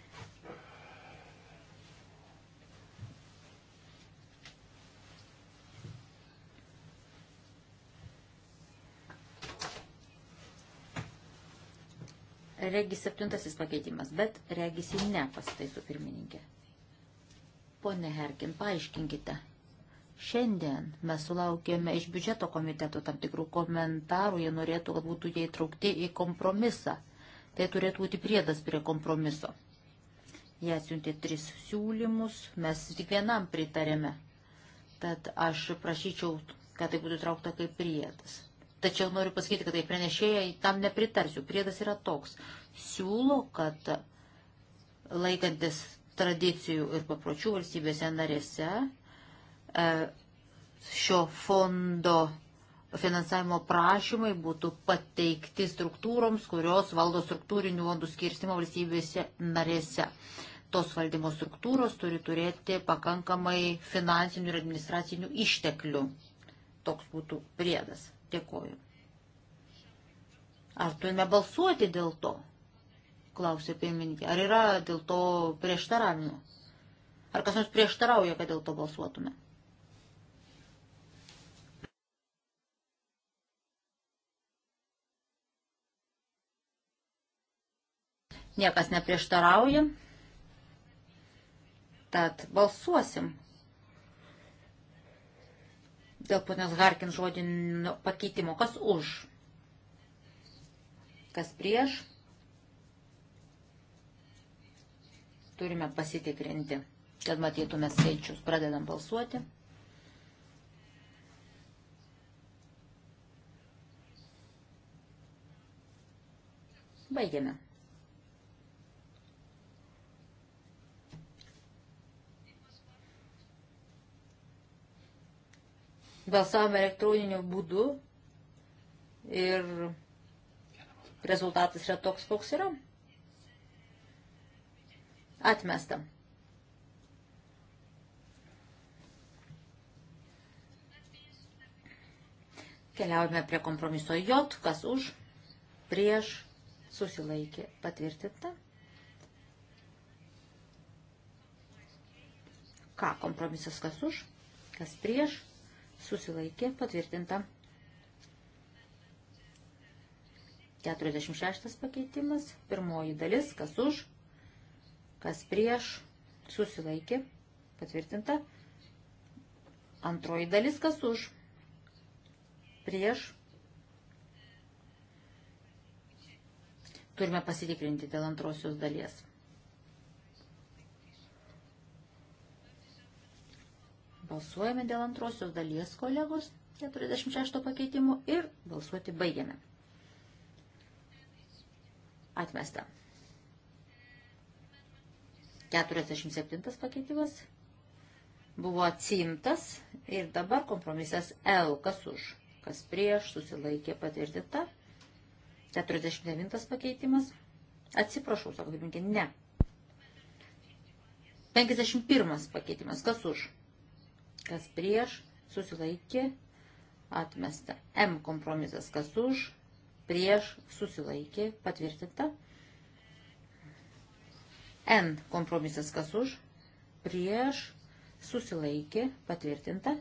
regis septintasis pakeitimas, bet regis jį ne pasitaiso pirmininkė. Pone Herkin, paaiškinkite. Šiandien mes sulaukėme iš biudžeto komiteto tam tikrų komentarų, jie norėtų, kad būtų jie įtraukti į kompromisą. Tai turėtų būti priedas prie kompromiso. Jie atsiuntė tris siūlymus, mes tik vienam pritarėme. Tad aš prašyčiau, kad tai būtų traukta kaip priedas. Tačiau noriu pasakyti, kad tai pranešėjai tam nepritarsiu. Priedas yra toks. Siūlo, kad laikantis tradicijų ir papročių valstybėse narėse e, šio fondo finansavimo prašymai būtų pateikti struktūroms, kurios valdo struktūrinių fondų skirstimo valstybėse narėse. Tos valdymo struktūros turi turėti pakankamai finansinių ir administracinių išteklių. Toks būtų priedas. Dėkoju. Ar turime balsuoti dėl to? Klausė pirmininkė. Ar yra dėl to prieštaravimų? Ar kas nors prieštarauja, kad dėl to balsuotume? Niekas neprieštarauja. Tad balsuosim. Dėl ponios Harkin žodinio pakeitimo. Kas už? Kas prieš? Turime pasitikrinti, kad matytume skaičius. Pradedam balsuoti. Baigiame. Balsavome elektroniniu būdu ir rezultatas yra toks, koks yra. Atmesta. Keliaujame prie kompromiso J, kas už, prieš, susilaikė, patvirtinta. Ką kompromisas kas už, kas prieš, susilaikė, patvirtinta. 46 pakeitimas, pirmoji dalis, kas už, kas prieš, susilaikė, patvirtinta. Antroji dalis, kas už, prieš. Turime pasitikrinti dėl antrosios dalies. Balsuojame dėl antrosios dalies kolegos 46 pakeitimo ir balsuoti baigiame. Atmesta. 47 pakeitimas buvo atsimtas ir dabar kompromisas L, kas už, kas prieš, susilaikė patvirtinta. 49 pakeitimas. Atsiprašau, sako pirmininkė, ne. 51 pakeitimas, kas už, kas prieš, susilaikė, atmesta. M kompromisas, kas už, prieš, susilaikė, patvirtinta. N kompromisas, kas už, prieš, susilaikė, patvirtinta.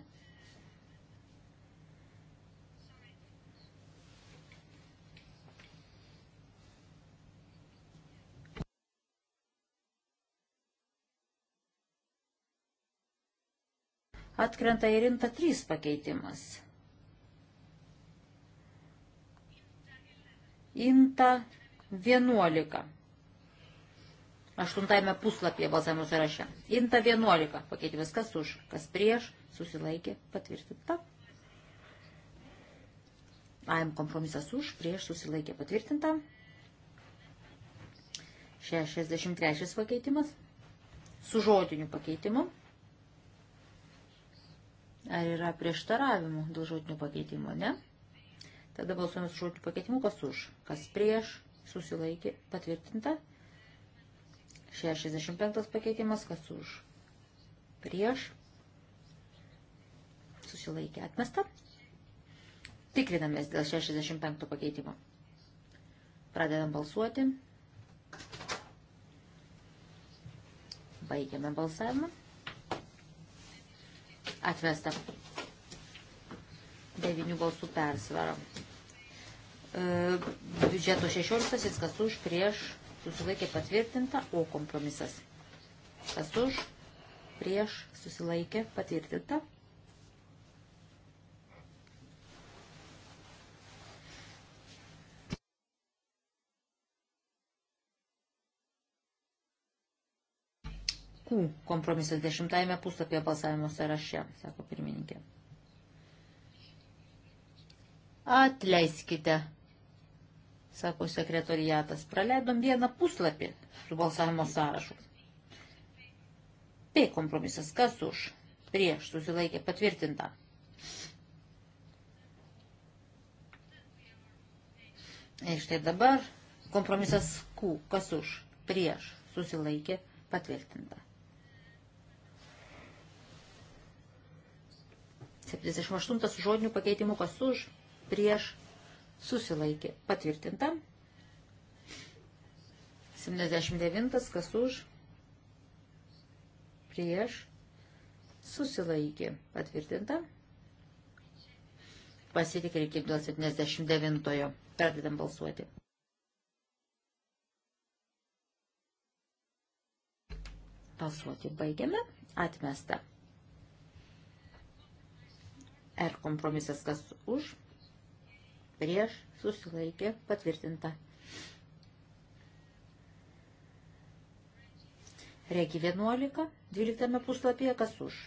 atkrenta ir rimta 3 pakeitimas. Inta 11. Aštuntame puslapyje balsavimo sąraše. Inta 11. Pakeitimas kas už, kas prieš, susilaikė, patvirtinta. AM kompromisas už, prieš, susilaikė, patvirtinta. 63 pakeitimas. Su žodiniu pakeitimu. Ar yra prieštaravimų dėl žodinių pakeitimų, ne? Tada balsuojame su žodiniu pakeitimu, kas už, kas prieš, susilaikė, patvirtinta. 65 pakeitimas, kas už, prieš, susilaikė, atmesta. Tikrinamės dėl 65 pakeitimo. Pradedam balsuoti. Baigiame balsavimą. Atmesta. Devinių balsų persvara. E, biudžeto 16, kas už, prieš, susilaikė patvirtinta, o kompromisas. Kas už, prieš, susilaikė patvirtinta. vaikų kompromisas dešimtajame puslapyje balsavimo sąraše, sako pirmininkė. Atleiskite, sako sekretoriatas, praleidom vieną puslapį su balsavimo sąrašu. P kompromisas, kas už, prieš, susilaikė patvirtinta. Ir štai dabar kompromisas Q, kas už, prieš, susilaikė patvirtinta. 78 su žodiniu pakeitimu, kas už, prieš, susilaikė, patvirtinta. 79 kas už, prieš, susilaikė, patvirtinta. Pasitikrinkim dėl 79-ojo, pradedam balsuoti. Balsuoti baigiame, atmesta. R kompromisas kas už, prieš susilaikė patvirtinta. Regi 11, 12 puslapyje kas už,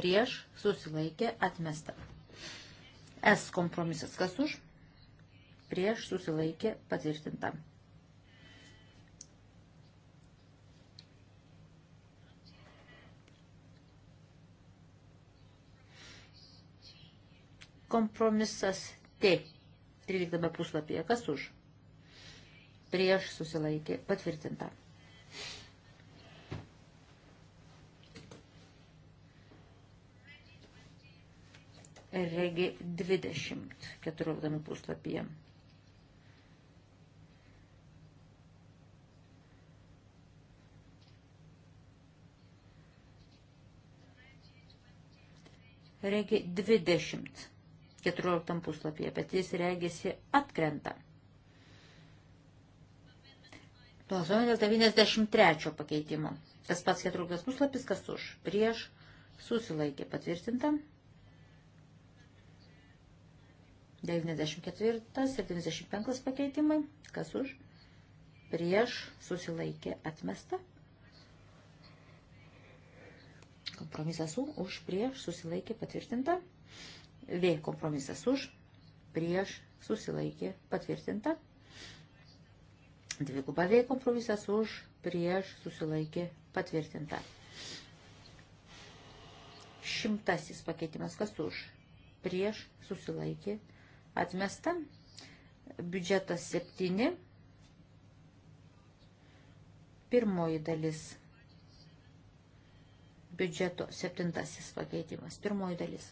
prieš susilaikė atmesta. S kompromisas kas už, prieš susilaikė patvirtinta. Kompromisas T. 13 puslapyje. Kas už? Prieš susilaikė. Patvirtinta. Regi 20, 14 puslapyje. Regi 20. 14 puslapyje, bet jis regisi atkrenta. Balsuojame dėl 93 pakeitimo. Tas pats 14 puslapis, kas už, prieš, susilaikė patvirtinta. 94, 75 pakeitimai, kas už, prieš, susilaikė atmesta. Kompromisas U, už, prieš, susilaikė patvirtinta. V kompromisas už, prieš, susilaikė, patvirtinta. Dviguba V kompromisas už, prieš, susilaikė, patvirtinta. Šimtasis pakeitimas kas už, prieš, susilaikė, atmesta. Biudžetas 7. Pirmoji dalis biudžeto septintasis pakeitimas, pirmoji dalis.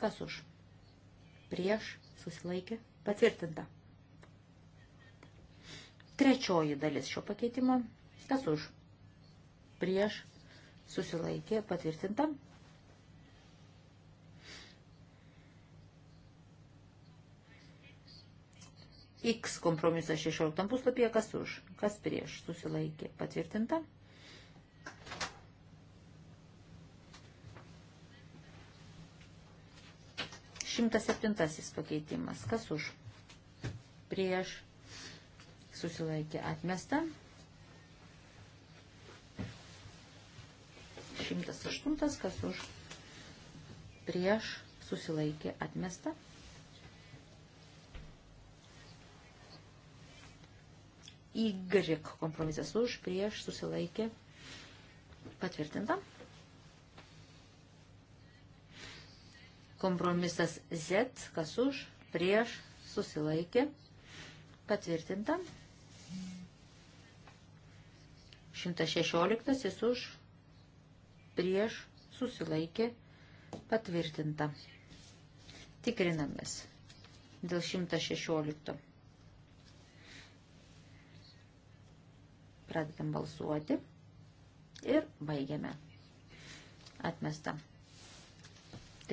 Kas už? Prieš susilaikė patvirtinta. Trečioji dalis šio pakeitimo. Kas už? Prieš susilaikė patvirtinta. X kompromisas 16 puslapyje, kas už, kas prieš, susilaikė, patvirtinta. 107 pakeitimas. Kas už? Prieš susilaikė atmesta. 108 kas už? Prieš susilaikė atmesta. Y kompromisas už, prieš susilaikė patvirtinta. Kompromisas Z, kas už, prieš, susilaikė, patvirtinta. 116 jis už, prieš, susilaikė, patvirtinta. Tikrinamės dėl 116. Pradedam balsuoti ir baigiame. Atmesta.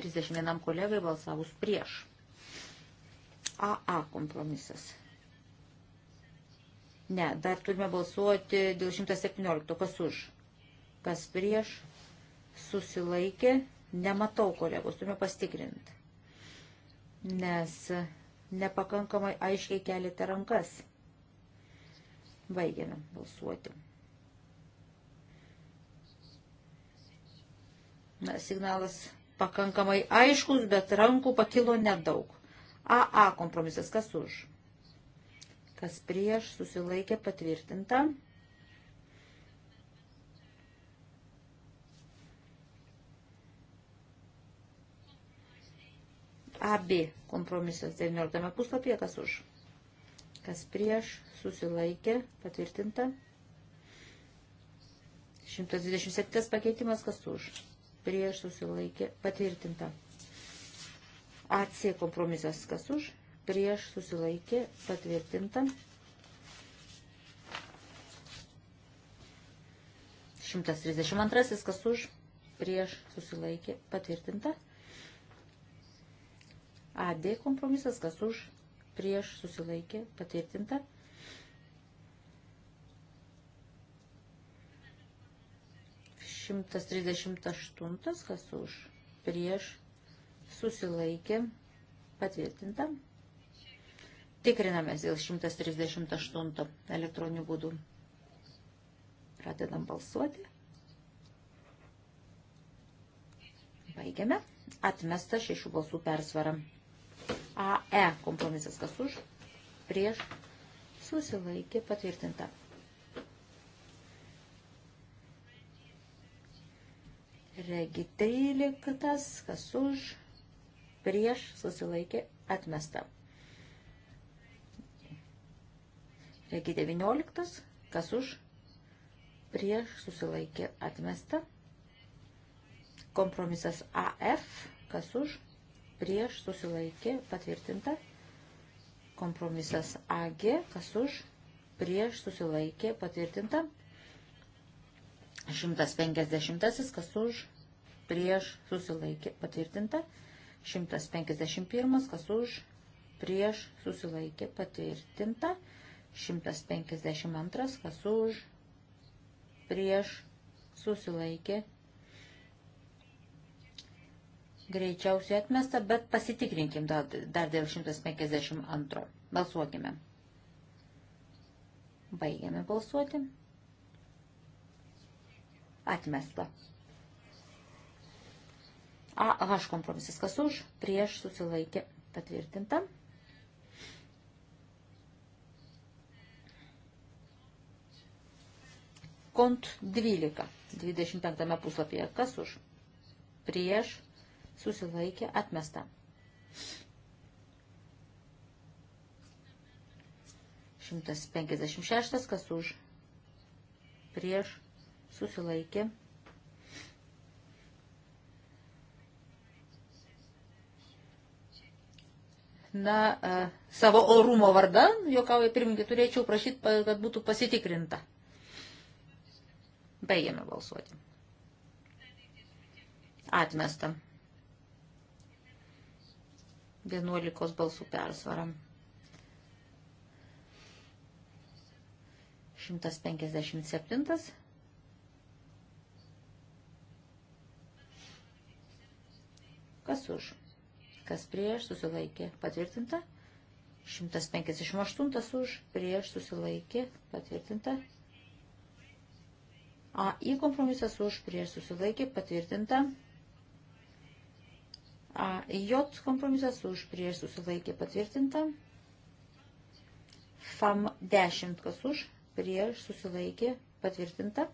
31 kolegai balsavus prieš. AA kompromisas. Ne, dar turime balsuoti dėl 117. Kas už? Kas prieš? Susilaikė? Nematau kolegos, turime pastikrinti. Nes nepakankamai aiškiai keliate rankas. Baigiame balsuoti. Na, signalas pakankamai aiškus, bet rankų pakilo nedaug. AA kompromisas kas už? Kas prieš susilaikė patvirtinta? AB kompromisas 19 puslapyje kas už? Kas prieš susilaikė patvirtinta? 127 pakeitimas kas už? prieš susilaikė patvirtinta. AC kompromisas kas už, prieš susilaikė patvirtinta. 132 kas už, prieš susilaikė patvirtinta. AD kompromisas kas už, prieš susilaikė patvirtinta. 138, kas už, prieš, susilaikė, patvirtinta. Tikrinamės dėl 138 elektroninių būdų. Pradedam balsuoti. Baigiame. Atmesta šešių balsų persvarą. AE kompromisas kas už, prieš, susilaikė, patvirtinta. regi 13, kas už, prieš, susilaikė, atmesta. Regi 19, kas už, prieš, susilaikė, atmesta. Kompromisas AF, kas už, prieš, susilaikė, patvirtinta. Kompromisas AG, kas už, prieš, susilaikė, patvirtinta. 150, kas už, prieš susilaikė patvirtinta. 151, kas už, prieš susilaikė patvirtinta. 152, kas už, prieš susilaikė. Greičiausiai atmesta, bet pasitikrinkim dar, dar dėl 152. Balsuokime. Baigiame balsuoti. Atmesta. AH kompromisas kas už, prieš susilaikė patvirtinta. Kont 12, 25 puslapyje kas už, prieš susilaikė atmesta. Šimtas penkiasdešimt šeštas, kas už, prieš, susilaikė, atmesta Na, e, savo orumo vardan, jokauja pirmininkė, turėčiau prašyti, kad būtų pasitikrinta. Baigiame balsuoti. Atmesta. 11 balsų persvara. 157. Kas už? kas prieš susilaikė patvirtinta, 158 už prieš susilaikė patvirtinta, AI kompromisas už prieš susilaikė patvirtinta, AJ kompromisas už prieš susilaikė patvirtinta, FAM 10 kas už prieš susilaikė patvirtinta.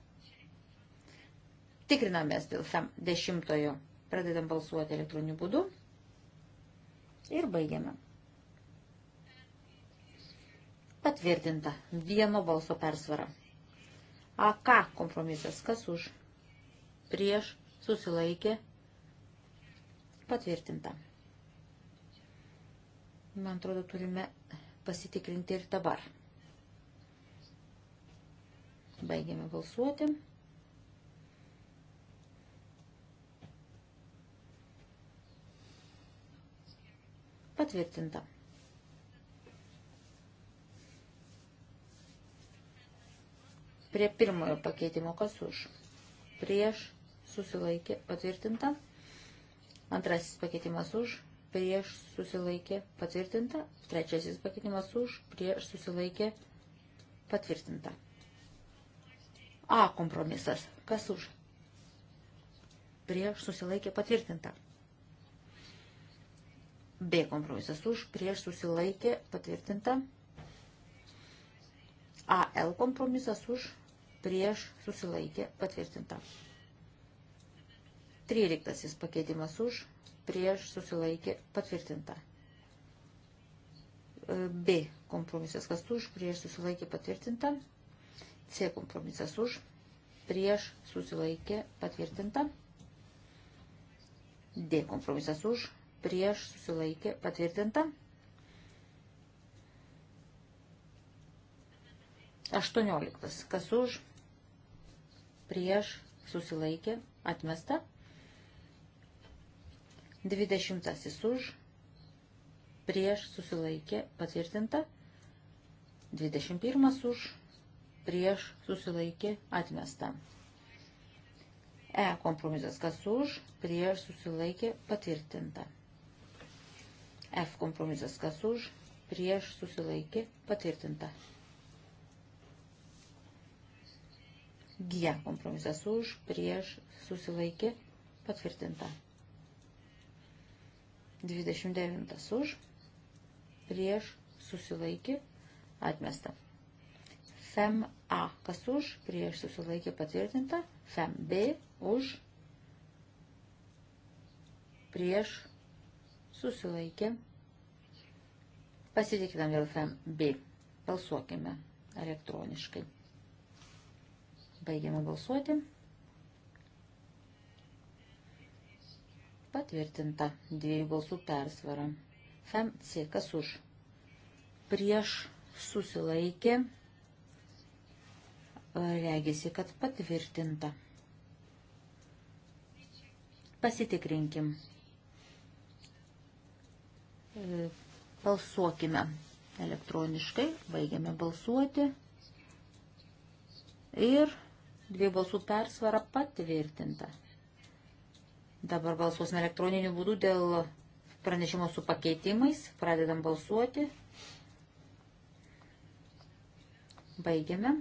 Tikrinamės dėl FAM 10. Pradedam balsuoti elektroniniu būdu. Ir baigiame. Patvirtinta. Vieno balso persvara. AK kompromisas. Kas už? Prieš. Susilaikė. Patvirtinta. Man atrodo, turime pasitikrinti ir dabar. Baigiame balsuoti. Patvirtinta. Prie pirmojo pakeitimo kas už? Prieš susilaikė patvirtinta. Antrasis pakeitimas už, prieš susilaikė patvirtinta. Trečiasis pakeitimas už, prieš susilaikė patvirtinta. A kompromisas. Kas už? Prieš susilaikė patvirtinta. B kompromisas už, prieš susilaikė patvirtinta. AL kompromisas už, prieš susilaikė patvirtinta. 13 pakeitimas už, prieš susilaikė patvirtinta. E, B kompromisas kas už, prieš susilaikė patvirtinta. C kompromisas už, prieš susilaikė patvirtinta. D kompromisas už, prieš susilaikė patvirtinta. 18. Kas už, prieš susilaikė atmesta. 20. Už, prieš susilaikė patvirtinta. 21. Už, prieš susilaikė atmesta. E kompromisas kas už, prieš susilaikė patvirtinta. F kompromisas kas už, prieš susilaikė patvirtinta. G kompromisas už, prieš susilaikė patvirtinta. 29 už, prieš susilaikė atmesta. FEM A kas už, prieš susilaikė patvirtinta. FEM B už, prieš susilaikė patvirtinta susilaikė. Pasitikinam dėl FMB. Balsuokime elektroniškai. Baigiame balsuoti. Patvirtinta dviejų balsų persvara. FMC kas už? Prieš susilaikė. Regisi, kad patvirtinta. Pasitikrinkim Balsuokime elektroniškai, baigiame balsuoti ir dvi balsų persvara patvirtinta. Dabar balsuosime elektroniniu būdu dėl pranešimo su pakeitimais, pradedam balsuoti, baigiame.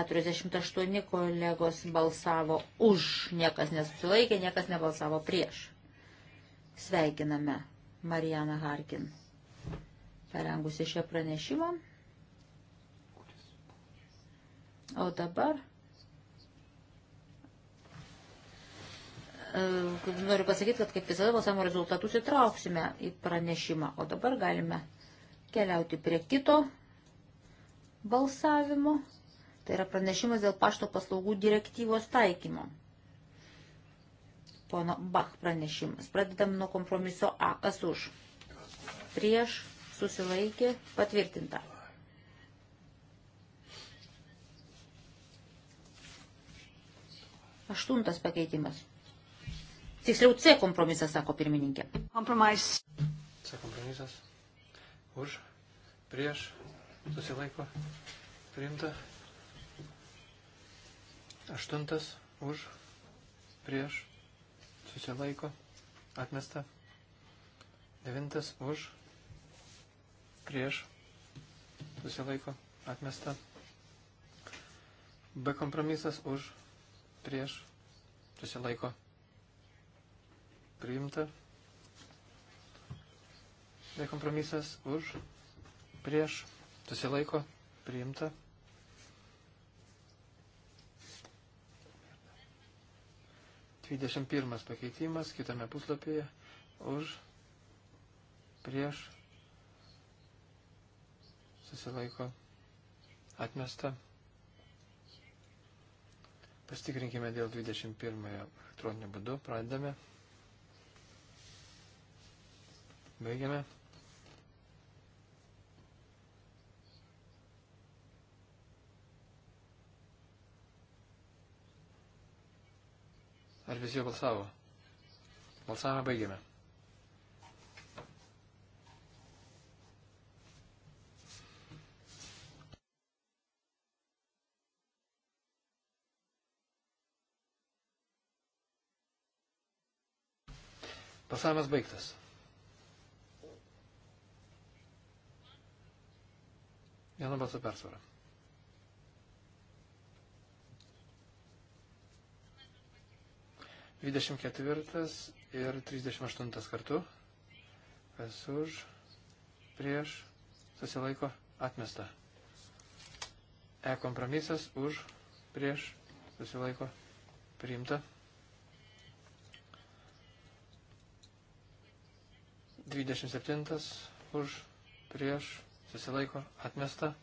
48 kolegos balsavo už, niekas nesulaikė, niekas nebalsavo prieš. Sveikiname Marianą Harkin, parengusi šią pranešimą. O dabar e, noriu pasakyti, kad kaip visada balsavimo rezultatus įtrauksime į pranešimą. O dabar galime keliauti prie kito balsavimo. Tai yra pranešimas dėl pašto paslaugų direktyvos taikymo. Pono Bach pranešimas. Pradedam nuo kompromiso A. Kas už? Prieš susilaikė patvirtinta. Aštuntas pakeitimas. Tiksliau C kompromisas, sako pirmininkė. Kompromis. C kompromisas. Už, prieš, susilaiko, priimta. Aštuntas už, prieš, susilaiko, atmesta. Devintas už, prieš, susilaiko, atmesta. B kompromisas už, prieš, susilaiko, priimta. D kompromisas už, prieš, susilaiko, priimta. 21 pakeitimas kitame puslapyje už prieš susilaiko atmesta. Pastikrinkime dėl 21 elektroninio būdu, pradedame, baigiame. Ar visi jau balsavo? Balsavimą baigėme. Balsavimas baigtas. Vieno balso persvara. 24 ir 38 kartu. Kas už, prieš, susilaiko, atmesta. E kompromisas už, prieš, susilaiko, priimta. 27 už, prieš, susilaiko, atmesta.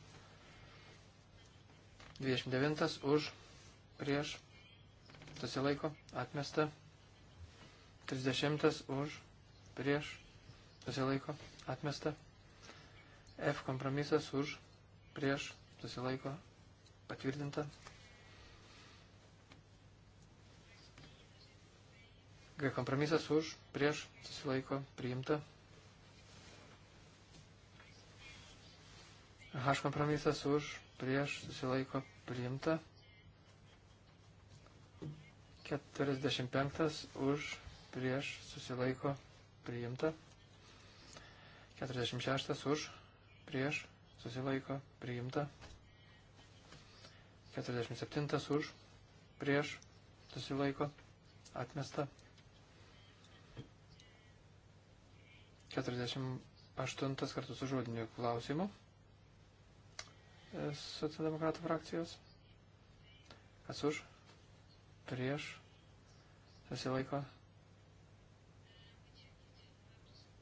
29 už, prieš, susilaiko, atmesta. 30 už, prieš, susilaiko, atmesta. F kompromisas už, prieš, susilaiko, patvirtinta. G kompromisas už, prieš, susilaiko, priimta. H kompromisas už, prieš, susilaiko, priimta. 45 už prieš susilaiko priimta. 46 už prieš susilaiko priimta. 47 už prieš susilaiko atmesta. 48 kartu su žodiniu klausimu socialdemokratų frakcijos. Kas už? prieš, susilaiko.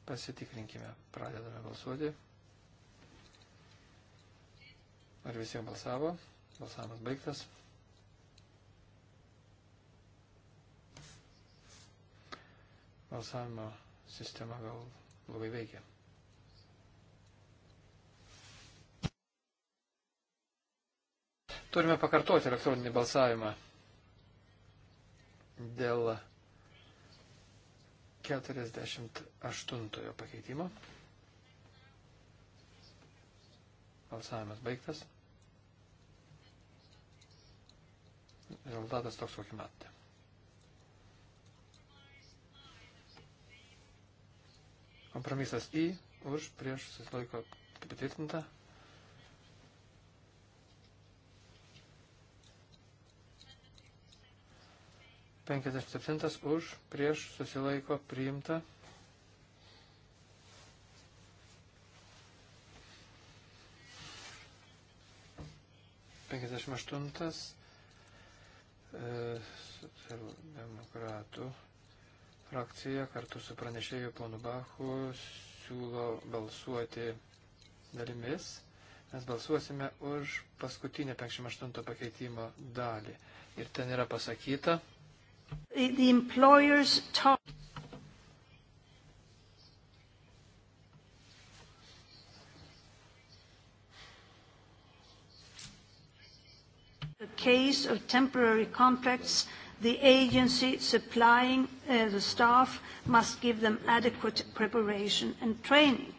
Pasitikrinkime, pradedame balsuoti. Ar visi balsavo? Balsavimas baigtas. Balsavimo sistema gal labai veikia. Turime pakartoti elektroninį balsavimą dėl 48 pakeitimo. Balsavimas baigtas. Rezultatas toks, kokį matėte. Kompromisas į, už, prieš, susilaiko patvirtinta. 57 už, prieš, susilaiko, priimta. Penkiasdešimt aštuntas e, demokratų frakcija kartu su pranešėju ponu Bachu siūlo balsuoti dalimis. Mes balsuosime už paskutinę 58 pakeitimo dalį. Ir ten yra pasakyta, The employers talk. The case of temporary contracts, the agency supplying uh, the staff must give them adequate preparation and training.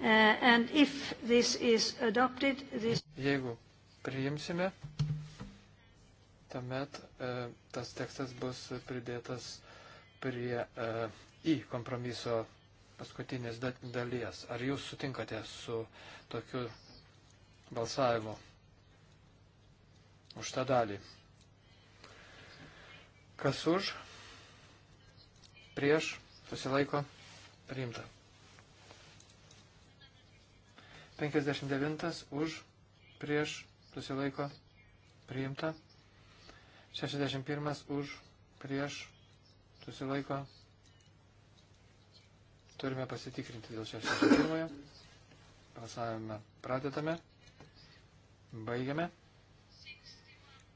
Uh, and if this is adopted, this... Jeigu priimsime tuomet e, tas tekstas bus pridėtas prie e, į kompromiso paskutinės dalies. Ar jūs sutinkate su tokiu balsavimu už tą dalį? Kas už? Prieš? Susilaiko? Priimta. 59 už? Prieš? Susilaiko? Priimta. 61 už, prieš, susilaiko. Turime pasitikrinti dėl 61. Balsavime pradedame. Baigiame.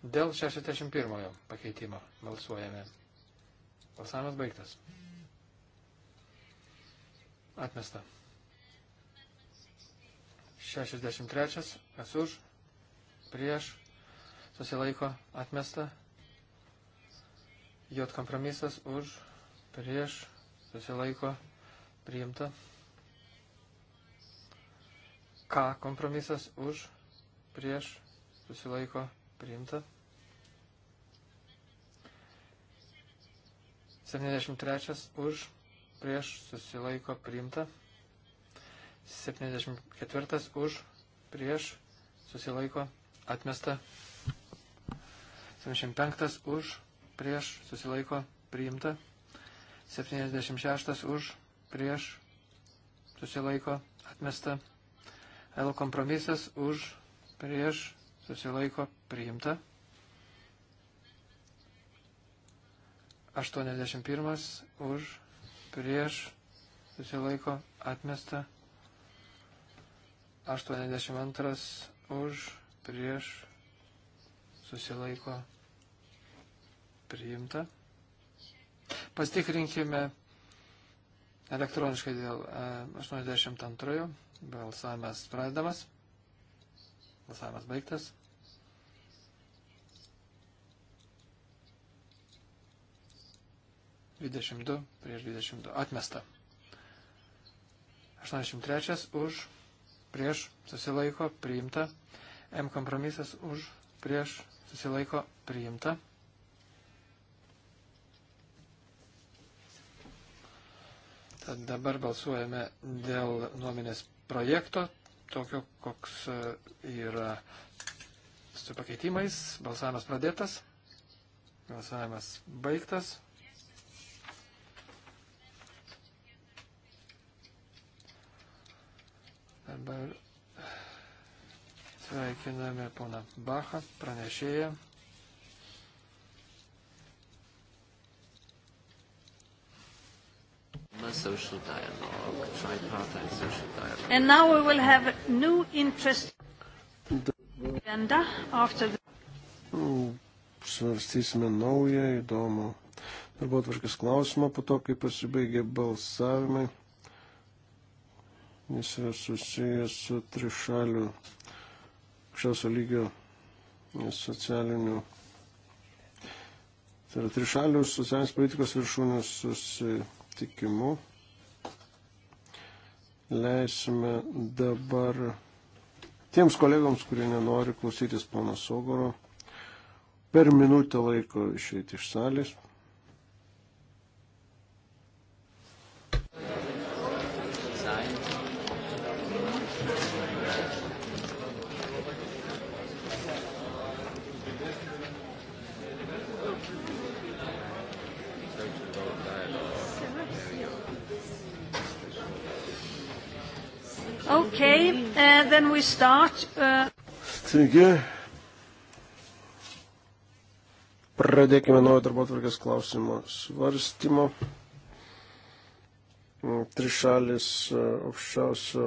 Dėl 61 pakeitimo balsuojame. Balsavimas baigtas. Atmesta. 63. Kas už? Prieš. Susilaiko. Atmesta. J kompromisas už, prieš, susilaiko, priimta. K kompromisas už, prieš, susilaiko, priimta. 73 už, prieš, susilaiko, priimta. 74 už, prieš, susilaiko, atmesta. 75 už, prieš, susilaiko, priimta. 76 už, prieš, susilaiko, atmesta. L kompromisas už, prieš, susilaiko, priimta. 81 už, prieš, susilaiko, atmesta. 82 už, prieš, susilaiko, atmesta priimta. Pastikrinkime elektroniškai dėl 82. E, Balsavimas pradedamas. Balsavimas baigtas. Dvidešimt du prieš dvidešimt du. Atmesta. 83 už prieš susilaiko priimta. M kompromisas už prieš susilaiko priimta. Tad dabar balsuojame dėl nuomenės projekto, tokio, koks e, yra su pakeitimais. Balsavimas pradėtas. Balsavimas baigtas. Dabar e, sveikiname poną Bachą, pranešėją. social dialogue, tripartite social dialogue. And now we will have new interest agenda after the... Nu, svarstysime naują įdomų darbo atvarkės klausimą po to, kai pasibaigė balsavimai. Jis yra susijęs su trišaliu aukščiausio lygio socialiniu. Tai yra trišalių socialinės politikos viršūnių susitikimų susitikimu. Leisime dabar tiems kolegoms, kurie nenori klausytis pono Sogoro, per minutę laiko išeiti iš salės. then we start. Uh... Taigi, pradėkime naujo darbo tvarkės klausimo svarstymo. Trišalis uh, aukščiausio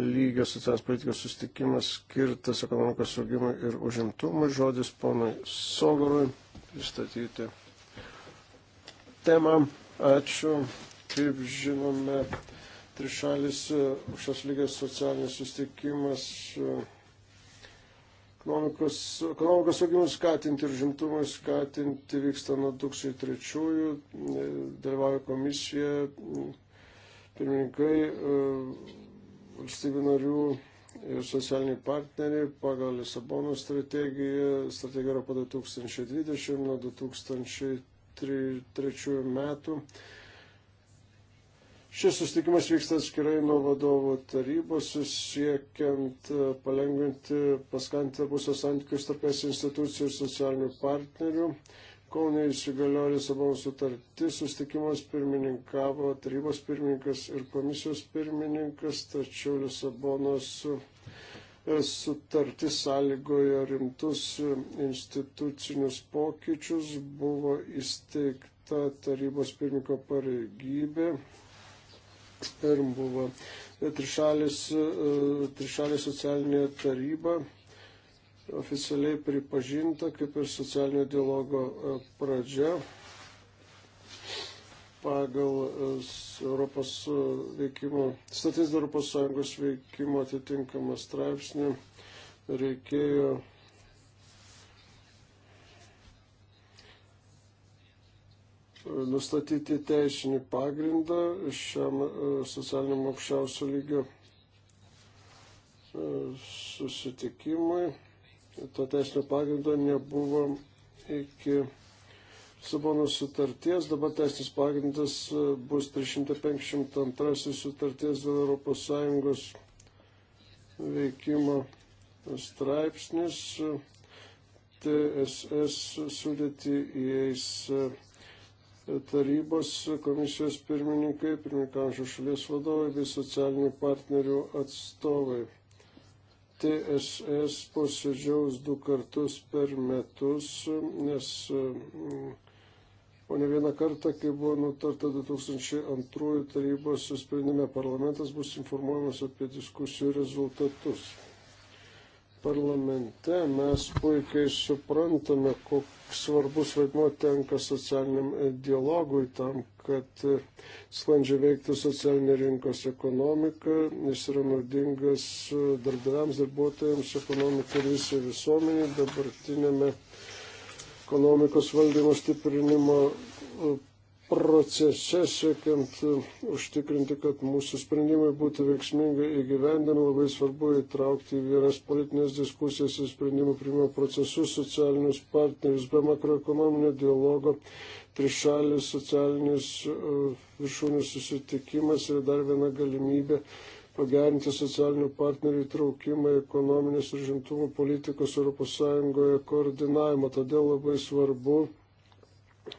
lygio socialinės politikos sustikimas skirtas ekonomikos saugimui ir užimtumui. Žodis ponui Sogorui pristatyti temą. Ačiū. Kaip žinome, trišalis e, šios lygės socialinis sustikimas, e, ekonomikos, ekonomikos augimui skatinti ir žimtumui skatinti vyksta nuo 2003-ųjų, e, dalyvauja komisija, pirmininkai, valstybių narių ir socialiniai partneriai pagal Lisabono strategiją, strategija Europa 2020 nuo 2003 metų Šis susitikimas vyksta atskirai nuo vadovų tarybos, siekiant e, palengvinti, paskanti pusę santykius tarp es institucijų ir socialinių partnerių. Kol neįsigaliojo Lisabono sutartis, susitikimas pirmininkavo tarybos pirmininkas ir komisijos pirmininkas, tačiau Lisabonos e, sutartis sąlygojo rimtus e, institucinius pokyčius, buvo įsteigta tarybos pirmininko pareigybė ir buvo trišalės, e, trišalė socialinė taryba oficialiai pripažinta kaip ir socialinio dialogo e, pradžia pagal e, Europos veikimo, statys Europos Sąjungos veikimo atitinkamą straipsnį reikėjo nustatyti teisinį pagrindą šiam e, socialiniam aukščiausio lygio e, susitikimui. To teisinio pagrindo nebuvo iki Sabono sutarties, dabar teisinis pagrindas e, bus 352 sutarties dėl ES veikimo straipsnis. TSS sudėti įeis tarybos komisijos pirmininkai, pirmininkaujančių šalies vadovai bei socialinių partnerių atstovai. TSS posėdžiaus du kartus per metus, nes mm, o ne vieną kartą, kai buvo nutarta 2002 tarybos sprendime, parlamentas bus informuojamas apie diskusijų rezultatus parlamente mes puikiai suprantame, koks svarbus vaidmo tenka socialiniam dialogui tam, kad sklandžiai veiktų socialinė rinkos ekonomika, jis yra naudingas darbdaviams, darbuotojams, ekonomikai ir visai visuomeniai dabartinėme ekonomikos valdymo stiprinimo procese, siekiant užtikrinti, kad mūsų sprendimai būtų veiksmingai įgyvendinami, labai svarbu įtraukti į vienas politinės diskusijas ir sprendimų priimimo procesus socialinius partnerius be makroekonominio dialogo. Trišalis socialinis uh, viršūnių susitikimas yra dar viena galimybė pagerinti socialinių partnerių įtraukimą į ekonominės ir žimtumo politikos ES koordinavimą. Todėl labai svarbu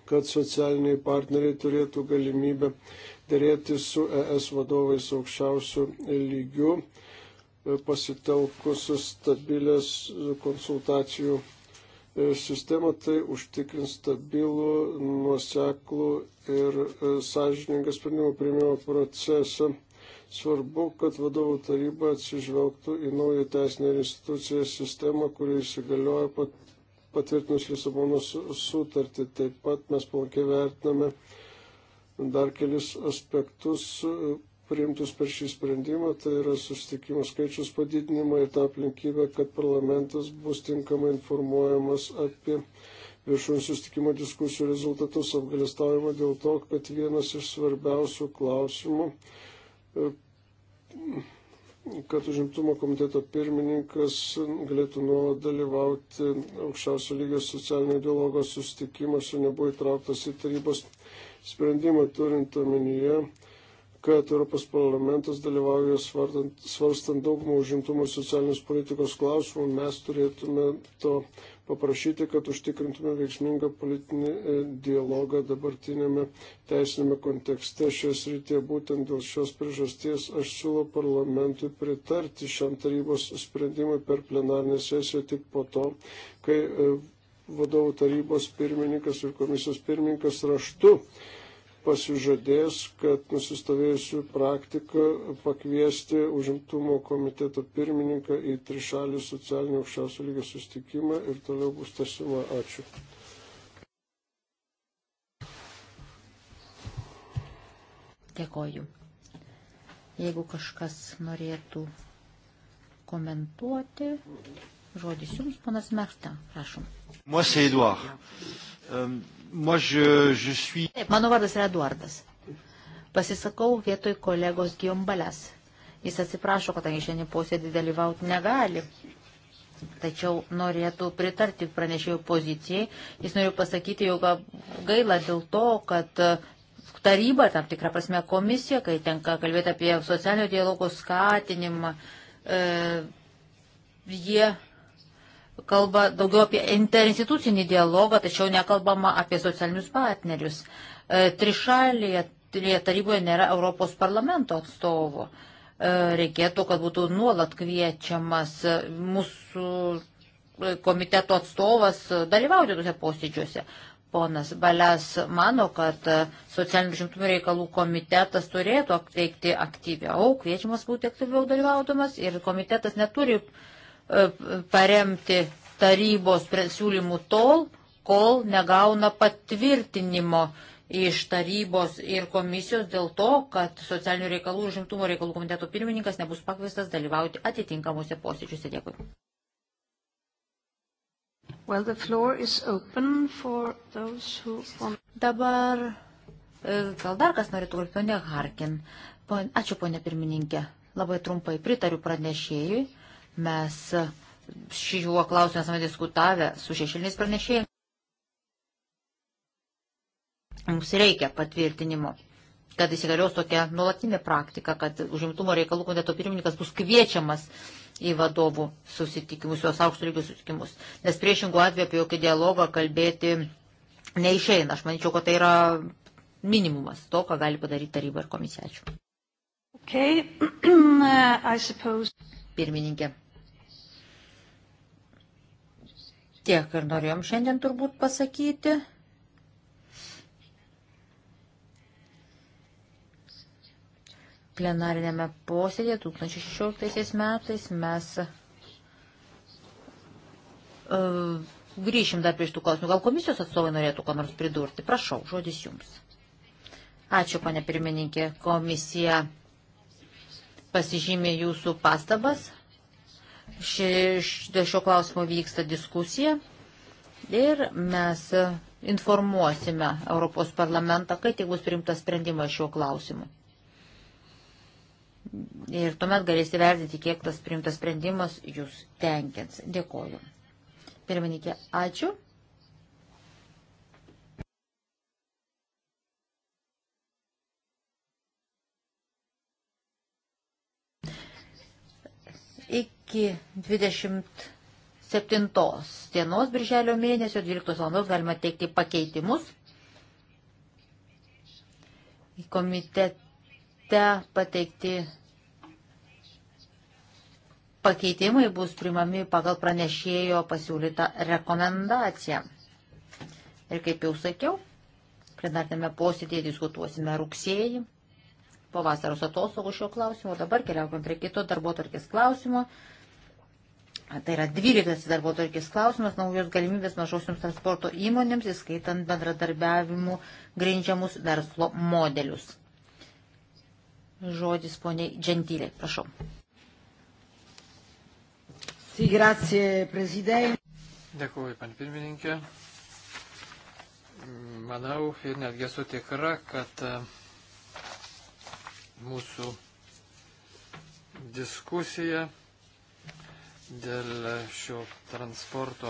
kad socialiniai partneriai turėtų galimybę dėrėti su ES vadovais aukščiausių lygių, e, pasitelkus stabilės konsultacijų e, sistemą, tai užtikrins stabilų, nuoseklų ir e, sąžiningą sprendimų priimimo procesą. Svarbu, kad vadovų taryba atsižvelgtų į naują teisinę instituciją sistemą, kuri įsigalioja pat patvirtinus Lisabonos sutartį. Taip pat mes palankiai vertiname dar kelis aspektus e, priimtus per šį sprendimą, tai yra susitikimų skaičius padidinimą ir tą aplinkybę, kad parlamentas bus tinkamai informuojamas apie viešųjų susitikimo diskusijų rezultatus apgalėstavimą dėl to, kad vienas iš svarbiausių klausimų e, kad užimtumo komiteto pirmininkas galėtų nuolat dalyvauti aukščiausio lygio socialinio dialogo sustikimuose, nebuvo įtrauktas į tarybos sprendimą, turint omenyje, kad Europos parlamentas dalyvauja svarstant daugumą užimtumo socialinės politikos klausimų, mes turėtume to paprašyti, kad užtikrintume veiksmingą politinį e, dialogą dabartinėme teisinėme kontekste šios rytie. Būtent dėl šios priežasties aš siūlau parlamentui pritarti šiam tarybos sprendimui per plenarinę sesiją tik po to, kai e, vadovų tarybos pirmininkas ir komisijos pirmininkas raštu pasižadės, kad nusistovėjusių praktiką pakviesti užimtumo komiteto pirmininką į trišalį socialinį aukščiausio lygio sustikimą ir toliau bus tasima. Ačiū. Dėkoju. Jeigu kažkas norėtų komentuoti. Mhm. Žodis jums, panas Mekta, prašom. Moi, c'est Eduard. Euh, moi, je, je suis... Taip, mano vardas yra Eduardas. Pasisakau vietoj kolegos Giombalės. Jis atsiprašo, kadangi šiandien posėdį dalyvauti negali. Tačiau norėtų pritarti pranešėjų pozicijai. Jis noriu pasakyti, jog gaila dėl to, kad uh, taryba, tam tikrą prasme komisija, kai tenka kalbėti apie socialinio dialogo skatinimą, e, jie kalba daugiau apie interinstitucinį dialogą, tačiau nekalbama apie socialinius partnerius. E, trišalėje taryboje nėra Europos parlamento atstovo. E, reikėtų, kad būtų nuolat kviečiamas mūsų komiteto atstovas dalyvauti tuose posėdžiuose. Ponas Balės mano, kad socialinių žimtumų reikalų komitetas turėtų veikti aktyviau, kviečiamas būti aktyviau dalyvaudamas ir komitetas neturi uh, E, paremti tarybos siūlymų tol, kol negauna patvirtinimo iš tarybos ir komisijos dėl to, kad socialinių reikalų ir žimtumo reikalų komiteto pirmininkas nebus pakvistas dalyvauti atitinkamuose posėdžiuose. Dėkui. Well, who... Dabar e, gal dar kas norėtų kalbėti, ponė Harkin. Pon... Ačiū, ponė pirmininkė. Labai trumpai pritariu pranešėjui. Mes šiuo klausimu esame diskutavę su šešėliniais pranešėjais. Mums reikia patvirtinimo, kad įsigalios tokia nuolatinė praktika, kad užimtumo reikalų komiteto pirmininkas bus kviečiamas į vadovų susitikimus, juos aukštų lygių susitikimus. Nes priešingų atveju apie jokį dialogą kalbėti neišeina. Aš manyčiau, kad tai yra minimumas to, ką gali padaryti taryba ir komisija. Ačiū. Okay. Pirmininkė. Tiek ir norėjom šiandien turbūt pasakyti. Plenarinėme posėdėje 2016 metais mes uh, grįšim dar prie šitų klausimų. Gal komisijos atstovai norėtų ką nors pridurti? Prašau, žodis jums. Ačiū, pane pirmininkė. Komisija pasižymė jūsų pastabas Dėl šio klausimo vyksta diskusija ir mes informuosime Europos parlamentą, kai tik bus priimtas sprendimas šiuo klausimu. Ir tuomet galėsite vertinti, kiek tas priimtas sprendimas jūs tenkins. Dėkoju. Pirmininkė, ačiū. iki 27 dienos birželio mėnesio 12 valandos galima teikti pakeitimus. Komitete pateikti pakeitimai bus primami pagal pranešėjo pasiūlytą rekomendaciją. Ir kaip jau sakiau, plenartame posėdėje diskutuosime rugsėjį po vasaros atostogų šio klausimo. Dabar keliaukime prie kito darbo tarkės klausimo. Tai yra 12 darbo tvarkės klausimas, naujos galimybės mažosioms transporto įmonėms, įskaitant bendradarbiavimų grindžiamus verslo modelius. Žodis poniai Džentilė, prašau. Sì, grazie Presidente. Dėkuoju, pan pirmininkė. Manau ir netgi esu tikra, kad e, mūsų diskusija dėl šio transporto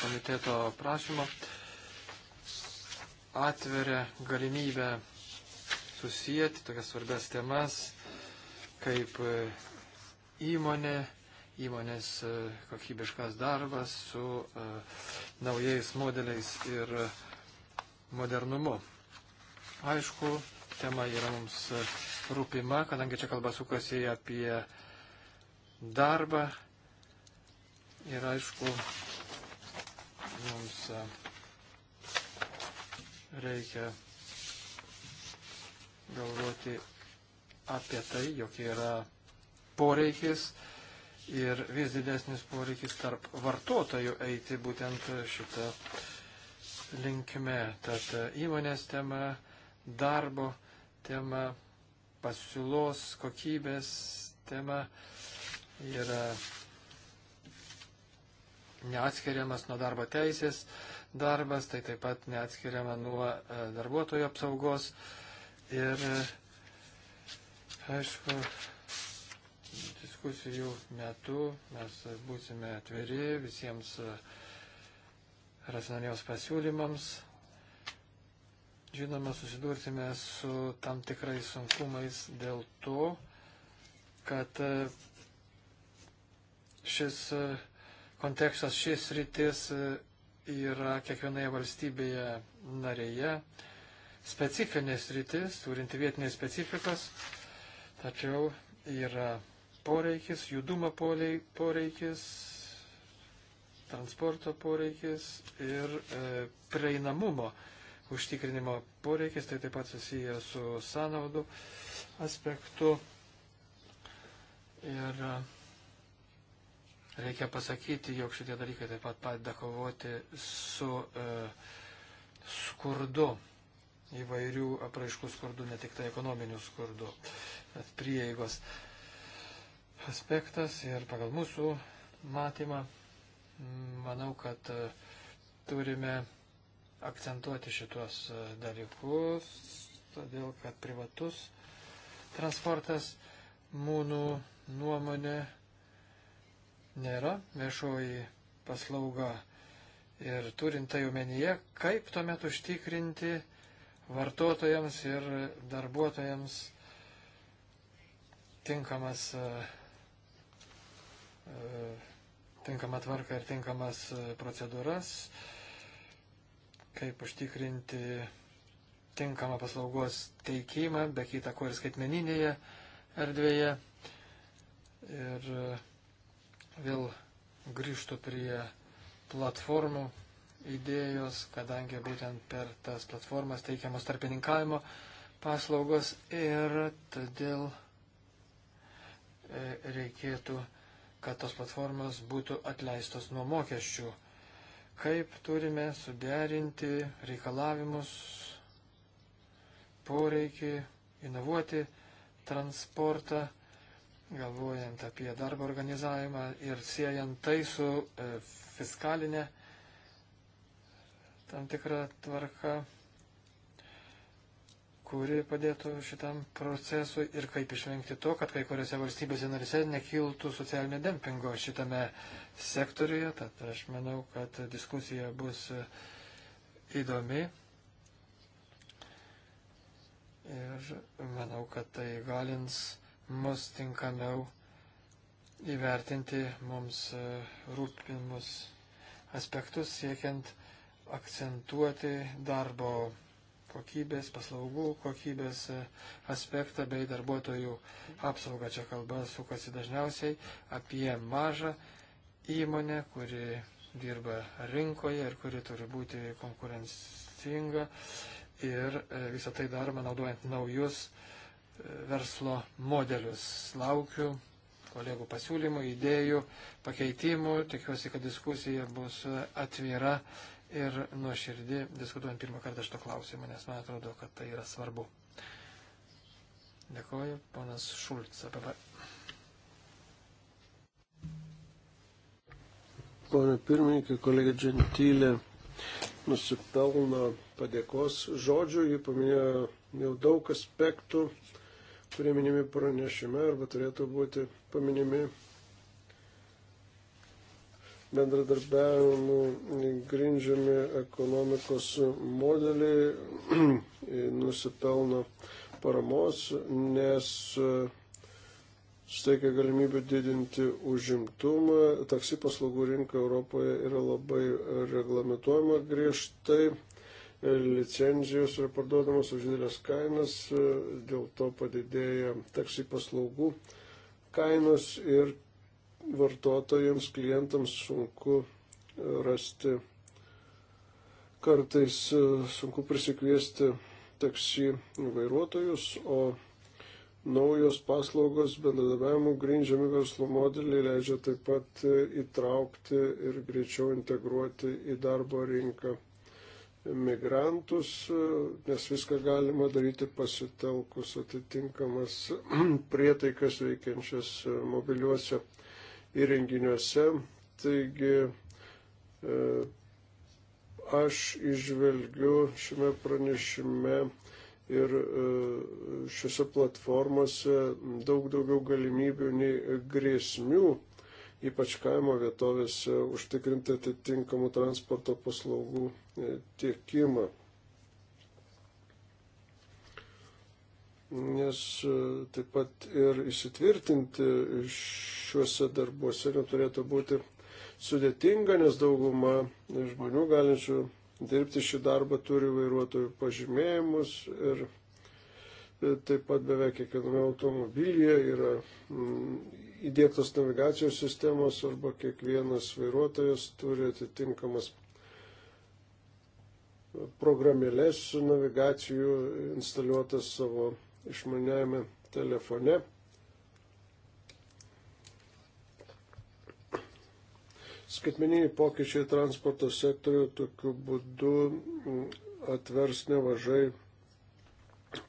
komiteto prašymo atveria galimybę susijęti tokias svarbias temas kaip e, įmonė, įmonės e, kokybiškas darbas su e, naujais modeliais ir modernumu. Aišku, tema yra mums rūpima, kadangi čia kalba sukasi apie darbą Ir aišku, mums e, reikia galvoti apie tai, jog yra poreikis ir vis didesnis poreikis tarp vartotojų eiti būtent šitą linkme. Tad e, įmonės tema, darbo tema, pasiūlos kokybės tema yra neatskiriamas nuo darbo teisės darbas, tai taip pat neatskiriama nuo e, darbuotojo apsaugos. Ir e, aišku, diskusijų metu mes būsime atviri visiems e, racionaliems pasiūlymams. Žinoma, susidursime su tam tikrais sunkumais dėl to, kad šis uh, kontekstas šis rytis e, yra kiekvienoje valstybėje narėje specifinės rytis, turinti vietinės specifikas, tačiau yra poreikis, judumo poreikis, transporto poreikis ir e, prieinamumo užtikrinimo poreikis, tai taip pat susiję su sąnaudų aspektu. Ir e, Reikia pasakyti, jog šitie dalykai taip pat padeda kovoti su e, skurdu, įvairių apraiškų skurdu, ne tik tai ekonominių skurdu, bet prieigos aspektas ir pagal mūsų matymą manau, kad e, turime akcentuoti šitos e, dalykus, todėl kad privatus transportas mūnų nuomonė nėra viešoji paslauga. Ir turint tai omenyje, kaip tuomet užtikrinti vartotojams ir darbuotojams tinkamas, e, e, tinkamą tvarką ir tinkamas e, procedūras, kaip užtikrinti tinkamą paslaugos teikimą, be kita ko ir skaitmeninėje erdvėje. Ir vėl grįžtų prie platformų idėjos, kadangi būtent per tas platformas teikiamos tarpininkavimo paslaugos ir todėl e, reikėtų, kad tos platformos būtų atleistos nuo mokesčių. Kaip turime suderinti reikalavimus, poreikį, inovuoti transportą galvojant apie darbo organizavimą ir siejant tai su e, fiskalinė tam tikra tvarka, kuri padėtų šitam procesui ir kaip išvengti to, kad kai kuriuose valstybėse narise nekiltų socialinio dempingo šitame sektoriuje. Tad aš manau, kad diskusija bus e, įdomi. Ir manau, kad tai galins mus tinkamiau įvertinti mums e, rūpimus aspektus, siekiant akcentuoti darbo kokybės, paslaugų kokybės e, aspektą bei darbuotojų apsaugą. Čia kalba sukasi dažniausiai apie mažą įmonę, kuri dirba rinkoje ir kuri turi būti konkurencinga. Ir e, visą tai daroma naudojant naujus uh, verslo modelius. Laukiu kolegų pasiūlymų, idėjų, pakeitimų. Tikiuosi, kad diskusija bus atvira ir nuoširdį, diskutuojant pirmą kartą šito klausimą, nes man atrodo, kad tai yra svarbu. Dėkoju, ponas Šulc, apie. Pone pirmininkė, kolega Džentilė nusipelno padėkos žodžių, jį paminėjo jau daug aspektų kurie minimi pranešime arba turėtų būti paminimi bendradarbiavimu grindžiami ekonomikos modeliai nusipelno paramos, nes e, suteikia galimybę didinti užimtumą. Taksi paslaugų rinka Europoje yra labai reglamentuojama griežtai licenzijos yra parduodamos už didelės kainas, dėl to padidėja taksi paslaugų kainos ir vartotojams, klientams sunku rasti, kartais e, sunku prisikviesti taksi vairuotojus, o naujos paslaugos bendradarbiavimų grindžiami verslo modeliai leidžia taip pat e, įtraukti ir greičiau integruoti į darbo rinką migrantus, nes viską galima daryti pasitelkus atitinkamas prietaikas veikiančias mobiliuose įrenginiuose. Taigi e, aš išvelgiu šiame pranešime ir e, šiuose platformose daug daugiau galimybių nei grėsmių ypač kaimo vietovėse, užtikrinti atitinkamų transporto paslaugų e, tiekimą. Nes e, taip pat ir įsitvirtinti šiuose darbuose neturėtų būti sudėtinga, nes dauguma žmonių galinčių dirbti šį darbą turi vairuotojų pažymėjimus ir e, taip pat beveik kiekviename automobilyje yra įdėktos navigacijos sistemos arba kiekvienas vairuotojas turi atitinkamas programėlės su navigacijų instaliuotas savo išmaniajame telefone. Skaitmeniniai pokyčiai transporto sektoriu tokiu būdu atvers nevažai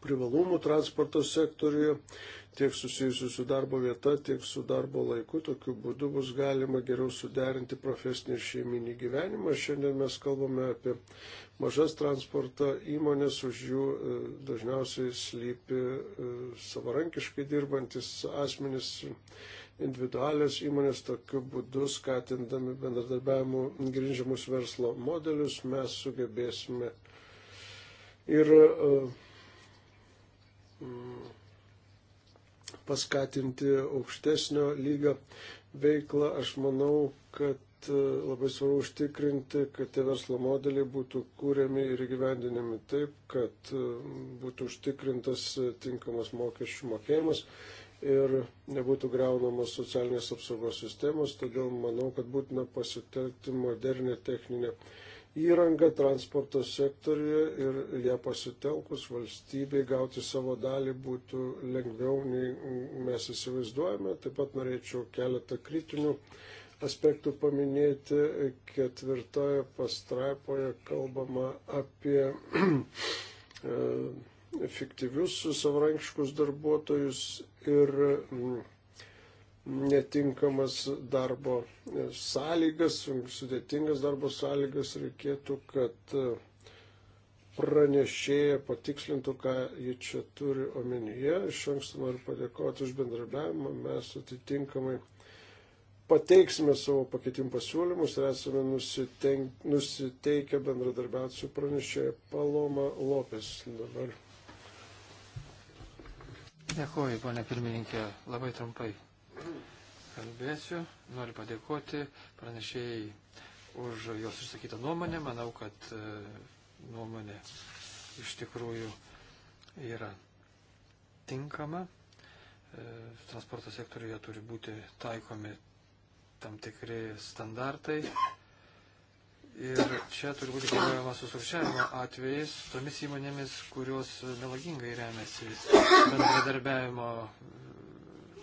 privalumų transporto sektoriuje tiek susijusių su darbo vieta, tiek su darbo laiku. Tokiu būdu bus galima geriau suderinti profesinį ir šeiminį gyvenimą. Šiandien mes kalbame apie mažas transporto įmonės, už jų e, dažniausiai slypi e, savarankiškai dirbantis asmenys individualios įmonės tokiu būdu skatindami bendradarbiavimų grindžiamus verslo modelius mes sugebėsime ir uh, mm, paskatinti aukštesnio lygio veiklą. Aš manau, kad e, labai svarbu užtikrinti, kad tie verslo modeliai būtų kūriami ir gyvendinami taip, kad e, būtų užtikrintas e, tinkamas mokesčių mokėjimas ir nebūtų greunamos socialinės apsaugos sistemos. Todėl manau, kad būtina pasitelkti modernę techninę įrangą transporto sektoriuje ir ją pasitelkus valstybei gauti savo dalį būtų lengviau nei mes įsivaizduojame. Taip pat norėčiau keletą kritinių aspektų paminėti. Ketvirtoje pastraipoje kalbama apie efektyvius e, savarankiškus darbuotojus ir netinkamas darbo sąlygas, sudėtingas darbo sąlygas, reikėtų, kad e, pranešėja patikslintų, ką ji čia turi omenyje. Iš anksto noriu padėkoti už bendradarbiavimą, mes atitinkamai pateiksime savo pakeitimų pasiūlymus ir esame nusiteikę bendradarbiauti su pranešėja Paloma Lopes dabar. Dėkuoju, ponė pirmininkė, labai trumpai kalbėsiu. Noriu padėkoti pranešėjai už jos išsakytą nuomonę. Manau, kad e, nuomonė iš tikrųjų yra tinkama. E, transporto sektoriuje turi būti taikomi tam tikri standartai. Ir čia turi būti kovojama su sukčiavimo atvejais, tomis įmonėmis, kurios melagingai remiasi bendradarbiavimo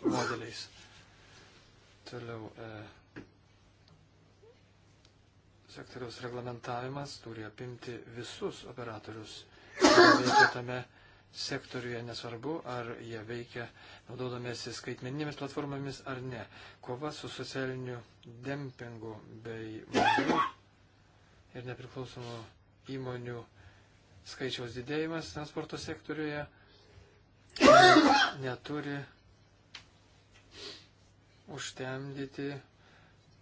modeliais. Toliau e, sektoriaus reglamentavimas turi apimti visus operatorius, kurie veikia tame sektoriuje, nesvarbu, ar jie veikia naudodamėsi skaitmeninėmis platformomis ar ne. Kova su socialiniu dempingu bei mažų ir nepriklausomų įmonių skaičiaus didėjimas transporto sektoriuje neturi užtemdyti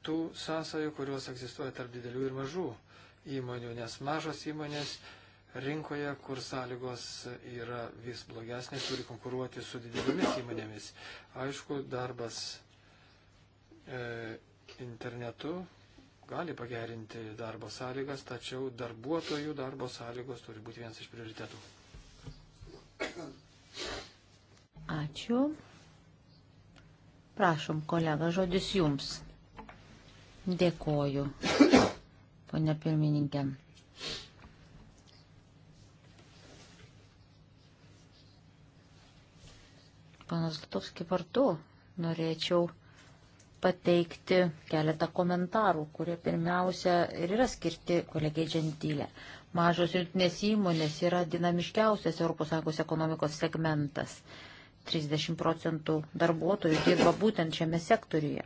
tų sąsajų, kurios egzistuoja tarp didelių ir mažų įmonių, nes mažos įmonės rinkoje, kur sąlygos yra vis blogesnės, turi konkuruoti su didelėmis įmonėmis. Aišku, darbas e, internetu gali pagerinti darbo sąlygas, tačiau darbuotojų darbo sąlygos turi būti vienas iš prioritetų. Ačiū. Prašom, kolega, žodis jums. Dėkoju, ponia pirmininkė. Panas Lutovskį vardu norėčiau pateikti keletą komentarų, kurie pirmiausia ir yra skirti kolegiai Džentylė. Mažos jungtinės įmonės yra dinamiškiausias ES ekonomikos segmentas. 30 procentų darbuotojų dirba būtent šiame sektoriuje.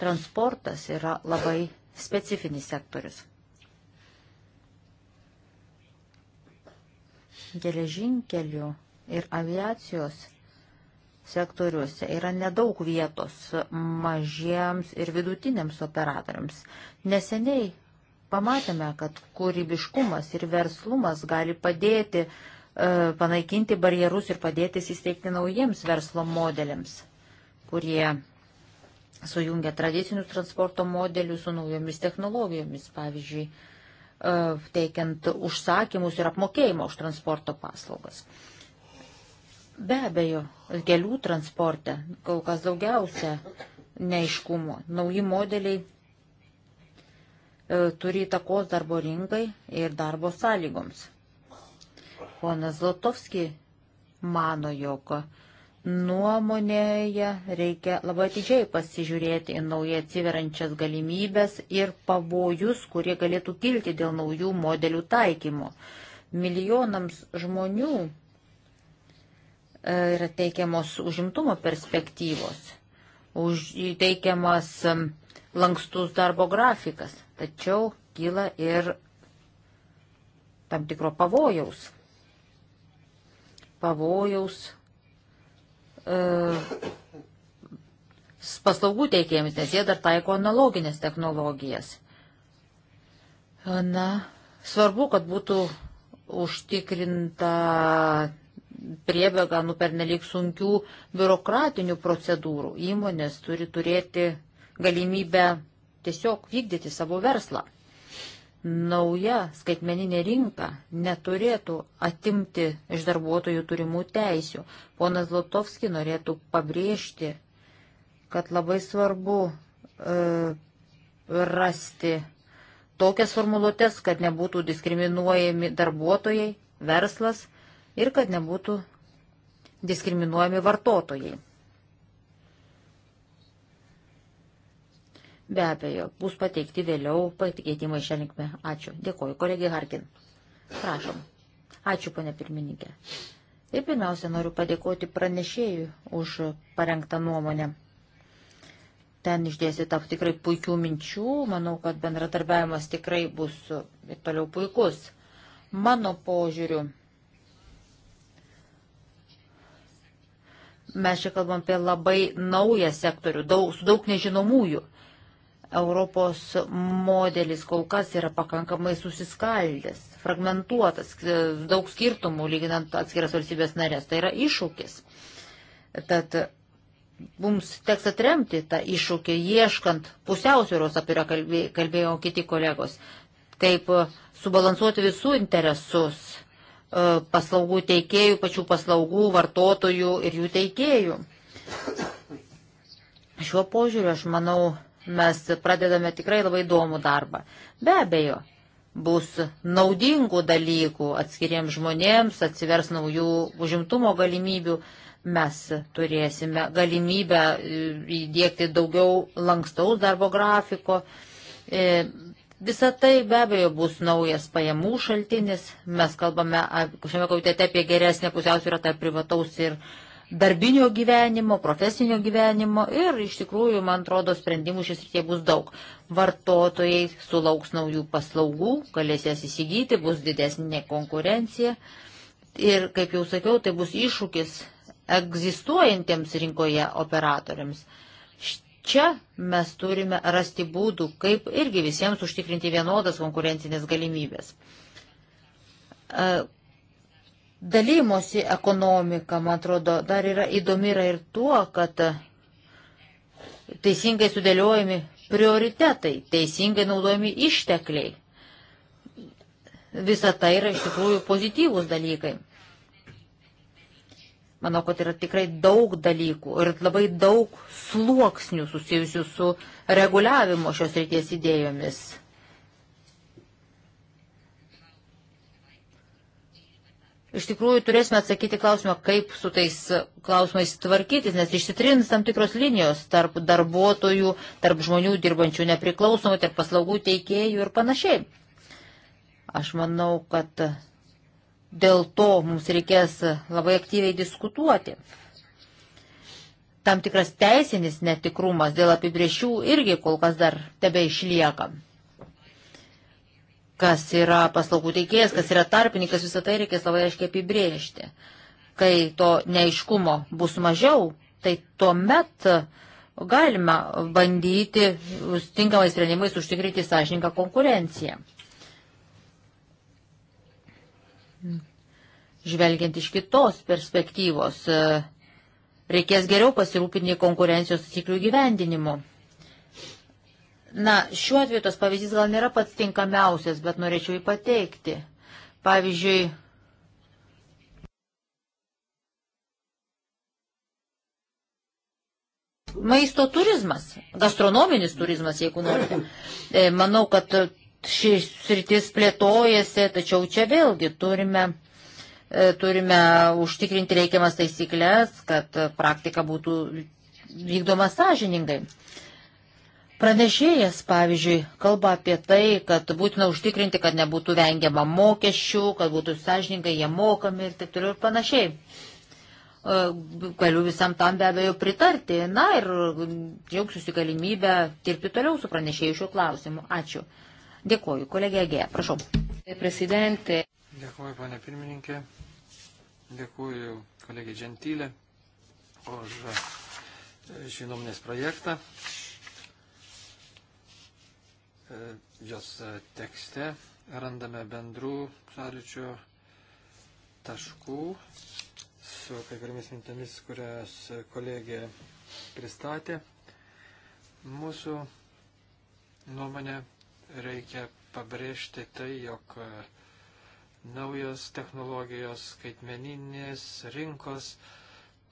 Transportas yra labai specifinis sektorius. Geležinkelių ir aviacijos sektoriuose yra nedaug vietos mažiems ir vidutiniams operatoriams. Neseniai pamatėme, kad kūrybiškumas ir verslumas gali padėti uh, E, panaikinti barjerus ir padėti įsteigti naujiems verslo modeliams, kurie sujungia tradicinius transporto modelius su naujomis technologijomis, pavyzdžiui, e, teikiant užsakymus ir apmokėjimą už transporto paslaugas. Be abejo, kelių transporte kol kas daugiausia neiškumo. Nauji modeliai e, turi įtakos darbo rinkai ir darbo sąlygoms. Ponas Zlotovski mano, jog nuomonėje reikia labai atidžiai pasižiūrėti į naujai atsiverančias galimybės ir pavojus, kurie galėtų kilti dėl naujų modelių taikymo. Milijonams žmonių e, yra teikiamos užimtumo perspektyvos, už, teikiamas lankstus darbo grafikas, tačiau kyla ir tam tikro pavojaus pavojaus e, paslaugų teikėjams, nes jie dar taiko analoginės technologijas. Na, svarbu, kad būtų užtikrinta priebėga nu pernelik sunkių biurokratinių procedūrų. Įmonės turi turėti galimybę tiesiog vykdyti savo verslą. Nauja skaitmeninė rinka neturėtų atimti iš darbuotojų turimų teisių. Ponas Lotovski norėtų pabrėžti, kad labai svarbu e, rasti tokias formuluotės, kad nebūtų diskriminuojami darbuotojai, verslas ir kad nebūtų diskriminuojami vartotojai. Be abejo, bus pateikti vėliau patikėtimai šią linkmę. Ačiū. Dėkoju. Kolegė Harkin. Prašom. Ačiū, ponė pirmininkė. Ir pirmiausia, noriu padėkoti pranešėjui už parengtą nuomonę. Ten išdėstyta tikrai puikių minčių. Manau, kad bendratarbiavimas tikrai bus ir toliau puikus. Mano požiūriu, mes čia kalbam apie labai naują sektorių, daug, su daug nežinomųjų. Europos modelis kol kas yra pakankamai susiskaldęs, fragmentuotas, daug skirtumų lyginant atskiras valstybės narės. Tai yra iššūkis. Tad mums teks atremti tą iššūkį, ieškant pusiausvėros, apie kurią kalbėjo kiti kolegos, kaip subalansuoti visų interesus e, paslaugų teikėjų, pačių paslaugų, vartotojų ir jų teikėjų. Šiuo požiūriu, aš manau, mes pradedame tikrai labai įdomų darbą. Be abejo, bus naudingų dalykų atskiriems žmonėms, atsivers naujų užimtumo galimybių, mes turėsime galimybę e, įdėkti daugiau lankstaus darbo grafiko. E, Visą tai be abejo bus naujas pajamų šaltinis. Mes kalbame šiame komitete apie geresnę pusiausvyrą tarp privataus ir uh, darbinio gyvenimo, profesinio gyvenimo ir iš tikrųjų, man atrodo, sprendimų šis rytie bus daug. Vartotojai sulauks naujų paslaugų, galės jas įsigyti, bus didesnė konkurencija ir, kaip jau sakiau, tai bus iššūkis egzistuojantiems rinkoje operatoriams. Čia mes turime rasti būdų, kaip irgi visiems užtikrinti vienodas konkurencinės galimybės e, Dalymosi ekonomika, man atrodo, dar yra įdomi yra ir tuo, kad teisingai sudėliojami prioritetai, teisingai naudojami ištekliai. Visa tai yra iš tikrųjų pozityvūs dalykai. Manau, kad yra tikrai daug dalykų ir labai daug sluoksnių susijusių su reguliavimo šios ryties idėjomis. iš tikrųjų turėsime atsakyti klausimą, kaip su tais klausimais tvarkytis, nes išsitrins tam tikros linijos tarp darbuotojų, tarp žmonių dirbančių nepriklausomai, tarp paslaugų teikėjų ir panašiai. Aš manau, kad dėl to mums reikės labai aktyviai diskutuoti. Tam tikras teisinis netikrumas dėl apibriešių irgi kol kas dar tebe išlieka kas yra paslaugų teikėjas, kas yra tarpininkas, visą tai reikės labai aiškiai apibrėžti. Kai to neiškumo bus mažiau, tai tuomet galima bandyti tinkamais sprendimais užtikrinti sąžininką konkurenciją. Žvelgiant iš kitos perspektyvos, e, reikės geriau pasirūpinti konkurencijos taisyklių gyvendinimu. Na, šiuo atveju tas pavyzdys gal nėra pats tinkamiausias, bet norėčiau jį pateikti. Pavyzdžiui, maisto turizmas, gastronominis turizmas, jeigu norite. E, manau, kad šis sritis plėtojasi, tačiau čia vėlgi turime, e, turime užtikrinti reikiamas taisyklės, kad praktika būtų vykdoma sąžiningai. Pranešėjas, pavyzdžiui, kalba apie tai, kad būtina užtikrinti, kad nebūtų vengiama mokesčių, kad būtų sąžininkai jie mokami ir taip toliau ir panašiai. E, galiu visam tam be abejo pritarti. Na ir džiaugsiuosi galimybę dirbti toliau su pranešėjų šiuo klausimu. Ačiū. Dėkuoju. Kolegė Gė, prašau. Prezidentė. Dėkuoju, ponė pirmininkė. Dėkuoju kolegė Gentylė už žinomės e, projektą jos tekste randame bendrų sąlyčio taškų su kai kuriamis mintimis, kurias kolegė pristatė. Mūsų nuomonė reikia pabrėžti tai, jog naujos technologijos, skaitmeninės rinkos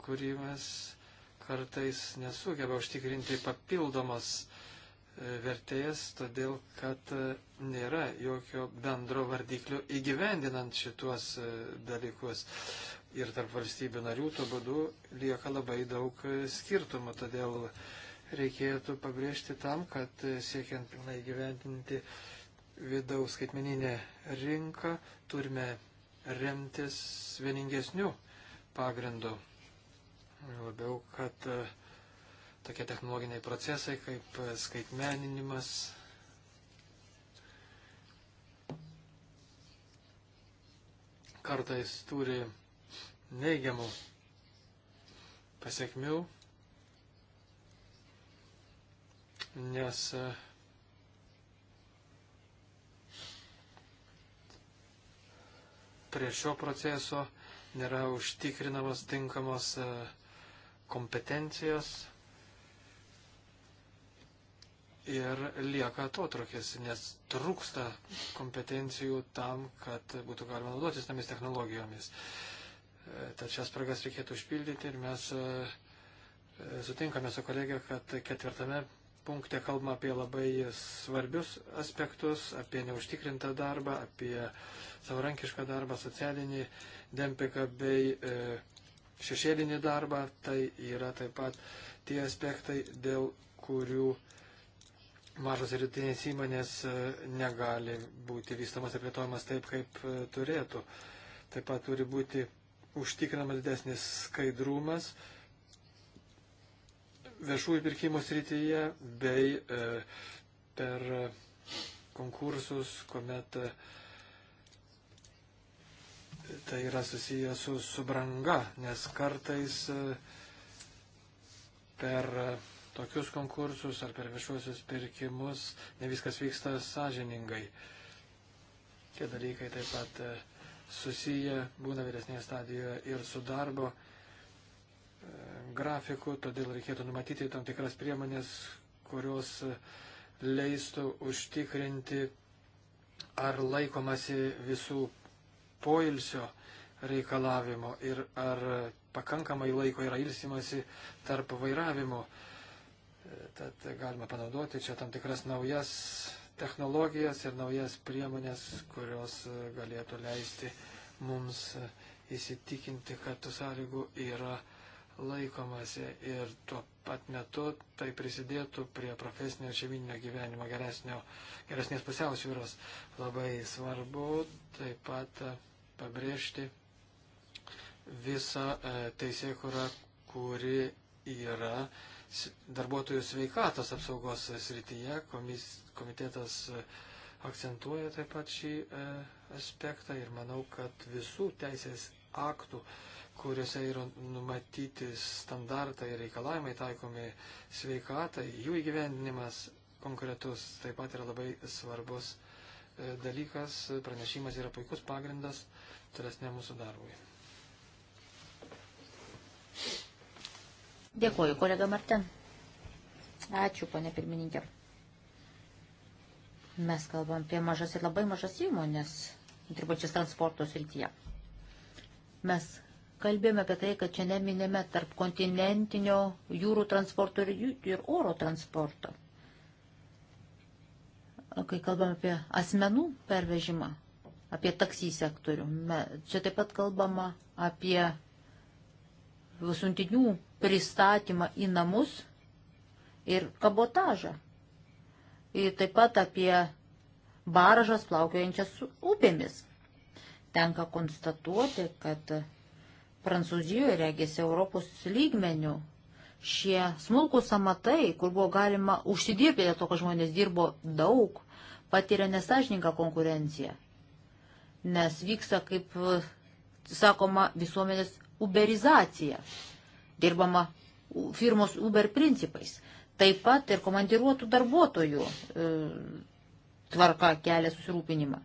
kūrimas kartais nesugeba užtikrinti papildomos uh, vertės, todėl kad e, nėra jokio bendro vardiklio įgyvendinant šituos e, dalykus. Ir tarp valstybių narių tuo būdu lieka labai daug e, skirtumų, todėl reikėtų pabrėžti tam, kad siekiant pilnai įgyvendinti vidaus skaitmeninę rinką turime remtis vieningesnių pagrindų. Labiau, kad uh, tokie technologiniai procesai kaip skaitmeninimas. Kartais turi neigiamų pasiekmių, nes e, prie šio proceso nėra užtikrinamos tinkamos e, kompetencijos ir lieka atotrukis, nes trūksta kompetencijų tam, kad būtų galima naudotis tomis technologijomis. Tad šias spragas reikėtų užpildyti ir mes e, sutinkame su kolegė, kad ketvirtame punkte kalbama apie labai svarbius aspektus, apie neužtikrintą darbą, apie savarankišką darbą, socialinį dempiką bei e, šešėlinį darbą. Tai yra taip pat tie aspektai, dėl kurių mažos ir rytinės įmonės e, negali būti vystamas ir plėtojamas taip, kaip e, turėtų. Taip pat turi būti užtikrinamas didesnis skaidrumas viešųjų pirkimų srityje bei e, per konkursus, kuomet e, tai yra susiję su, su branga, nes kartais e, per e, tokius konkursus ar per viešuosius pirkimus, ne viskas vyksta sąžiningai. Tie dalykai taip pat e, susiję būna vyresnėje stadijoje ir su darbo e, grafiku, todėl reikėtų numatyti tam tikras priemonės, kurios e, leistų užtikrinti, ar laikomasi visų poilsio reikalavimo ir ar pakankamai laiko yra ilsimasi tarp vairavimo. Uh, Tad galima panaudoti čia tam tikras naujas technologijas ir naujas priemonės, kurios galėtų leisti mums įsitikinti, kad tų sąlygų yra laikomasi ir tuo pat metu tai prisidėtų prie profesinio ir šeiminio gyvenimo geresnio, geresnės pusiausvyros. Labai svarbu taip pat pabrėžti visą e, teisėkurą, kuri yra darbuotojų sveikatos apsaugos srityje. Komis, komitetas akcentuoja taip pat šį e, aspektą ir manau, kad visų teisės aktų, kuriuose yra numatyti standartai ir reikalavimai taikomi sveikatai, jų įgyvendinimas konkretus taip pat yra labai svarbus e, dalykas, pranešimas yra puikus pagrindas tolesnė mūsų darbui. Dėkuoju, kolega Martin. Ačiū, ponė pirmininkė. Mes kalbam apie mažas ir labai mažas įmonės, dirbančias transporto srityje. Mes kalbėjome apie tai, kad šiandien minime tarp kontinentinio jūrų transporto ir, ir oro transporto. Kai kalbam apie asmenų pervežimą, apie taksį sektorių, čia taip pat kalbama apie suntinių pristatymą į namus ir kabotažą. Ir taip pat apie baržas plaukiojančias upėmis. Tenka konstatuoti, kad Prancūzijoje regėsi Europos lygmenių šie smulkus amatai, kur buvo galima užsidirbti dėl to, kad žmonės dirbo daug, patiria nesažininką konkurenciją. Nes vyksta, kaip sakoma, visuomenės uberizacija. Dirbama firmos Uber principais. Taip pat ir komandiruotų darbuotojų e, tvarka kelia susirūpinimą.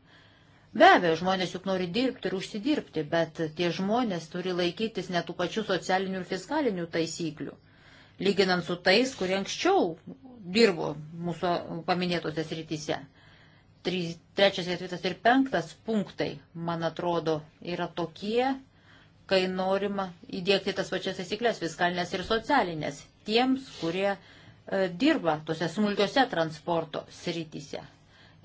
Be abejo, žmonės juk nori dirbti ir užsidirbti, bet tie žmonės turi laikytis netų pačių socialinių ir fiskalinių taisyklių, lyginant su tais, kurie anksčiau dirbo mūsų paminėtose srityse. Trečias, ketvirtas ir penktas punktai, man atrodo, yra tokie, kai norima įdėkti tas pačias taisyklės fiskalinės ir socialinės tiems, kurie e, dirba tose smulkiose transporto srityse.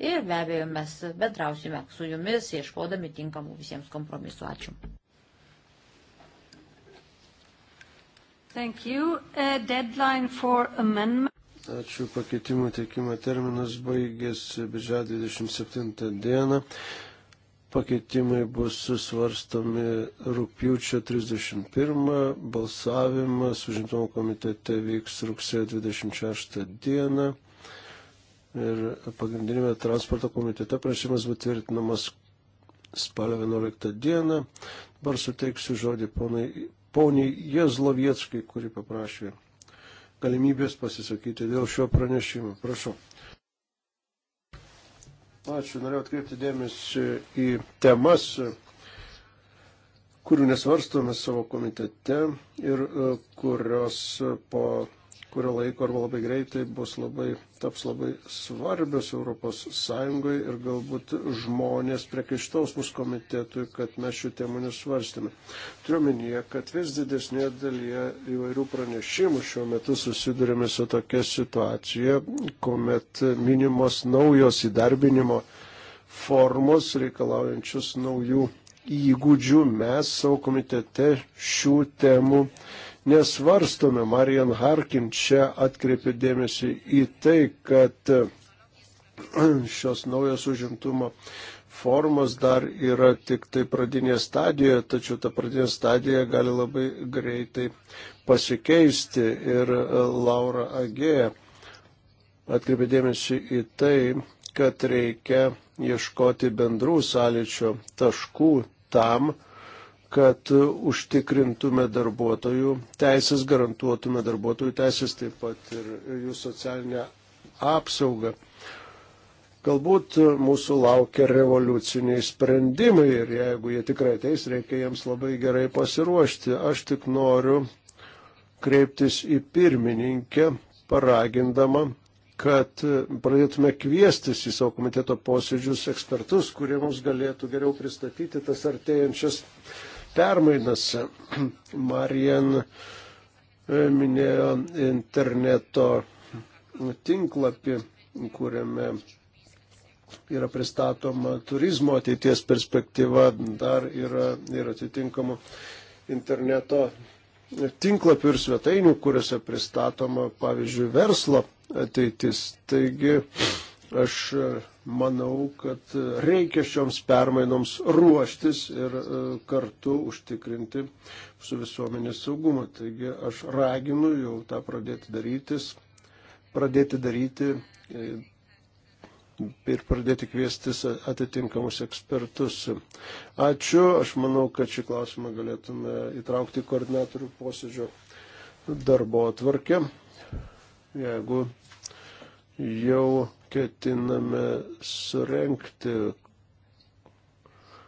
Ir be abejo mes bendrausime su jumis, ieškodami tinkamų visiems kompromisų. Ačiū. Thank you. Uh, deadline for amendment. Ačiū pakeitimo teikimo terminas baigėsi birželio 27 dieną. Pakeitimai bus susvarstomi rūpjūčio 31, balsavimas užimtumo komitete vyks rugsėjo 26 dieną ir pagrindinėme transporto komitete prašymas bus tvirtinamas spalio 11 dieną. Dabar suteiksiu žodį ponai, poniai Jezlovieckai, kuri paprašė galimybės pasisakyti dėl šio pranešimo. Prašau. Ačiū, norėjau atkreipti dėmesį į temas, kurių nesvarstome savo komitete ir e, kurios po kurio laiko arba labai greitai bus labai, taps labai svarbios ES ir galbūt žmonės priekaištaus mūsų komitetui, kad mes šių temų nesvarstėme. Turiu minėję, kad vis didesnėje dalyje įvairių pranešimų šiuo metu susidurime su tokia situacija, kuomet minimos naujos įdarbinimo formos reikalaujančius naujų įgūdžių. Mes savo komitete šių temų nesvarstome. Marian Harkin čia atkreipė dėmesį į tai, kad šios naujos užimtumo formos dar yra tik tai pradinėje stadijoje, tačiau ta pradinė stadija gali labai greitai pasikeisti ir e, Laura Agėja atkreipė dėmesį į tai, kad reikia ieškoti bendrų sąlyčio taškų tam, kad užtikrintume darbuotojų teisės, garantuotume darbuotojų teisės, taip pat ir jų socialinę apsaugą. Galbūt mūsų laukia revoliuciniai sprendimai ir jeigu jie tikrai ateis, reikia jiems labai gerai pasiruošti. Aš tik noriu kreiptis į pirmininkę, paragindama, kad pradėtume kviestis į savo komiteto posėdžius ekspertus, kurie mums galėtų geriau pristatyti tas artėjančias permainas. Marijan e, minėjo interneto tinklapį, kuriame yra pristatoma turizmo ateities perspektyva, dar yra ir atitinkamų interneto tinklapių ir svetainių, kuriuose pristatoma, pavyzdžiui, verslo ateitis. Taigi, Aš e, manau, kad reikia šioms permainoms ruoštis ir e, kartu užtikrinti su visuomenės saugumą. Taigi aš raginu jau tą pradėti darytis, pradėti daryti e, ir pradėti kviestis atitinkamus ekspertus. Ačiū, aš manau, kad šį klausimą galėtume įtraukti koordinatorių posėdžio darbo atvarkę, jeigu jau ketiname surenkti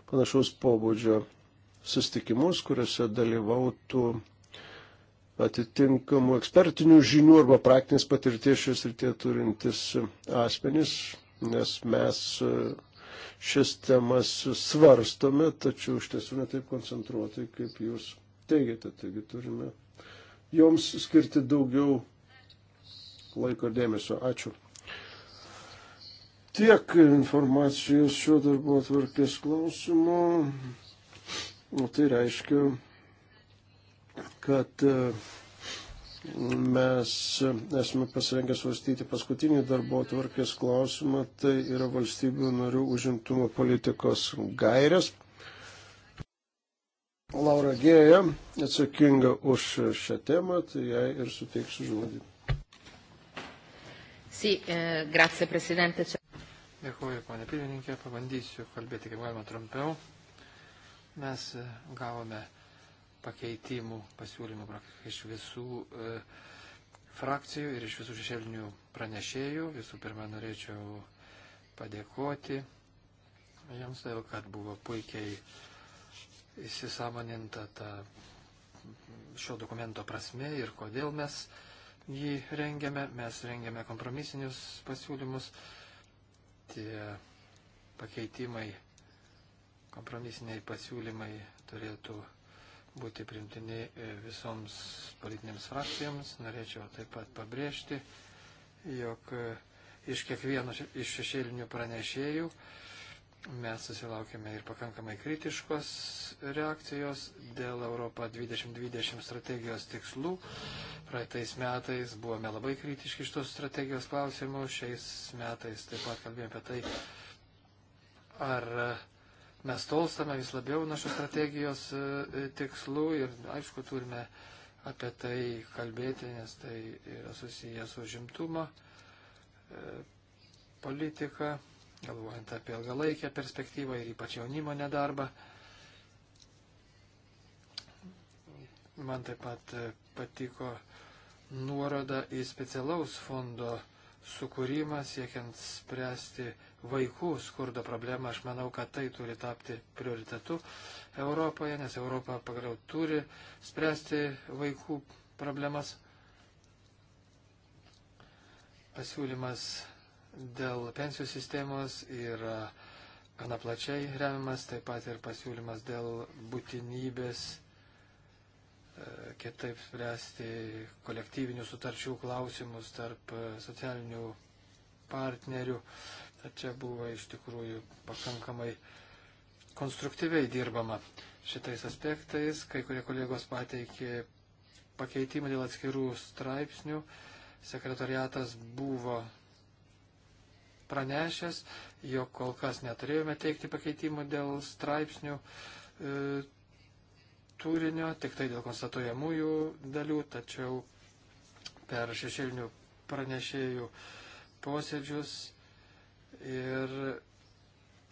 panašaus pobūdžio sustikimus, kuriuose dalyvautų atitinkamų ekspertinių žinių arba praktinės patirties šios rytie turintis asmenys, nes mes šis temas svarstome, tačiau iš tiesų netaip koncentruotai, kaip jūs teigiate. Taigi turime joms skirti daugiau laiko dėmesio. Ačiū. Tiek informacijos šio darbo atvarkės klausimu. O tai reiškia, kad e, mes esame pasirengę svarstyti paskutinį darbo atvarkės klausimą. Tai yra valstybių narių užimtumo politikos gairės. Laura Gėja atsakinga už šią temą, tai jai ir suteiksiu žodį. Sì, eh, grazie Presidente. Dėkuoju, ponė pirmininkė, pabandysiu kalbėti kaip galima trumpiau. Mes e, gavome pakeitimų pasiūlymų praktiškai iš visų e, frakcijų ir iš visų šešėlinių pranešėjų. Visų pirma, norėčiau padėkoti jiems, todėl kad buvo puikiai įsisamoninta ta šio dokumento prasme ir kodėl mes jį rengiame. Mes rengiame kompromisinius pasiūlymus tie pakeitimai, kompromisiniai pasiūlymai turėtų būti primtini visoms politinėms frakcijoms. Norėčiau taip pat pabrėžti, jog iš kiekvieno iš šešėlinių pranešėjų Mes susilaukėme ir pakankamai kritiškos reakcijos dėl Europą 2020 strategijos tikslų. Praeitais metais buvome labai kritiški šitos strategijos klausimų, šiais metais taip pat kalbėjome apie tai, ar mes tolstame vis labiau nuo šios strategijos e, e, tikslų ir aišku turime apie tai kalbėti, nes tai yra susijęs su žimtumo e, politika galvojant apie ilgalaikę perspektyvą ir ypač jaunimo nedarbą. Man taip pat e, patiko nuoroda į specialaus fondo sukūrimą siekiant spręsti vaikų skurdo problemą. Aš manau, kad tai turi tapti prioritetu Europoje, nes Europa pagaliau turi spręsti vaikų problemas. Pasiūlymas dėl pensijų sistemos yra gana plačiai remiamas, taip pat ir pasiūlymas dėl būtinybės e, kitaip spręsti kolektyvinių sutarčių klausimus tarp e, socialinių partnerių. Tad čia buvo iš tikrųjų pakankamai konstruktyviai dirbama šitais aspektais. Kai kurie kolegos pateikė pakeitimą dėl atskirų straipsnių. Sekretariatas buvo pranešęs, jog kol kas neturėjome teikti pakeitimų dėl straipsnių e, turinio, tik tai dėl konstatuojamųjų dalių, tačiau per šešėlinių pranešėjų posėdžius ir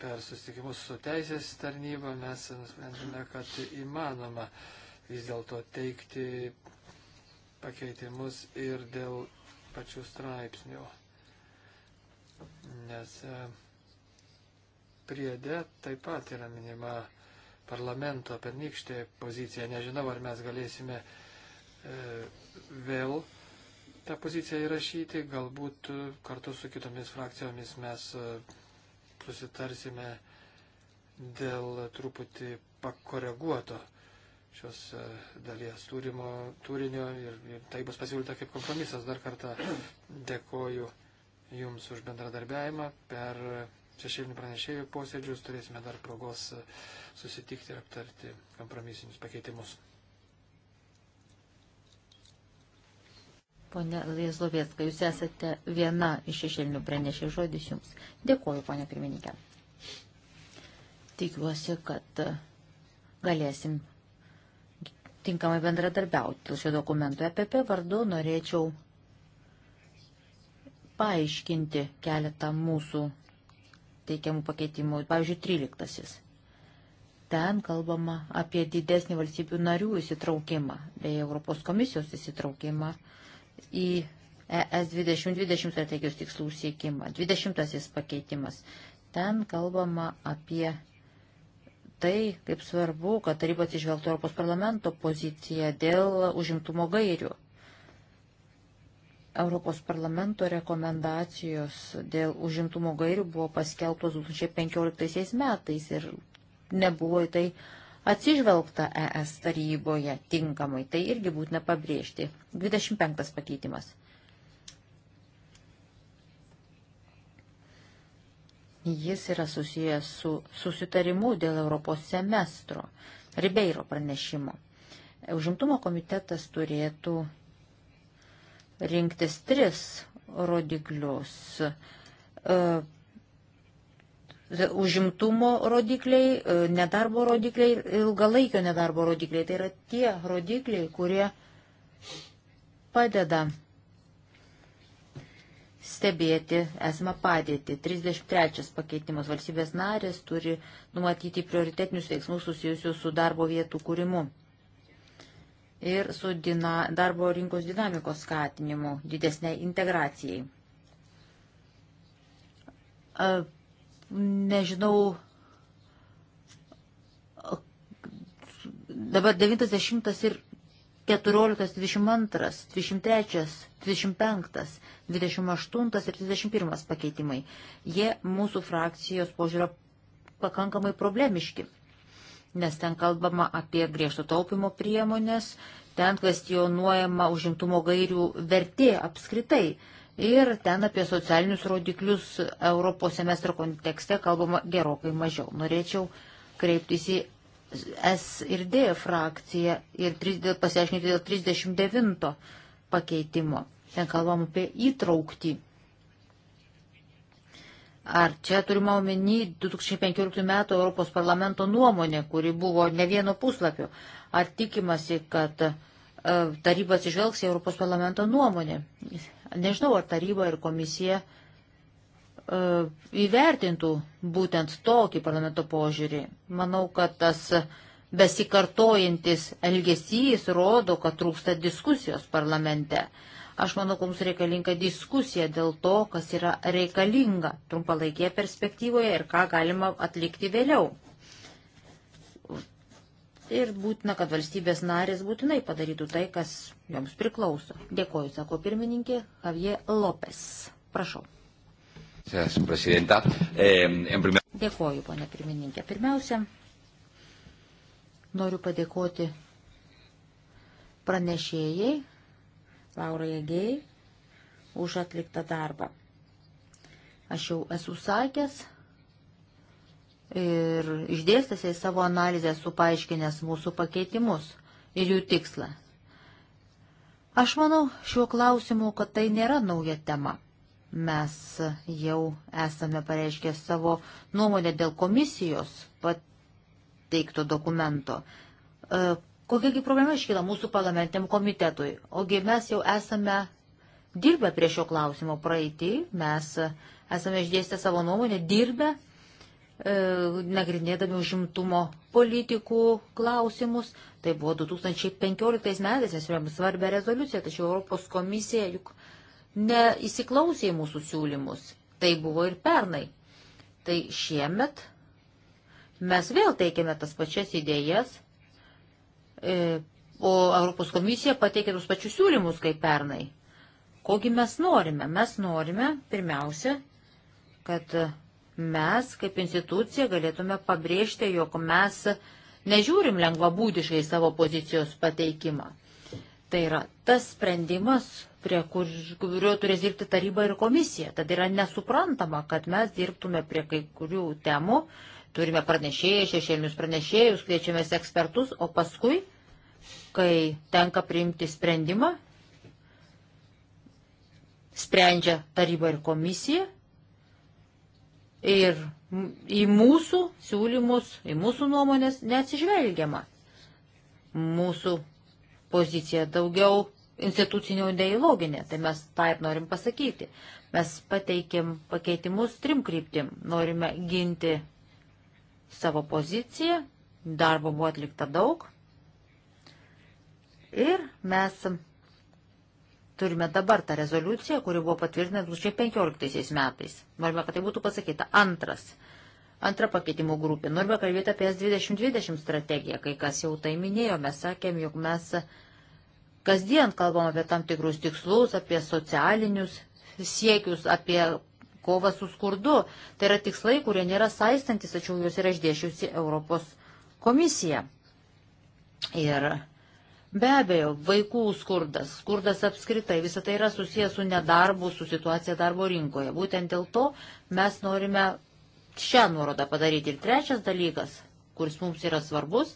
per susitikimus su teisės tarnyba mes nusprendėme, kad įmanoma vis dėlto teikti pakeitimus ir dėl pačių straipsnių nes e, priede taip pat yra minima parlamento pernykštė pozicija. Nežinau, ar mes galėsime e, vėl tą poziciją įrašyti, galbūt e, kartu su kitomis frakcijomis mes susitarsime dėl truputį pakoreguoto šios dalies turimo, turinio ir, ir tai bus pasiūlyta kaip kompromisas. Dar kartą dėkoju Jums už bendradarbiavimą. Per šešėlinių pranešėjų posėdžius turėsime dar progos susitikti ir aptarti kompromisinius pakeitimus. Pone Lieslovėska, jūs esate viena iš šešėlinių pranešėjų žodis jums. Dėkuoju, pone pirmininkė. Tikiuosi, kad galėsim tinkamai bendradarbiauti šio dokumento. EPP vardu norėčiau paaiškinti keletą mūsų teikiamų pakeitimų, pavyzdžiui, 13. Ten kalbama apie didesnį valstybių narių įsitraukimą bei Europos komisijos įsitraukimą į ES 2020 strategijos tikslų siekimą. 20 pakeitimas. Ten kalbama apie tai, kaip svarbu, kad taryba atsižvelgtų Europos parlamento poziciją dėl užimtumo gairių. Europos parlamento rekomendacijos dėl užimtumo gairių buvo paskelbtos 2015 metais ir nebuvo į tai atsižvelgta ES taryboje tinkamai. Tai irgi būtina pabrėžti. 25 pakeitimas. Jis yra susijęs su susitarimu dėl Europos semestro, Ribeiro pranešimo. Užimtumo komitetas turėtų rinktis tris rodiklius. E, užimtumo rodikliai, e, nedarbo rodikliai, ilgalaikio nedarbo rodikliai. Tai yra tie rodikliai, kurie padeda stebėti esamą padėtį. 33 pakeitimas valstybės narės turi numatyti prioritetinius veiksmus susijusius su darbo vietų kūrimu ir su dina, darbo rinkos dinamikos skatinimu didesniai integracijai. Nežinau, dabar 90 ir 14, 22, 23, 25, 28 ir 31 pakeitimai. Jie mūsų frakcijos požiūrio pakankamai problemiški nes ten kalbama apie griežto taupimo priemonės, ten kvestionuojama užimtumo gairių vertė apskritai. Ir ten apie socialinius rodiklius Europos semestro kontekste kalbama gerokai mažiau. Norėčiau kreiptis į S ir D frakciją ir pasiaiškinti dėl 39 pakeitimo. Ten kalbam apie įtraukti. Ar čia turima omeny 2015 metų Europos parlamento nuomonė, kuri buvo ne vieno puslapio? Ar tikimasi, kad e, taryba atsižvelgs į Europos parlamento nuomonę? Nežinau, ar taryba ir komisija e, įvertintų būtent tokį parlamento požiūrį. Manau, kad tas besikartojantis elgesys rodo, kad trūksta diskusijos parlamente. Aš manau, mums reikalinga diskusija dėl to, kas yra reikalinga trumpalaikėje perspektyvoje ir ką galima atlikti vėliau. Ir būtina, kad valstybės narės būtinai padarytų tai, kas joms priklauso. Dėkoju, sako pirmininkė Javier Lopes. Prašau. Eh, Dėkoju, ponė pirmininkė. Pirmiausia, noriu padėkoti pranešėjai Laurai Egei už atliktą darbą. Aš jau esu sakęs ir išdėstęs į savo analizę su paaiškinęs mūsų pakeitimus ir jų tikslą. Aš manau šiuo klausimu, kad tai nėra nauja tema. Mes jau esame pareiškę savo nuomonę dėl komisijos pateikto dokumento e, Kokiagi problema iškyla mūsų parlamentiniam komitetui? Ogi mes jau esame dirbę prie šio klausimo praeitį, mes esame išdėstę savo nuomonę, dirbę, e, nagrinėdami užimtumo politikų klausimus. Tai buvo 2015 metais, mes turėjome svarbę rezoliuciją, tačiau Europos komisija juk neįsiklausė į mūsų siūlymus. Tai buvo ir pernai. Tai šiemet mes vėl teikėme tas pačias idėjas E, o Europos komisija pateikė tos pačius siūlymus kaip pernai. Kogi mes norime? Mes norime pirmiausia, kad mes kaip institucija galėtume pabrėžti, jog mes nežiūrim lengvabūdiškai savo pozicijos pateikimą. Tai yra tas sprendimas, prie kur, kurio turės dirbti taryba ir komisija. Tad yra nesuprantama, kad mes dirbtume prie kai kurių temų, uh, turime pranešėjus, šešėlinius pranešėjus, kviečiamės ekspertus, o paskui, kai tenka priimti sprendimą, sprendžia taryba ir komisija ir į mūsų siūlymus, į mūsų nuomonės neatsižvelgiama. Mūsų pozicija daugiau institucinio ideologinė, tai mes taip norim pasakyti. Mes pateikėm pakeitimus trim kryptim. Norime ginti savo poziciją, darbo buvo atlikta daug ir mes turime dabar tą rezoliuciją, kuri buvo patvirtinta 2015 metais. Norime, kad tai būtų pasakyta. Antras. Antra pakeitimų grupė. Norime kalbėti apie S2020 strategiją. Kai kas jau tai minėjo, mes sakėm, jog mes kasdien kalbam apie tam tikrus tikslus, apie socialinius siekius, apie kova su skurdu. Tai yra tikslai, kurie nėra saistantis, tačiau juos yra išdėšiusi Europos komisija. Ir be abejo, vaikų skurdas, skurdas apskritai, visa tai yra susijęs su nedarbu, su situacija darbo rinkoje. Būtent dėl to mes norime šią nuorodą padaryti. Ir trečias dalykas, kuris mums yra svarbus,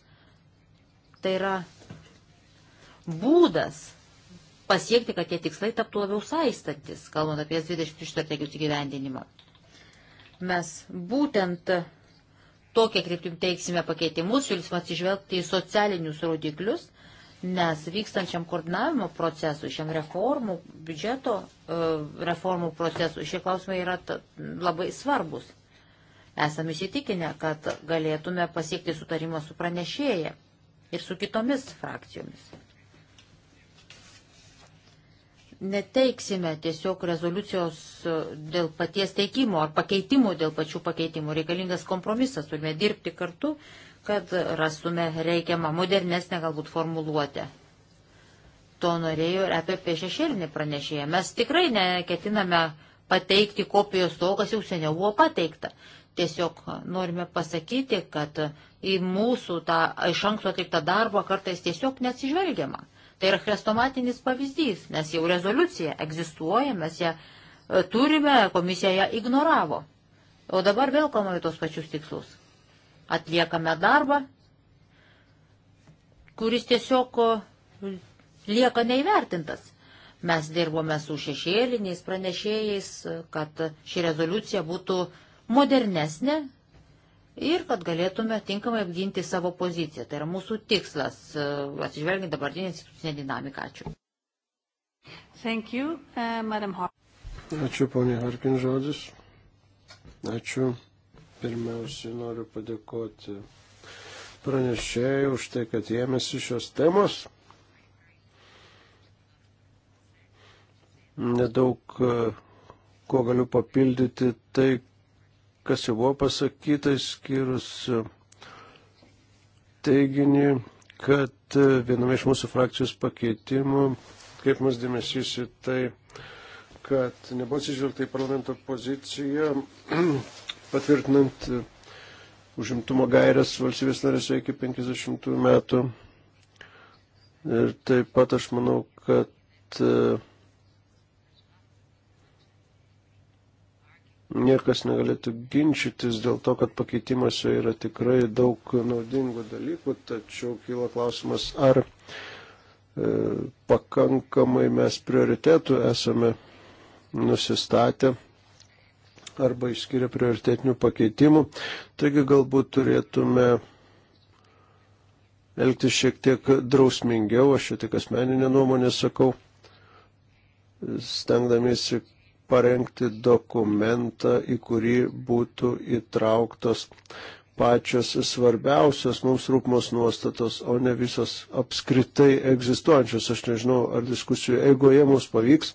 tai yra būdas pasiekti, kad tie tikslai taptų labiau saistantis, kalbant apie 20 strategijos įgyvendinimą. Mes būtent tokią kryptim teiksime pakeitimus, siūlysime atsižvelgti į socialinius rodiklius, nes vykstančiam koordinavimo procesui, šiam reformų, biudžeto e, reformų procesui, šie klausimai yra labai svarbus. Esame įsitikinę, kad galėtume pasiekti sutarimą su pranešėja ir su kitomis frakcijomis neteiksime tiesiog rezoliucijos e, dėl paties teikimo ar pakeitimų dėl pačių pakeitimų. Reikalingas kompromisas, turime dirbti kartu, kad rastume reikiamą modernesnę galbūt formuluotę. To norėjo ir apie šešėlinį pranešėją. Mes tikrai neketiname pateikti kopijos to, kas jau seniau buvo pateikta. Tiesiog norime pasakyti, kad į mūsų tą iš anksto atliktą darbą kartais tiesiog neatsižvelgiama. Tai yra chrestomatinis pavyzdys, nes jau rezoliucija egzistuoja, mes ją e, turime, komisija ją ignoravo. O dabar vėl kalbame tos pačius tikslus. Atliekame darbą, kuris tiesiog lieka neįvertintas. Mes dirbome su šešėliniais pranešėjais, kad ši rezoliucija būtų modernesnė, ir kad galėtume tinkamai apginti savo poziciją. Tai yra mūsų tikslas, e, atsižvelgiant dabartinį institucinę dinamiką. Ačiū. Thank you, uh, Madam Ačiū, ponė Harkin žodis. Ačiū. Pirmiausiai noriu padėkoti pranešėjai už tai, kad ėmėsi šios temos. Nedaug e, ko galiu papildyti tai, kas jau buvo pasakyta, išskyrus teiginį, kad viename iš mūsų frakcijos pakeitimų, kaip mus dėmesys į tai, kad nebuvo atsižvelgta į parlamento poziciją, patvirtinant užimtumo gairias valstybės narėse iki 50 metų. Ir taip pat aš manau, kad Niekas negalėtų ginčytis dėl to, kad pakeitimuose yra tikrai daug naudingų dalykų, tačiau kyla klausimas, ar e, pakankamai mes prioritetų esame nusistatę arba išskiria prioritetinių pakeitimų. Taigi galbūt turėtume elgtis šiek tiek drausmingiau, aš čia tik asmeninę nuomonę sakau, stengdamiesi parengti dokumentą, į kurį būtų įtrauktos pačios svarbiausios mums rūpmos nuostatos, o ne visos apskritai egzistuojančios. Aš nežinau, ar diskusijų eigoje mums pavyks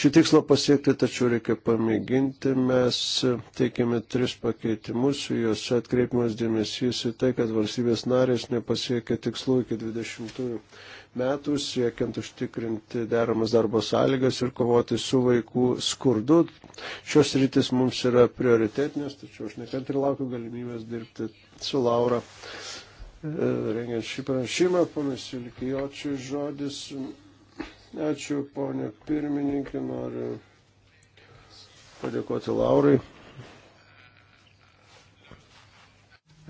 šį tikslą pasiekti, tačiau reikia pamėginti. Mes teikėme tris pakeitimus, juose atkreipimas dėmesys į tai, kad valstybės narės nepasiekia tikslų iki 20 metų siekiant užtikrinti deramas darbo sąlygas ir kovoti su vaikų skurdu. Šios rytis mums yra prioritetinės, tačiau aš nekantri laukiu galimybės dirbti su Laura. E, rengiant šį pranešimą, panas Ilkijočiui žodis. Ačiū, ponė pirmininkė, noriu padėkoti Laurai.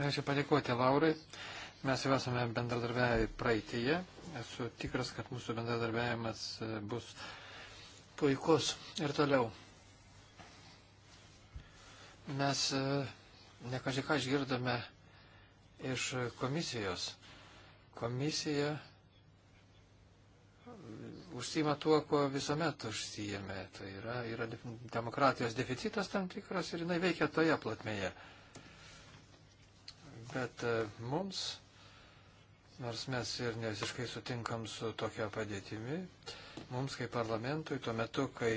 Norėčiau padėkoti Laurai. Mes jau esame bendradarbiavę praeitėje Esu tikras, kad mūsų bendradarbiavimas e, bus puikus ir toliau. Mes e, ne kažką išgirdome iš komisijos. Komisija užsima tuo, ko visuomet užsijėmė. Tai yra, yra demokratijos deficitas tam tikras ir jinai veikia toje platmėje. Bet e, mums Nors mes ir ne visiškai sutinkam su tokia padėtimi, mums kaip parlamentui tuo metu, kai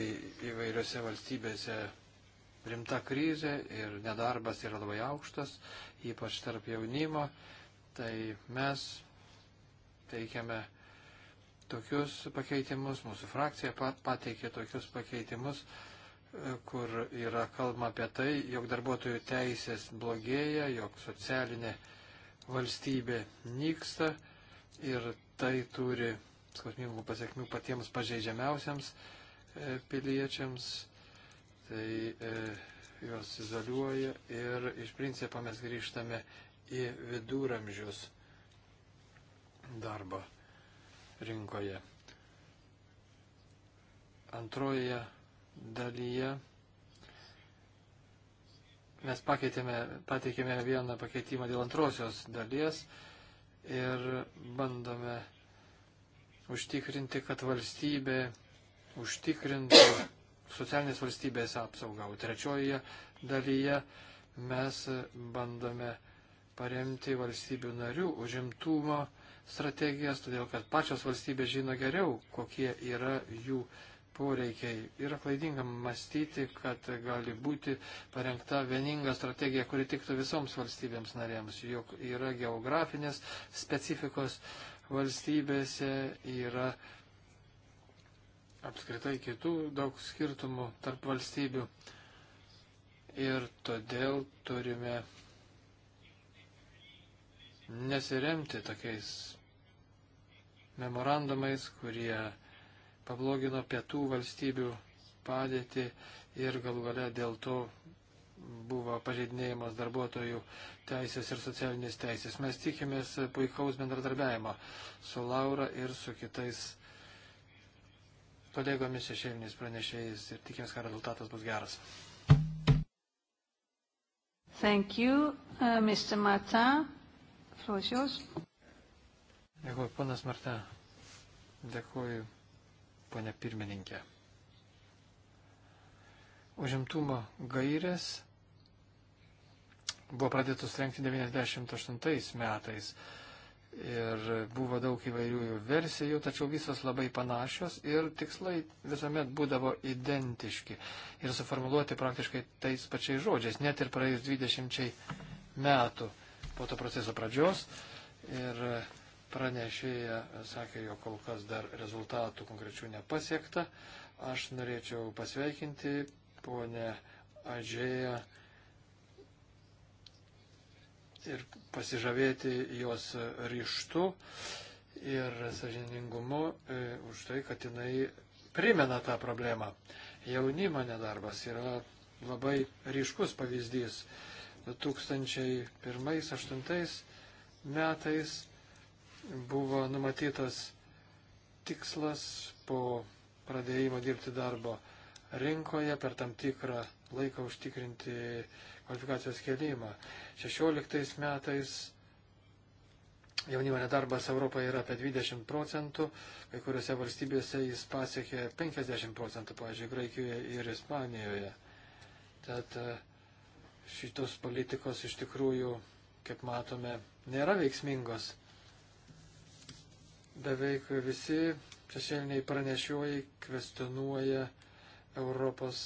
įvairiose valstybėse rimta krizė ir nedarbas yra labai aukštas, ypač tarp jaunimo, tai mes teikiame tokius pakeitimus, mūsų frakcija pateikė tokius pakeitimus, kur yra kalba apie tai, jog darbuotojų teisės blogėja, jog socialinė valstybė nyksta ir tai turi skausmingų pasiekmių patiems pažeidžiamiausiams e, piliečiams. Tai e, juos izoliuoja ir iš principo mes grįžtame į viduramžius darbo rinkoje. Antroje dalyje mes pakeitėme, pateikėme vieną pakeitimą dėl antrosios dalies ir bandome užtikrinti, kad valstybė užtikrintų socialinės valstybės apsaugą. O trečioje dalyje mes bandome paremti valstybių narių užimtumo strategijas, todėl kad pačios valstybės žino geriau, kokie yra jų poreikiai. Yra klaidinga mąstyti, kad gali būti parengta vieninga strategija, kuri tiktų visoms valstybėms narėms, juk yra geografinės specifikos valstybėse, yra apskritai kitų daug skirtumų tarp valstybių. Ir todėl turime nesiremti tokiais memorandumais, kurie pablogino pietų valstybių padėtį ir galų gale dėl to buvo pažeidinėjimas darbuotojų teisės ir socialinės teisės. Mes tikimės puikaus bendradarbiavimo su Laura ir su kitais kolegomis šešėliniais pranešėjais ir tikimės, kad rezultatas bus geras. Thank you, uh, Mr. Martin. Floor is yours. Dėkuoju, ponas Martin. Dėkuoju ponė pirmininkė. Užimtumo gairės buvo pradėtos renkti 98 metais ir buvo daug įvairių versijų, tačiau visos labai panašios ir tikslai visuomet būdavo identiški ir suformuluoti praktiškai tais pačiais žodžiais, net ir praėjus 20 metų po to proceso pradžios. Ir Pranešėja sakė, jog kol kas dar rezultatų konkrečių nepasiekta. Aš norėčiau pasveikinti ponę Adžėją ir pasižavėti jos ryštu ir sažiningumu e, už tai, kad jinai primena tą problemą. Jaunimo nedarbas yra labai ryškus pavyzdys. 2001-2008 metais buvo numatytas tikslas po pradėjimo dirbti darbo rinkoje per tam tikrą laiką užtikrinti kvalifikacijos kelimą. 16 metais jaunimo nedarbas Europoje yra apie 20 procentų, kai kuriuose valstybėse jis pasiekė 50 procentų, pavyzdžiui, Graikijoje ir Ispanijoje. Tad e, šitos politikos iš tikrųjų, kaip matome, nėra veiksmingos beveik visi šešėliniai pranešiojai kvestionuoja Europos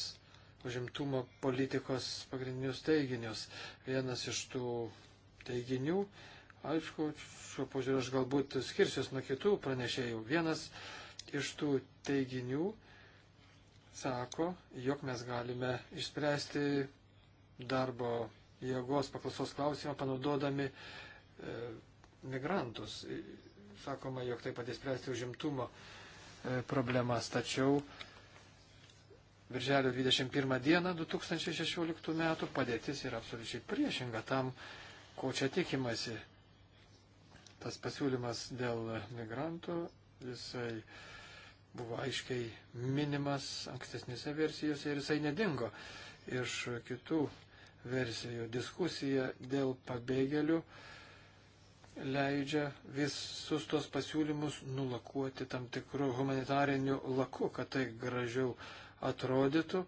užimtumo politikos pagrindinius teiginius. Vienas iš tų teiginių, aišku, šiuo požiūriu aš galbūt skirsiuos nuo kitų pranešėjų. Vienas iš tų teiginių sako, jog mes galime išspręsti darbo jėgos paklausos klausimą panaudodami e, migrantus sakoma, jog tai padės spręsti užimtumo e, problemas. Tačiau Birželio 21 dieną 2016 metų padėtis yra absoliučiai priešinga tam, ko čia tikimasi. Tas pasiūlymas dėl migrantų, jisai buvo aiškiai minimas ankstesnėse versijose ir jisai nedingo iš kitų versijų. Diskusija dėl pabėgėlių leidžia visus tos pasiūlymus nulakuoti tam tikrų humanitarinių lakų, kad tai gražiau atrodytų,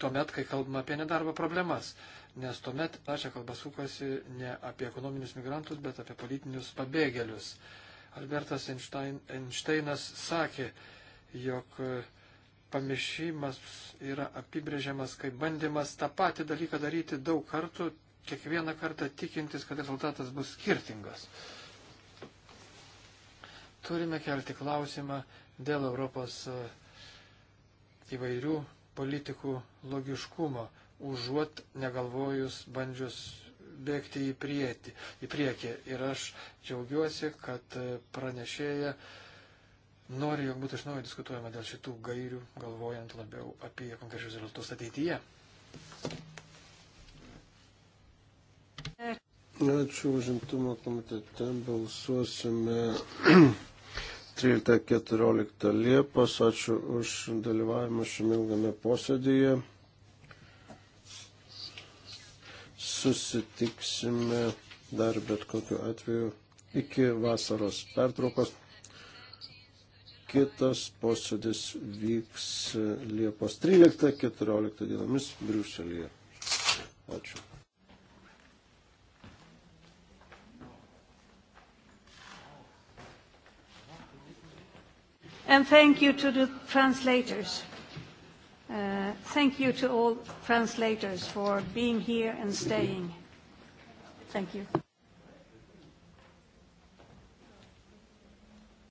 tuomet, kai kalbame apie nedarbo problemas. Nes tuomet plačia kalba sukasi ne apie ekonominius migrantus, bet apie politinius pabėgėlius. Albertas Einštein, Einšteinas sakė, jog e, pamišimas yra apibrėžiamas kaip bandymas tą patį dalyką daryti daug kartų kiekvieną kartą tikintis, kad rezultatas bus skirtingas. Turime kelti klausimą dėl Europos e, įvairių politikų logiškumo, užuot negalvojus bandžius bėgti į, priekį, į priekį. Ir aš džiaugiuosi, kad e, pranešėja nori, jog būtų iš naujo diskutuojama dėl šitų gairių, galvojant labiau apie konkrečius rezultatus ateityje. Ačiū užimtumo komitete, balsuosime 13-14 Liepos, ačiū už dalyvavimą šiame ilgame posėdėje. Susitiksime dar bet kokiu atveju iki vasaros pertraukos. Kitas posėdis vyks Liepos 13-14 dienomis Briuselėje. Ačiū. And thank you to the translators. Uh, thank you to all translators for being here and staying. Thank you.